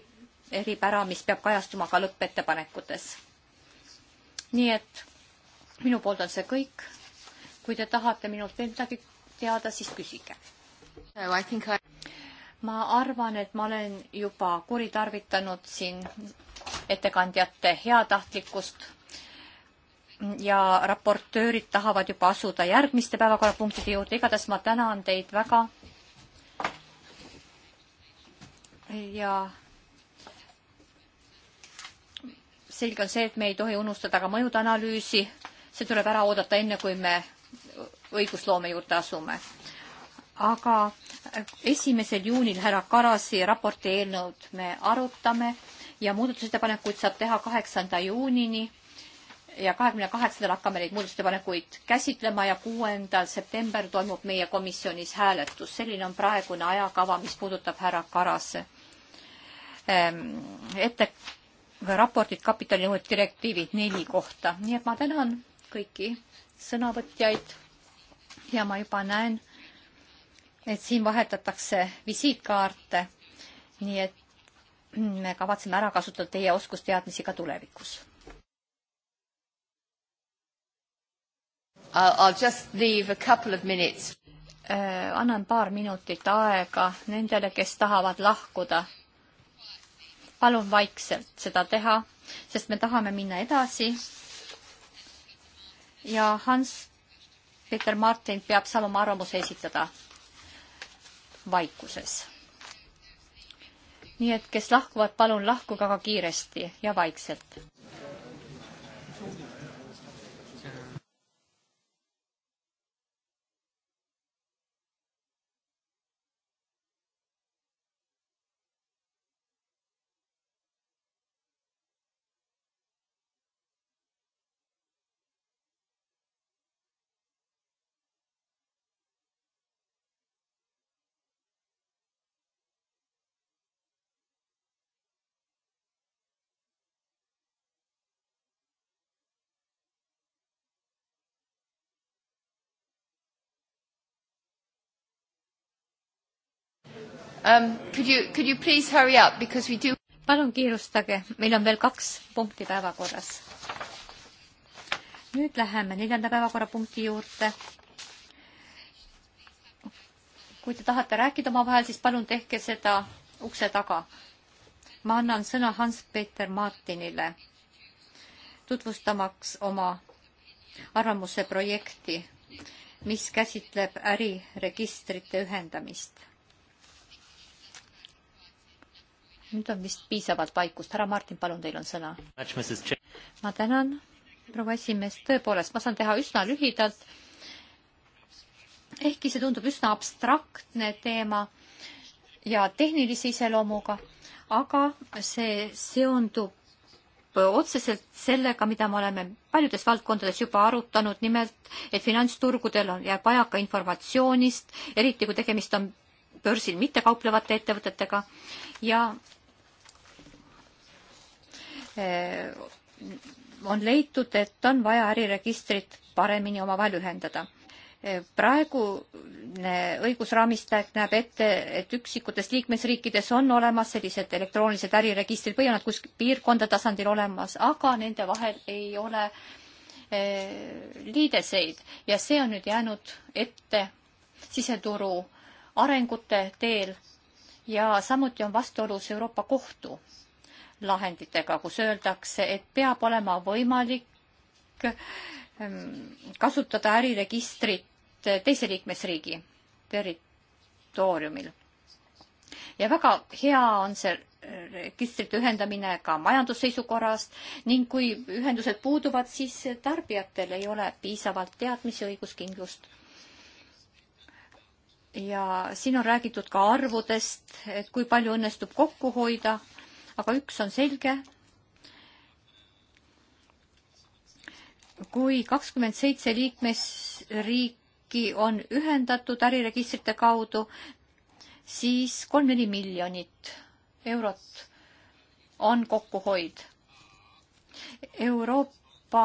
eripära, mis peab kajastuma ka lõppettepanekutes. nii et minu poolt on see kõik. kui te tahate minult veel midagi teada, siis küsige no,. I... ma arvan, et ma olen juba kuritarvitanud siin ettekandjate heatahtlikkust ja raportöörid tahavad juba asuda järgmiste päevakorrapunktide juurde, igatahes ma tänan teid väga. ja selge on see, et me ei tohi unustada ka mõjude analüüsi, see tuleb ära oodata, enne kui me õigusloome juurde asume. aga esimesel juunil härra Karasi raporti eelnõud me arutame ja muudatusettepanekuid saab teha kaheksanda juunini ja kahekümne kaheksandal hakkame neid muudatusettepanekuid käsitlema ja kuuendal september toimub meie komisjonis hääletus. selline on praegune ajakava, mis puudutab härra Karase ähm, ette raportit kapitalinõuete direktiivid neli kohta. nii et ma tänan kõiki sõnavõtjaid ja ma juba näen, et siin vahetatakse visiitkaarte, nii et me kavatseme ära kasutada teie oskusteadmisi ka tulevikus I'll just leave a couple of minutes. Äh, annan paar minutit aega nendele, kes tahavad lahkuda. palun vaikselt seda teha, sest me tahame minna edasi. ja Hans-Peter Martin peab saama oma arvamuse esitada vaikuses. nii et kes lahkuvad, palun lahkuge aga kiiresti ja vaikselt. um,. Could you, could you please hurry up because we do. palun kiirustage, meil on veel kaks punkti päevakorras. nüüd läheme neljanda päevakorrapunkti juurde. kui te tahate rääkida omavahel, siis palun tehke seda ukse taga. ma annan sõna Hans-Peter Martinile, tutvustamaks oma arvamuse projekti, mis käsitleb äriregistrite ühendamist nüüd on vist piisavalt vaikust. härra Martin, palun, teil on sõna. ma tänan, proua esimees, tõepoolest, ma saan teha üsna lühidalt. ehkki see tundub üsna abstraktne teema ja tehnilise iseloomuga, aga see seondub otseselt sellega, mida me oleme paljudes valdkondades juba arutanud, nimelt, et finantsturgudel on, jääb vajaka informatsioonist, eriti kui tegemist on börsil mitte kauplevate ettevõtetega ja Eh, on leitud, et on vaja äriregistrit paremini omavahel ühendada. Eh, praegune õigusraamistik näeb ette, et üksikutes liikmesriikides on olemas sellised elektroonilised äriregistrid või on nad kuskil piirkonda tasandil olemas, aga nende vahel ei ole eh, liideseid ja see on nüüd jäänud ette siseturu arengute teel ja samuti on vastuolus Euroopa Kohtu lahenditega, kus öeldakse, et peab olema võimalik ähm, kasutada äriregistrit teise liikmesriigi territooriumil. ja väga hea on see registrite ühendamine ka majandusseisukorrast ning kui ühendused puuduvad, siis tarbijatel ei ole piisavalt teadmisi, õiguskindlust. ja siin on räägitud ka arvudest, et kui palju õnnestub kokku hoida aga üks on selge. kui kakskümmend seitse liikmesriiki on ühendatud äriregistrite kaudu, siis kolm-neli miljonit eurot on kokkuhoid. Euroopa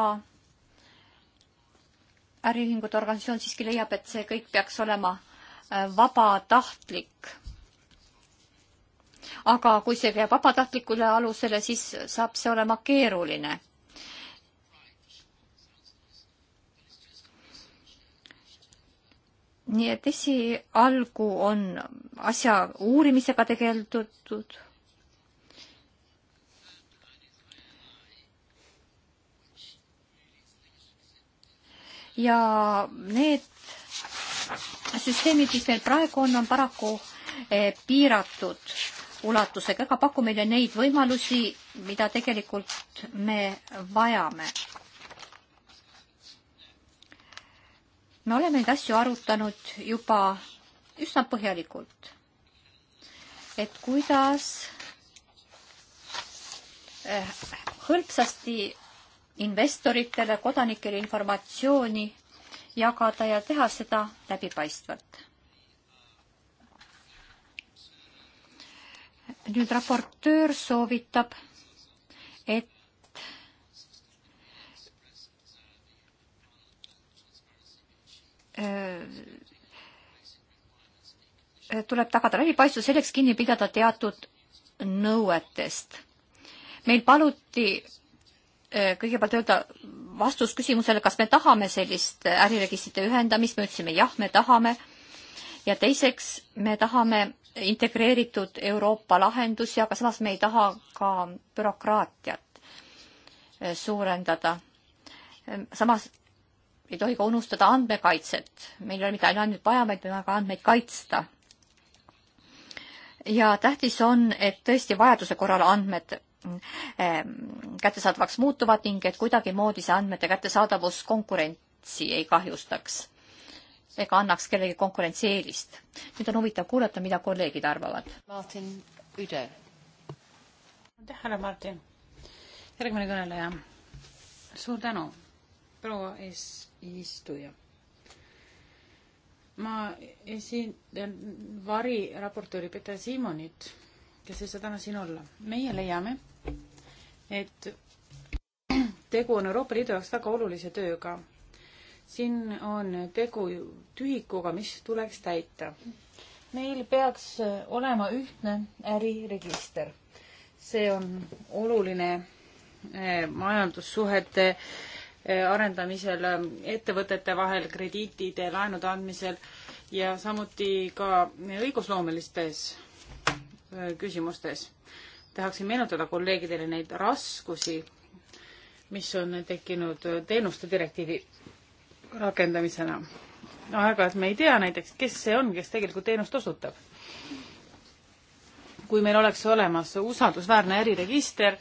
äriühingute organisatsioon siiski leiab, et see kõik peaks olema äh, vabatahtlik aga kui see jääb vabatahtlikule alusele, siis saab see olema keeruline. nii et esialgu on asja uurimisega tegeldud ja need süsteemid, mis meil praegu on, on paraku eh, piiratud ulatusega, aga paku meile neid võimalusi, mida tegelikult me vajame. me oleme neid asju arutanud juba üsna põhjalikult, et kuidas eh, hõlpsasti investoritele, kodanikele informatsiooni jagada ja teha seda läbipaistvalt nüüd raportöör soovitab, et äh, tuleb tagada läbipaistvus, selleks kinni pidada teatud nõuetest. meil paluti äh, kõigepealt öelda vastus küsimusele, kas me tahame sellist äriregistrite ühendamist, me ütlesime jah, me tahame ja teiseks me tahame integreeritud Euroopa lahendusi, aga samas me ei taha ka bürokraatiat eh, suurendada. Ehm, samas ei tohi ka unustada andmekaitset, meil ei ole mitte ainult andmeid vaja, vaid me tahame ka andmeid kaitsta ja tähtis on, et tõesti vajaduse korral andmed ehm, kättesaadavaks muutuvad ning et kuidagimoodi see andmete kättesaadavus konkurentsi ei kahjustaks ega annaks kellegi konkurentsieelist. nüüd on huvitav kuulata, mida kolleegid arvavad. Martin Üde. aitäh, härra Martin. järgmine kõneleja. suur tänu, proua eesistuja. ma esindan variraportööri Peter Siimonit, kes ei saa täna siin olla. meie leiame, et tegu on Euroopa Liidu jaoks väga olulise tööga siin on tegu tühikuga, mis tuleks täita. meil peaks olema ühtne äriregister. see on oluline eh, majandussuhete eh, arendamisel, eh, ettevõtete vahel, krediitide, laenude andmisel ja samuti ka õigusloomelistes küsimustes. tahaksin meenutada kolleegidele neid raskusi, mis on tekkinud teenuste direktiivi rakendamisena. aeg-ajalt me ei tea näiteks, kes see on, kes tegelikult teenust osutab. kui meil oleks olemas usaldusväärne äriregister,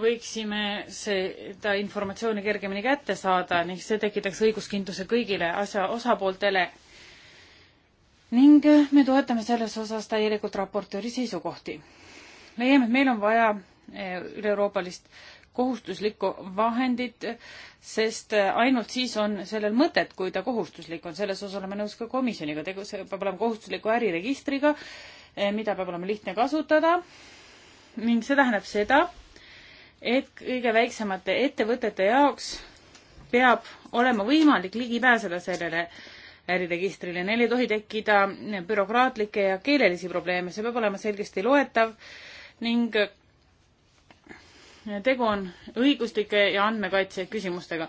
võiksime seda informatsiooni kergemini kätte saada ning see tekitaks õiguskindluse kõigile asja osapooltele ning me toetame selles osas täielikult raportööri seisukohti. leiame, et meil on vaja eh, üle-euroopalist kohustuslikku vahendit, sest ainult siis on sellel mõtet, kui ta kohustuslik on, selles osas oleme nõus ka komisjoniga, tegu, see peab olema kohustusliku äriregistriga, eh, mida peab olema lihtne kasutada ning see tähendab seda, et kõige väiksemate ettevõtete jaoks peab olema võimalik ligi pääseda sellele äriregistrile, neil ei tohi tekkida bürokraatlikke ja keelelisi probleeme, see peab olema selgesti loetav ning tegu on õiguslike ja andmekaitse küsimustega.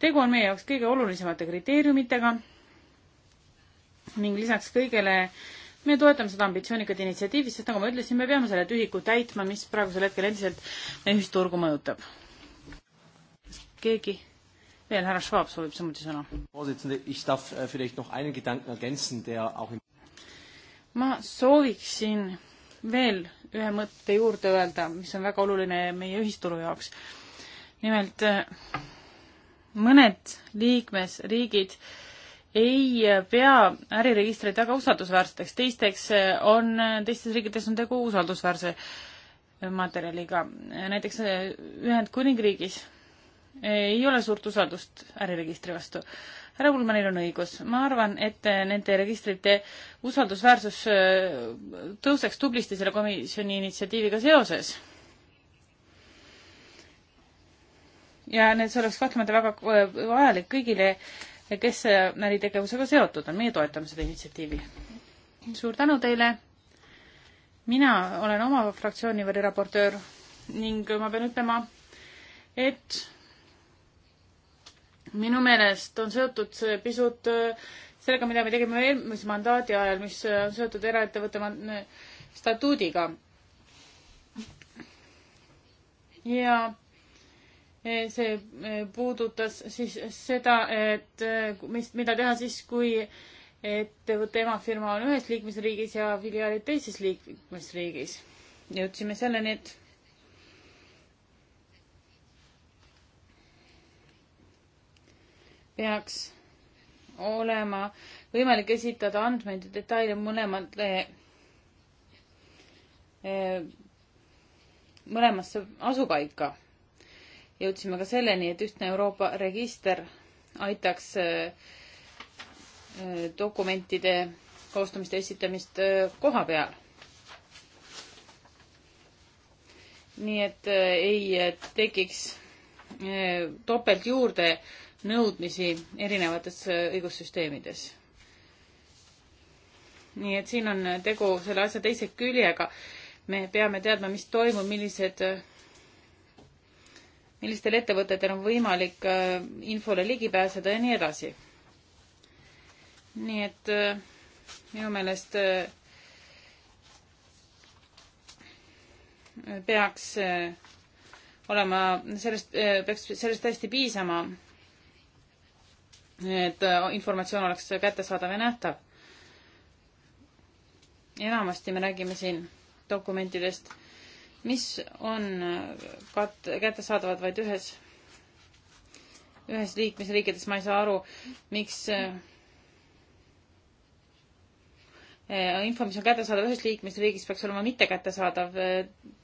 tegu on meie jaoks kõige olulisemate kriteeriumitega ning lisaks kõigele me toetame seda ambitsioonikat initsiatiivi, sest nagu ma ütlesin, me peame selle tühiku täitma, mis praegusel hetkel endiselt meie ühisturgu mõjutab. kas keegi veel, härra Schwab soovib samuti sõna? Äh, ma sooviksin veel ühe mõtte juurde öelda, mis on väga oluline meie ühisturu jaoks. nimelt äh, mõned liikmesriigid ei pea äriregistreid väga usaldusväärseteks, teisteks äh, on, teistes riikides on tegu usaldusväärse materjaliga. näiteks äh, Ühendkuningriigis ei ole suurt usaldust äriregistri vastu härra Ulmanil on õigus, ma arvan, et nende registrite usaldusväärsus äh, tõuseks tublisti selle komisjoni initsiatiiviga seoses. ja need, see oleks kahtlemata väga äh, vajalik kõigile, kes äritegevusega äh, seotud on, meie toetame seda initsiatiivi. suur tänu teile, mina olen oma fraktsiooni variraportöör ning ma pean ütlema, et minu meelest on seotud see pisut äh, sellega, mida me tegime eelmise mandaadi ajal, mis äh, on seotud eraettevõtte äh, statuudiga. ja see puudutas siis seda, et mis, mida teha siis, kui ettevõtte emafirma on ühes liikmesriigis ja filiaalid teises liikmesriigis. jõudsime selleni, et peaks olema võimalik esitada andmeid ja detaile mõlemale, eh, mõlemasse asupaika. jõudsime ka selleni, et ühtne Euroopa register aitaks eh, dokumentide koostamist ja esitamist eh, koha peal. nii et ei tekiks topelt juurde nõudmisi erinevates äh, õigussüsteemides. nii et siin on äh, tegu selle asja teise küljega. me peame teadma, mis toimub, millised, äh, millistel ettevõtetel on võimalik infole ligi pääseda ja nii edasi. nii et minu meelest peaks olema sellest, peaks sellest hästi piisama et äh, informatsioon oleks kättesaadav ja nähtav. enamasti me räägime siin dokumentidest, mis on äh, kat-, kättesaadavad vaid ühes, ühes liikmesriikides, ma ei saa aru, miks äh, info, mis on kättesaadav ühes liikmesriigis, peaks olema mitte kättesaadav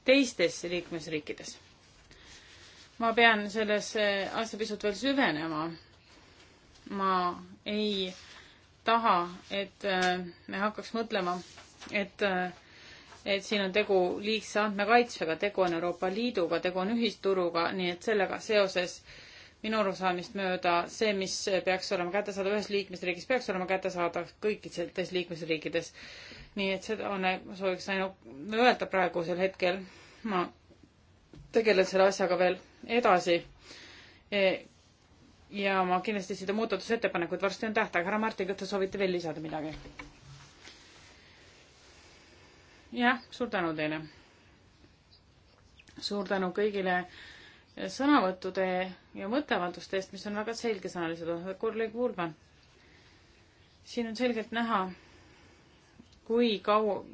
teistes liikmesriikides. ma pean sellesse asja pisut veel süvenema ma ei taha, et äh, me hakkaks mõtlema, et, äh, et siin on tegu liigse andmekaitsega, tegu on Euroopa Liiduga, tegu on ühisturuga, nii et sellega seoses minu arusaamist mööda see, mis peaks olema kättesaadav ühes liikmesriigis, peaks olema kättesaadav kõikides liikmesriikides. nii et seda on, ma sooviks ainult öelda praegusel hetkel, ma tegelen selle asjaga veel edasi e, ja ma kindlasti seda muudatusettepanekut, varsti on tähtaeg, härra Martin, kas te soovite veel lisada midagi? jah, suur tänu teile. suur tänu kõigile sõnavõttude ja mõtteavalduste eest, mis on väga selgesõnalised, kolleeg Urban. siin on selgelt näha, kui kaua,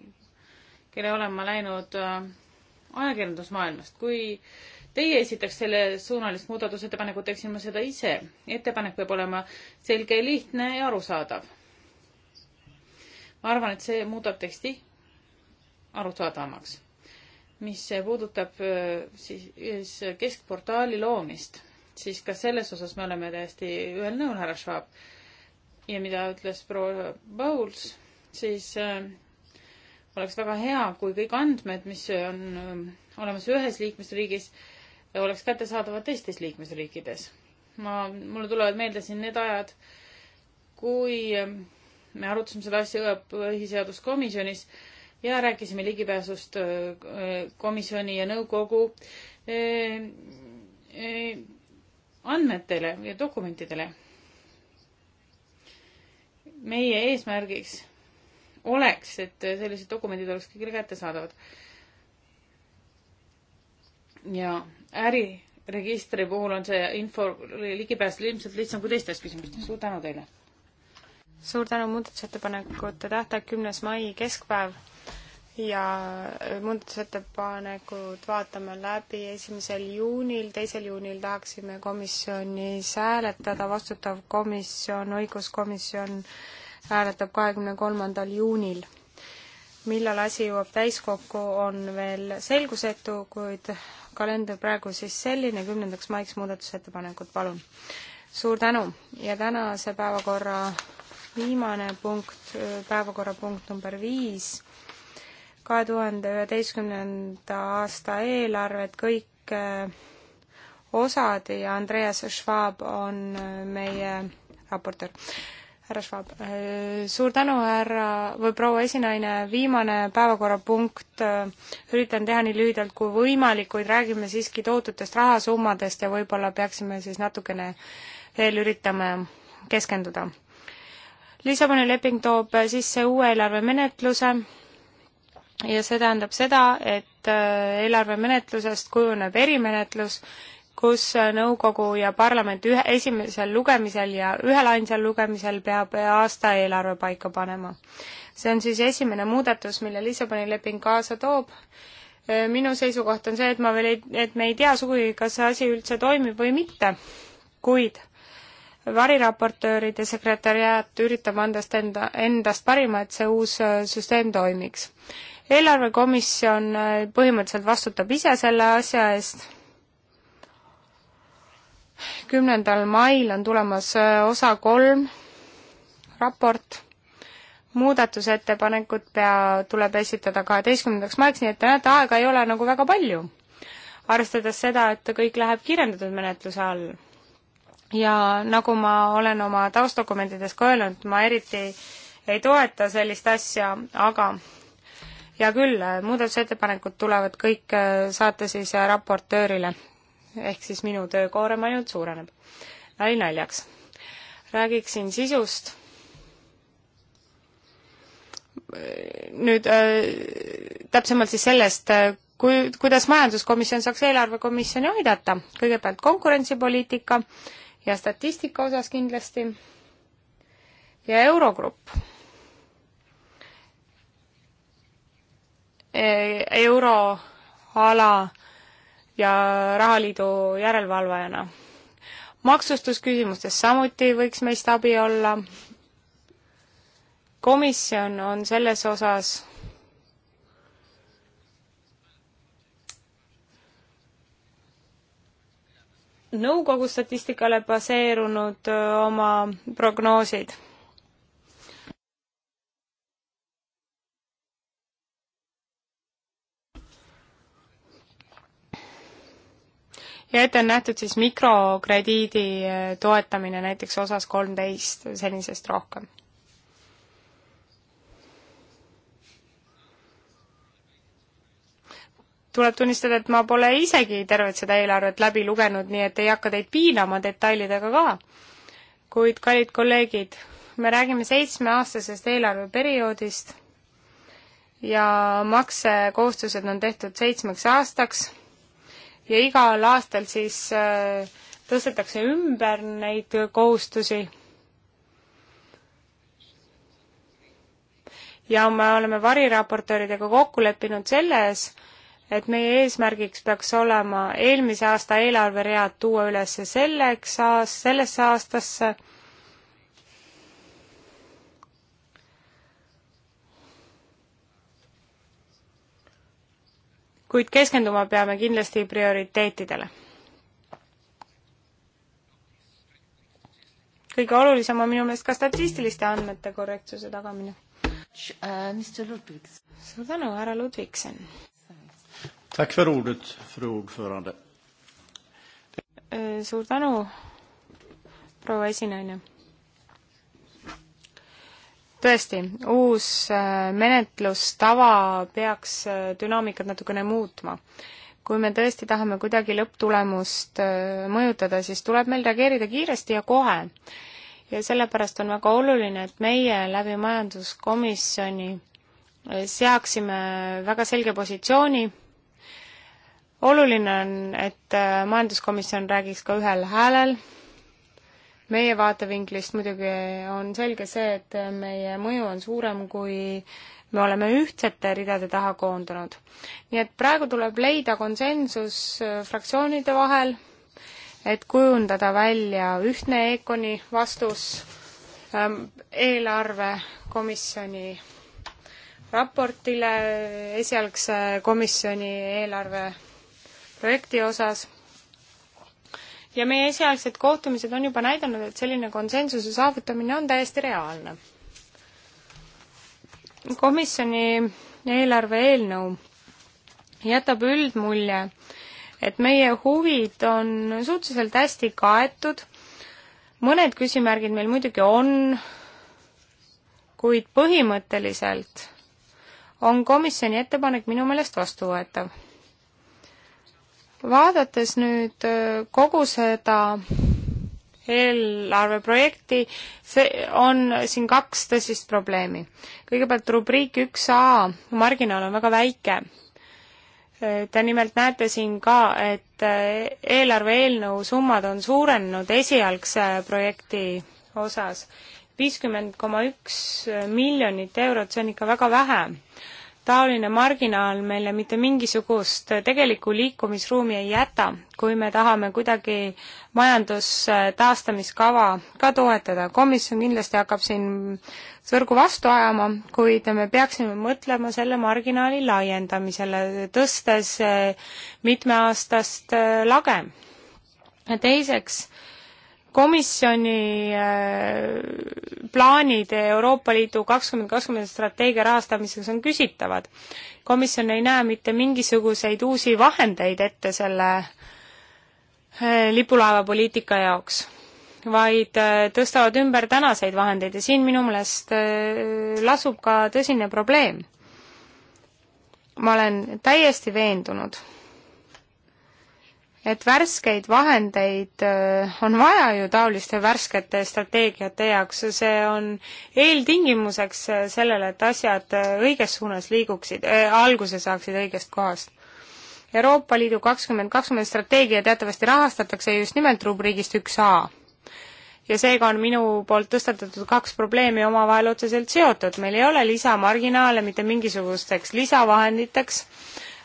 kelle olen ma läinud äh, ajakirjandusmaailmast, kui äh, teie esitaks selle suunalist muudatusettepanekut, teeksin ma seda ise. ettepanek peab olema selge, lihtne ja arusaadav. ma arvan, et see muudab teksti arusaadavamaks. mis puudutab äh, siis keskportaali loomist, siis ka selles osas me oleme täiesti ühel nõul, härra Schwab. ja mida ütles proua Pauls, siis äh, oleks väga hea, kui kõik andmed, mis on äh, olemas ühes liikmesriigis äh,, oleks kättesaadavad teistes liikmesriikides. ma, mulle tulevad meelde siin need ajad, kui me arutasime seda asja põhiseaduskomisjonis ja rääkisime ligipääsust äh, komisjoni ja nõukogu äh, äh, andmetele ja dokumentidele. meie eesmärgiks oleks, et sellised dokumendid oleks kõigile kättesaadavad. ja äriregistri puhul on see info ligipääs ilmselt lihtsam kui teistes küsimustes. suur tänu teile! suur tänu, muudatusettepanekute tähtaeg kümnes mai keskpäev ja äh, muudatusettepanekud vaatame läbi esimesel juunil, teisel juunil tahaksime komisjonis hääletada, vastutav komisjon, õiguskomisjon hääletab kahekümne kolmandal juunil millal asi jõuab täiskokku, on veel selgusetu, kuid kalender praegu siis selline, kümnendaks maiks muudatusettepanekud, palun. suur tänu ja tänase päevakorra viimane punkt, päevakorrapunkt number viis, kahe tuhande üheteistkümnenda aasta eelarved, kõik eh, osad ja Andreas Schwab on eh, meie raportöör härra Schwab. Äh, suur tänu, härra või proua esinaine, viimane päevakorrapunkt. Äh, üritan teha nii lühidalt kui võimalik, kuid räägime siiski tohututest rahasummadest ja võib-olla peaksime siis natukene veel üritame keskenduda. Lissaboni leping toob sisse uue eelarvemenetluse ja see tähendab seda, et äh, eelarvemenetlusest kujuneb erimenetlus kus nõukogu ja parlament ühe, esimesel lugemisel ja ühel ainsal lugemisel peab aasta eelarve paika panema. see on siis esimene muudatus, mille Lissaboni leping kaasa toob. Äh, minu seisukoht on see, et ma veel ei, et me ei tea sugugi, kas see asi üldse toimib või mitte, kuid variraportööride sekretäriaat üritab andest enda, endast parima, et see uus äh, süsteem toimiks. eelarvekomisjon äh, põhimõtteliselt vastutab ise selle asja eest kümnendal mail on tulemas äh, osa kolm raport muudatusettepanekud pea, tuleb esitada kaheteistkümnendaks maiks, nii et te näete, aega ei ole nagu väga palju. arvestades seda, et kõik läheb kiirendatud menetluse all. ja nagu ma olen oma taustdokumentides ka öelnud, ma eriti ei toeta sellist asja, aga hea küll, äh, muudatusettepanekud tulevad kõik, äh, saate siis raportöörile ehk siis minu töökoorem ainult suureneb. nali naljaks. räägiksin sisust. nüüd äh, täpsemalt siis sellest, äh, kui, kuidas Majanduskomisjon saaks eelarvekomisjoni aidata, kõigepealt konkurentsipoliitika ja statistika osas kindlasti ja Eurogrupp e. euroala ja Rahaliidu järelevalvajana. maksustusküsimustes samuti võiks meist abi olla. komisjon on selles osas nõukogu statistikale baseerunud oma prognoosid ja ette on nähtud siis mikrokrediidi eh, toetamine näiteks osas kolmteist, senisest rohkem. tuleb tunnistada, et ma pole isegi tervet seda eelarvet läbi lugenud, nii et ei hakka teid piinama detailidega ka. kuid, kallid kolleegid, me räägime seitsmeaastasest eelarveperioodist ja maksekohustused on tehtud seitsmeks aastaks ja igal aastal siis äh, tõstetakse ümber neid kohustusi. ja me oleme variraportööridega kokku leppinud selles, et meie eesmärgiks peaks olema eelmise aasta eelarveread tuua üles selleks aast-, sellesse aastasse kuid keskenduma peame kindlasti prioriteetidele. kõige olulisem on minu meelest ka statistiliste andmete korrektsuse tagamine. suur tänu, härra Ludvigsen! suur tänu, proua esinaine tõesti, uus äh, menetlustava peaks äh, dünaamikat natukene muutma. kui me tõesti tahame kuidagi lõpptulemust äh, mõjutada, siis tuleb meil reageerida kiiresti ja kohe. ja sellepärast on väga oluline, et meie läbi majanduskomisjoni seaksime väga selge positsiooni, oluline on, et majanduskomisjon räägiks ka ühel häälel meie vaatevinklist muidugi on selge see, et meie mõju on suurem, kui me oleme ühtsete ridade taha koondunud. nii et praegu tuleb leida konsensus äh, fraktsioonide vahel, et kujundada välja ühtne EKONi vastus ähm, eelarvekomisjoni raportile äh, esialgse komisjoni eelarve projekti osas ja meie esialgsed kohtumised on juba näidanud, et selline konsensuse saavutamine on täiesti reaalne. komisjoni eelarve eelnõu jätab üldmulje, et meie huvid on suhteliselt hästi kaetud, mõned küsimärgid meil muidugi on, kuid põhimõtteliselt on komisjoni ettepanek minu meelest vastuvõetav vaadates nüüd kogu seda eelarveprojekti, see on siin kaks tõsist probleemi. kõigepealt rubriik üks A, marginaal on väga väike. Te nimelt näete siin ka, et eelarve eelnõu summad on suurenenud esialgse projekti osas. viiskümmend koma üks miljonit eurot, see on ikka väga vähe taoline marginaal meile mitte mingisugust tegelikku liikumisruumi ei jäta, kui me tahame kuidagi majandustaastamiskava ka toetada. komisjon kindlasti hakkab siin sõrgu vastu ajama, kuid me peaksime mõtlema selle marginaali laiendamisele, tõstes mitmeaastast lage. teiseks, komisjoni äh, plaanid Euroopa Liidu kakskümmend kakskümmend strateegia rahastamiseks on küsitavad. komisjon ei näe mitte mingisuguseid uusi vahendeid ette selle äh, lipulaevapoliitika jaoks, vaid äh, tõstavad ümber tänaseid vahendeid ja siin minu meelest lasub ka tõsine probleem. ma olen täiesti veendunud et värskeid vahendeid äh, on vaja ju taoliste värskete strateegiate jaoks, see on eeltingimuseks äh, sellele, et asjad äh, õiges suunas liiguksid äh,, alguse saaksid õigest kohast. Euroopa Liidu kakskümmend kakskümmend strateegia teatavasti rahastatakse just nimelt rubriigist üks A. ja seega on minu poolt tõstatatud kaks probleemi omavahel otseselt seotud, meil ei ole lisamarginaale mitte mingisugusteks lisavahenditeks,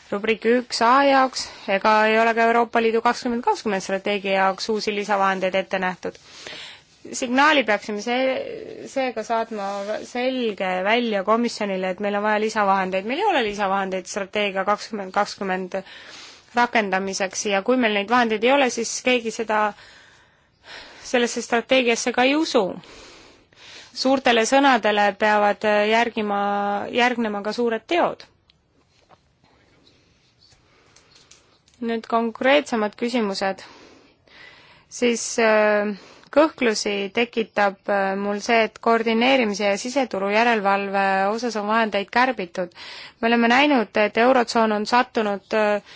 rubriigi üks A jaoks ega ei ole ka Euroopa Liidu kakskümmend kakskümmend strateegia jaoks uusi lisavahendeid ette nähtud. signaali peaksime see, seega saatma selge välja komisjonile, et meil on vaja lisavahendeid, meil ei ole lisavahendeid strateegia kakskümmend kakskümmend rakendamiseks ja kui meil neid vahendeid ei ole, siis keegi seda, sellesse strateegiasse ka ei usu. suurtele sõnadele peavad järgima, järgnema ka suured teod nüüd konkreetsemad küsimused, siis äh, kõhklusi tekitab äh, mul see, et koordineerimise ja siseturu järelevalve osas on vahendeid kärbitud. me oleme näinud, et Eurotsoon on sattunud äh,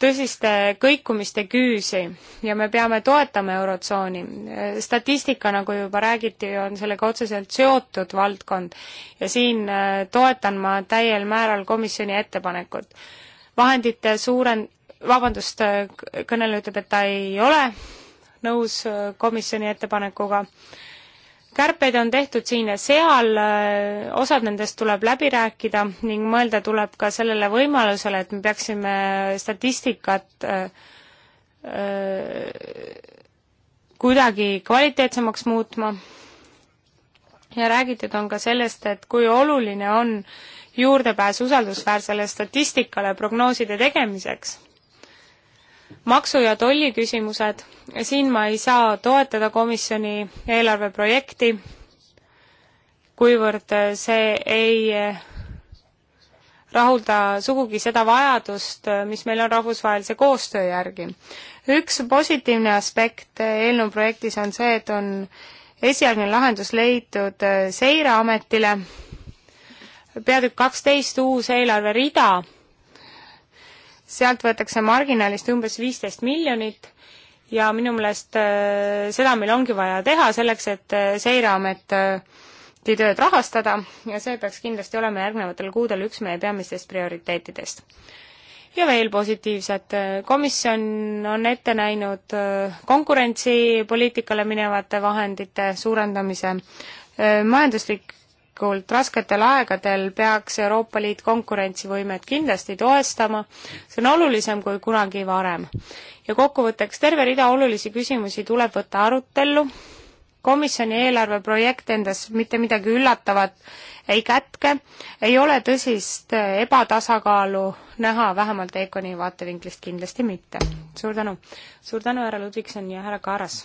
tõsiste kõikumiste küüsi ja me peame toetama Eurotsooni. statistika, nagu juba räägiti, on sellega otseselt seotud valdkond ja siin toetan ma täiel määral komisjoni ettepanekut. vahendite suuren-, vabandust, kõneleja ütleb, et ta ei ole nõus komisjoni ettepanekuga. kärpeid on tehtud siin ja seal, osad nendest tuleb läbi rääkida ning mõelda tuleb ka sellele võimalusele, et me peaksime statistikat äh, kuidagi kvaliteetsemaks muutma ja räägitud on ka sellest, et kui oluline on juurdepääs usaldusväärsele statistikale prognooside tegemiseks maksu- ja tolliküsimused, siin ma ei saa toetada komisjoni eelarveprojekti, kuivõrd see ei rahulda sugugi seda vajadust, mis meil on rahvusvahelise koostöö järgi. üks positiivne aspekt eelnõu projektis on see, et on esialgne lahendus leitud Seireametile, peatükk kaksteist uus eelarverida sealt võetakse marginaalist umbes viisteist miljonit ja minu meelest äh, seda meil ongi vaja teha selleks, et äh, Seireameti äh, tööd rahastada ja see peaks kindlasti olema järgnevatel kuudel üks meie peamistest prioriteetidest. ja veel positiivset, komisjon on ette näinud konkurentsipoliitikale minevate vahendite suurendamise, majanduslik loomulikult rasketel aegadel peaks Euroopa Liit konkurentsivõimet kindlasti toestama, see on olulisem kui kunagi varem. ja kokkuvõtteks, terve rida olulisi küsimusi tuleb võtta arutellu, komisjoni eelarveprojekt endas mitte midagi üllatavat ei kätke, ei ole tõsist ebatasakaalu näha, vähemalt Econi vaatevinklist kindlasti mitte. suur tänu. suur tänu, härra Ludvigson ja härra Kaaras.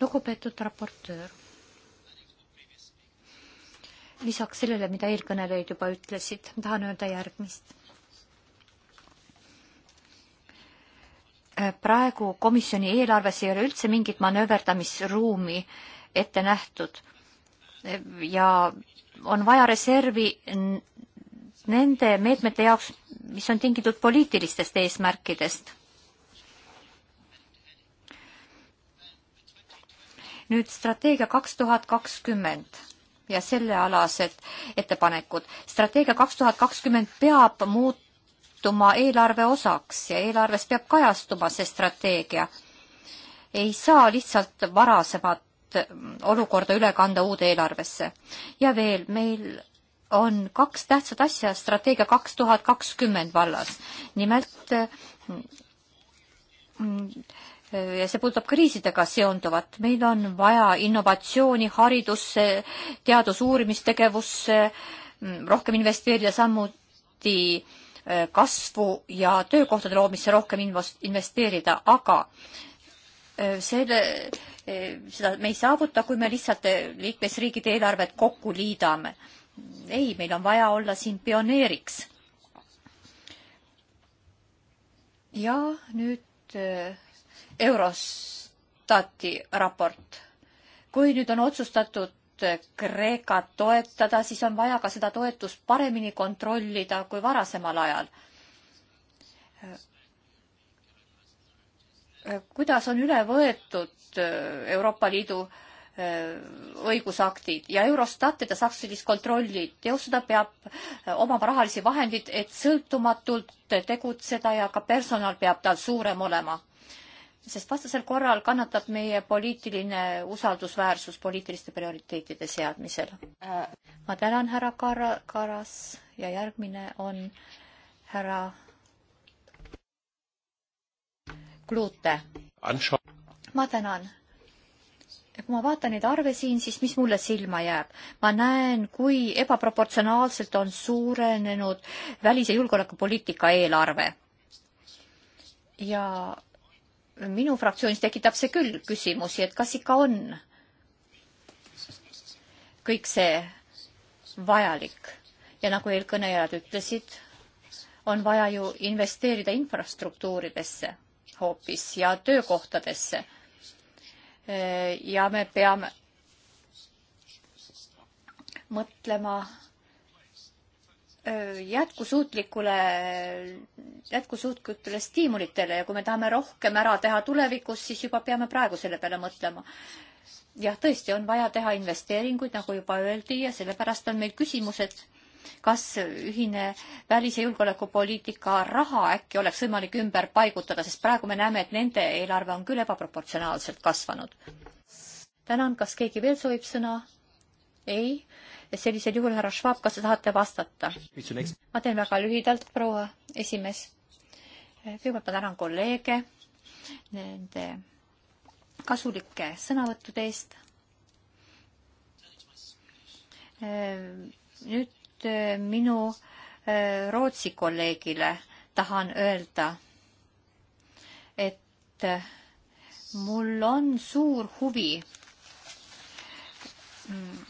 lugupeetud raportöör lisaks sellele, mida eelkõnelejad juba ütlesid, tahan öelda järgmist. praegu komisjoni eelarves ei ole üldse mingit manööverdamisruumi ette nähtud ja on vaja reservi nende meetmete jaoks, mis on tingitud poliitilistest eesmärkidest. nüüd strateegia kaks tuhat kakskümmend ja sellealased ettepanekud. strateegia kaks tuhat kakskümmend peab muutuma eelarve osaks ja eelarves peab kajastuma see strateegia. ei saa lihtsalt varasemat mm, olukorda üle kanda uude eelarvesse. ja veel, meil on kaks tähtsat asja strateegia kaks tuhat kakskümmend vallas. nimelt mm, ja see puudutab kriisidega seonduvat. meil on vaja innovatsiooni haridusse, teadus-uurimistegevusse, mm, rohkem investeerida, samuti äh, kasvu ja töökohtade loomisse rohkem investeerida, aga äh, selle, äh, seda me ei saavuta, kui me lihtsalt liikmesriigide eelarved kokku liidame. ei, meil on vaja olla siin pioneeriks. ja nüüd Eurostati raport. kui nüüd on otsustatud Kreekat toetada, siis on vaja ka seda toetust paremini kontrollida kui varasemal ajal. kuidas on üle võetud Euroopa Liidu eh, õigusaktid ja Eurostat, et ta saaks sellist kontrolli teostada, peab eh, omama rahalisi vahendeid, et sõltumatult tegutseda ja ka personal peab tal suurem olema sest vastasel korral kannatab meie poliitiline usaldusväärsus poliitiliste prioriteetide seadmisel. ma tänan, härra Kara-, Karas ja järgmine on härra Klute. ma tänan. kui ma vaatan neid arve siin, siis mis mulle silma jääb? ma näen, kui ebaproportsionaalselt on suurenenud välis- ja julgeolekupoliitika eelarve. ja minu fraktsioonis tekitab see küll küsimusi, et kas ikka on kõik see vajalik ja nagu eelkõnelejad ütlesid, on vaja ju investeerida infrastruktuuridesse hoopis ja töökohtadesse. ja me peame mõtlema jätkusuutlikule, jätkusuutlikutele stiimulitele ja kui me tahame rohkem ära teha tulevikus, siis juba peame praegu selle peale mõtlema. jah, tõesti on vaja teha investeeringuid, nagu juba öeldi ja sellepärast on meil küsimused, kas ühine välis- ja julgeolekupoliitika raha äkki oleks võimalik ümber paigutada, sest praegu me näeme, et nende eelarve on küll ebaproportsionaalselt kasvanud. tänan, kas keegi veel soovib sõna? ei? sellisel juhul, härra Schwab, kas te tahate vastata? ma teen väga lühidalt, proua esimees. kõigepealt ma tänan kolleege nende kasulike sõnavõttude eest. nüüd eh, minu eh, Rootsi kolleegile tahan öelda, et eh, mul on suur huvi mm,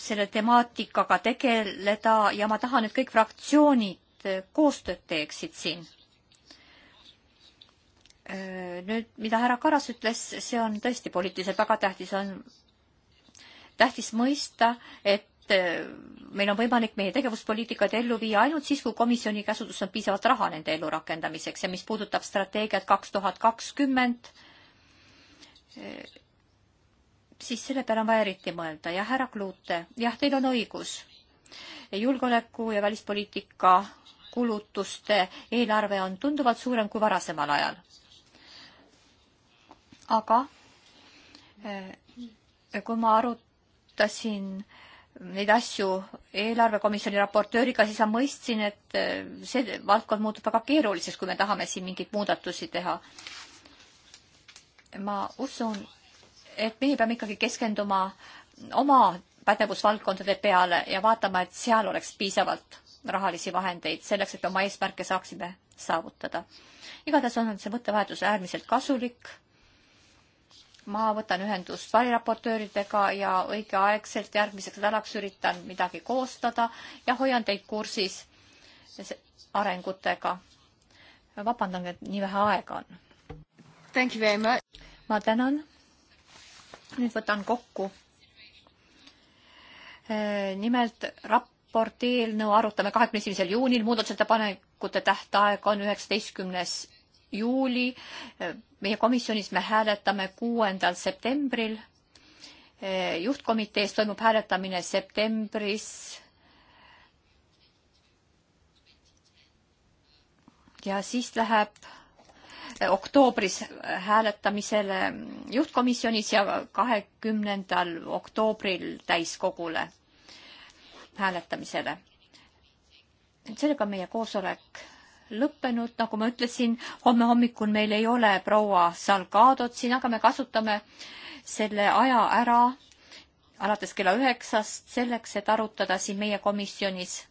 selle temaatikaga tegeleda ja ma tahan, et kõik fraktsioonid äh, koostööd teeksid siin. Äh, nüüd, mida härra Karas ütles, see on tõesti poliitiliselt väga tähtis, on tähtis mõista, et äh, meil on võimalik meie tegevuspoliitikat ellu viia ainult siis, kui komisjoni käsutuses on piisavalt raha nende ellu rakendamiseks ja mis puudutab strateegiat kaks tuhat kakskümmend, siis selle peale on vaja eriti mõelda ja härra Klute, jah, teil on õigus. julgeoleku ja välispoliitika kulutuste eelarve on tunduvalt suurem kui varasemal ajal. aga eh, kui ma arutasin neid asju eelarvekomisjoni raportööriga, siis ma mõistsin, et eh, see valdkond muutub väga keeruliseks, kui me tahame siin mingeid muudatusi teha. ma usun, et meie peame ikkagi keskenduma oma pädevusvaldkondade peale ja vaatama, et seal oleks piisavalt rahalisi vahendeid selleks, et oma eesmärke saaksime saavutada. igatahes on see mõttevahetus äärmiselt kasulik. ma võtan ühendust variraportööridega ja õigeaegselt järgmiseks nädalaks üritan midagi koostada ja hoian teid kursis arengutega. vabandan, et nii vähe aega on. ma tänan nüüd võtan kokku. Äh, nimelt raporti eelnõu arutame kahekümne esimesel juunil, muudatusettepanekute tähtaeg on üheksateistkümnes juuli. Äh, meie komisjonis me hääletame kuuendal septembril. Äh, juhtkomitees toimub hääletamine septembris. ja siis läheb oktoobris hääletamisele juhtkomisjonis ja kahekümnendal oktoobril täiskogule hääletamisele. sellega on meie koosolek lõppenud, nagu ma ütlesin, homme hommikul meil ei ole proua Salgadot siin, aga me kasutame selle aja ära alates kella üheksast selleks, et arutada siin meie komisjonis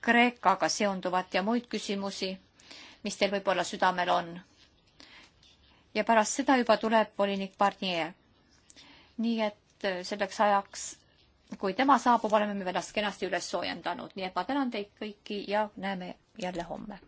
Kreekaga seonduvat ja muid küsimusi mis teil võib-olla südamel on. ja pärast seda juba tuleb volinik Barnier. nii et äh, selleks ajaks, kui tema saabub, oleme me ennast kenasti üles soojendanud, nii et ma tänan teid kõiki ja näeme jälle homme.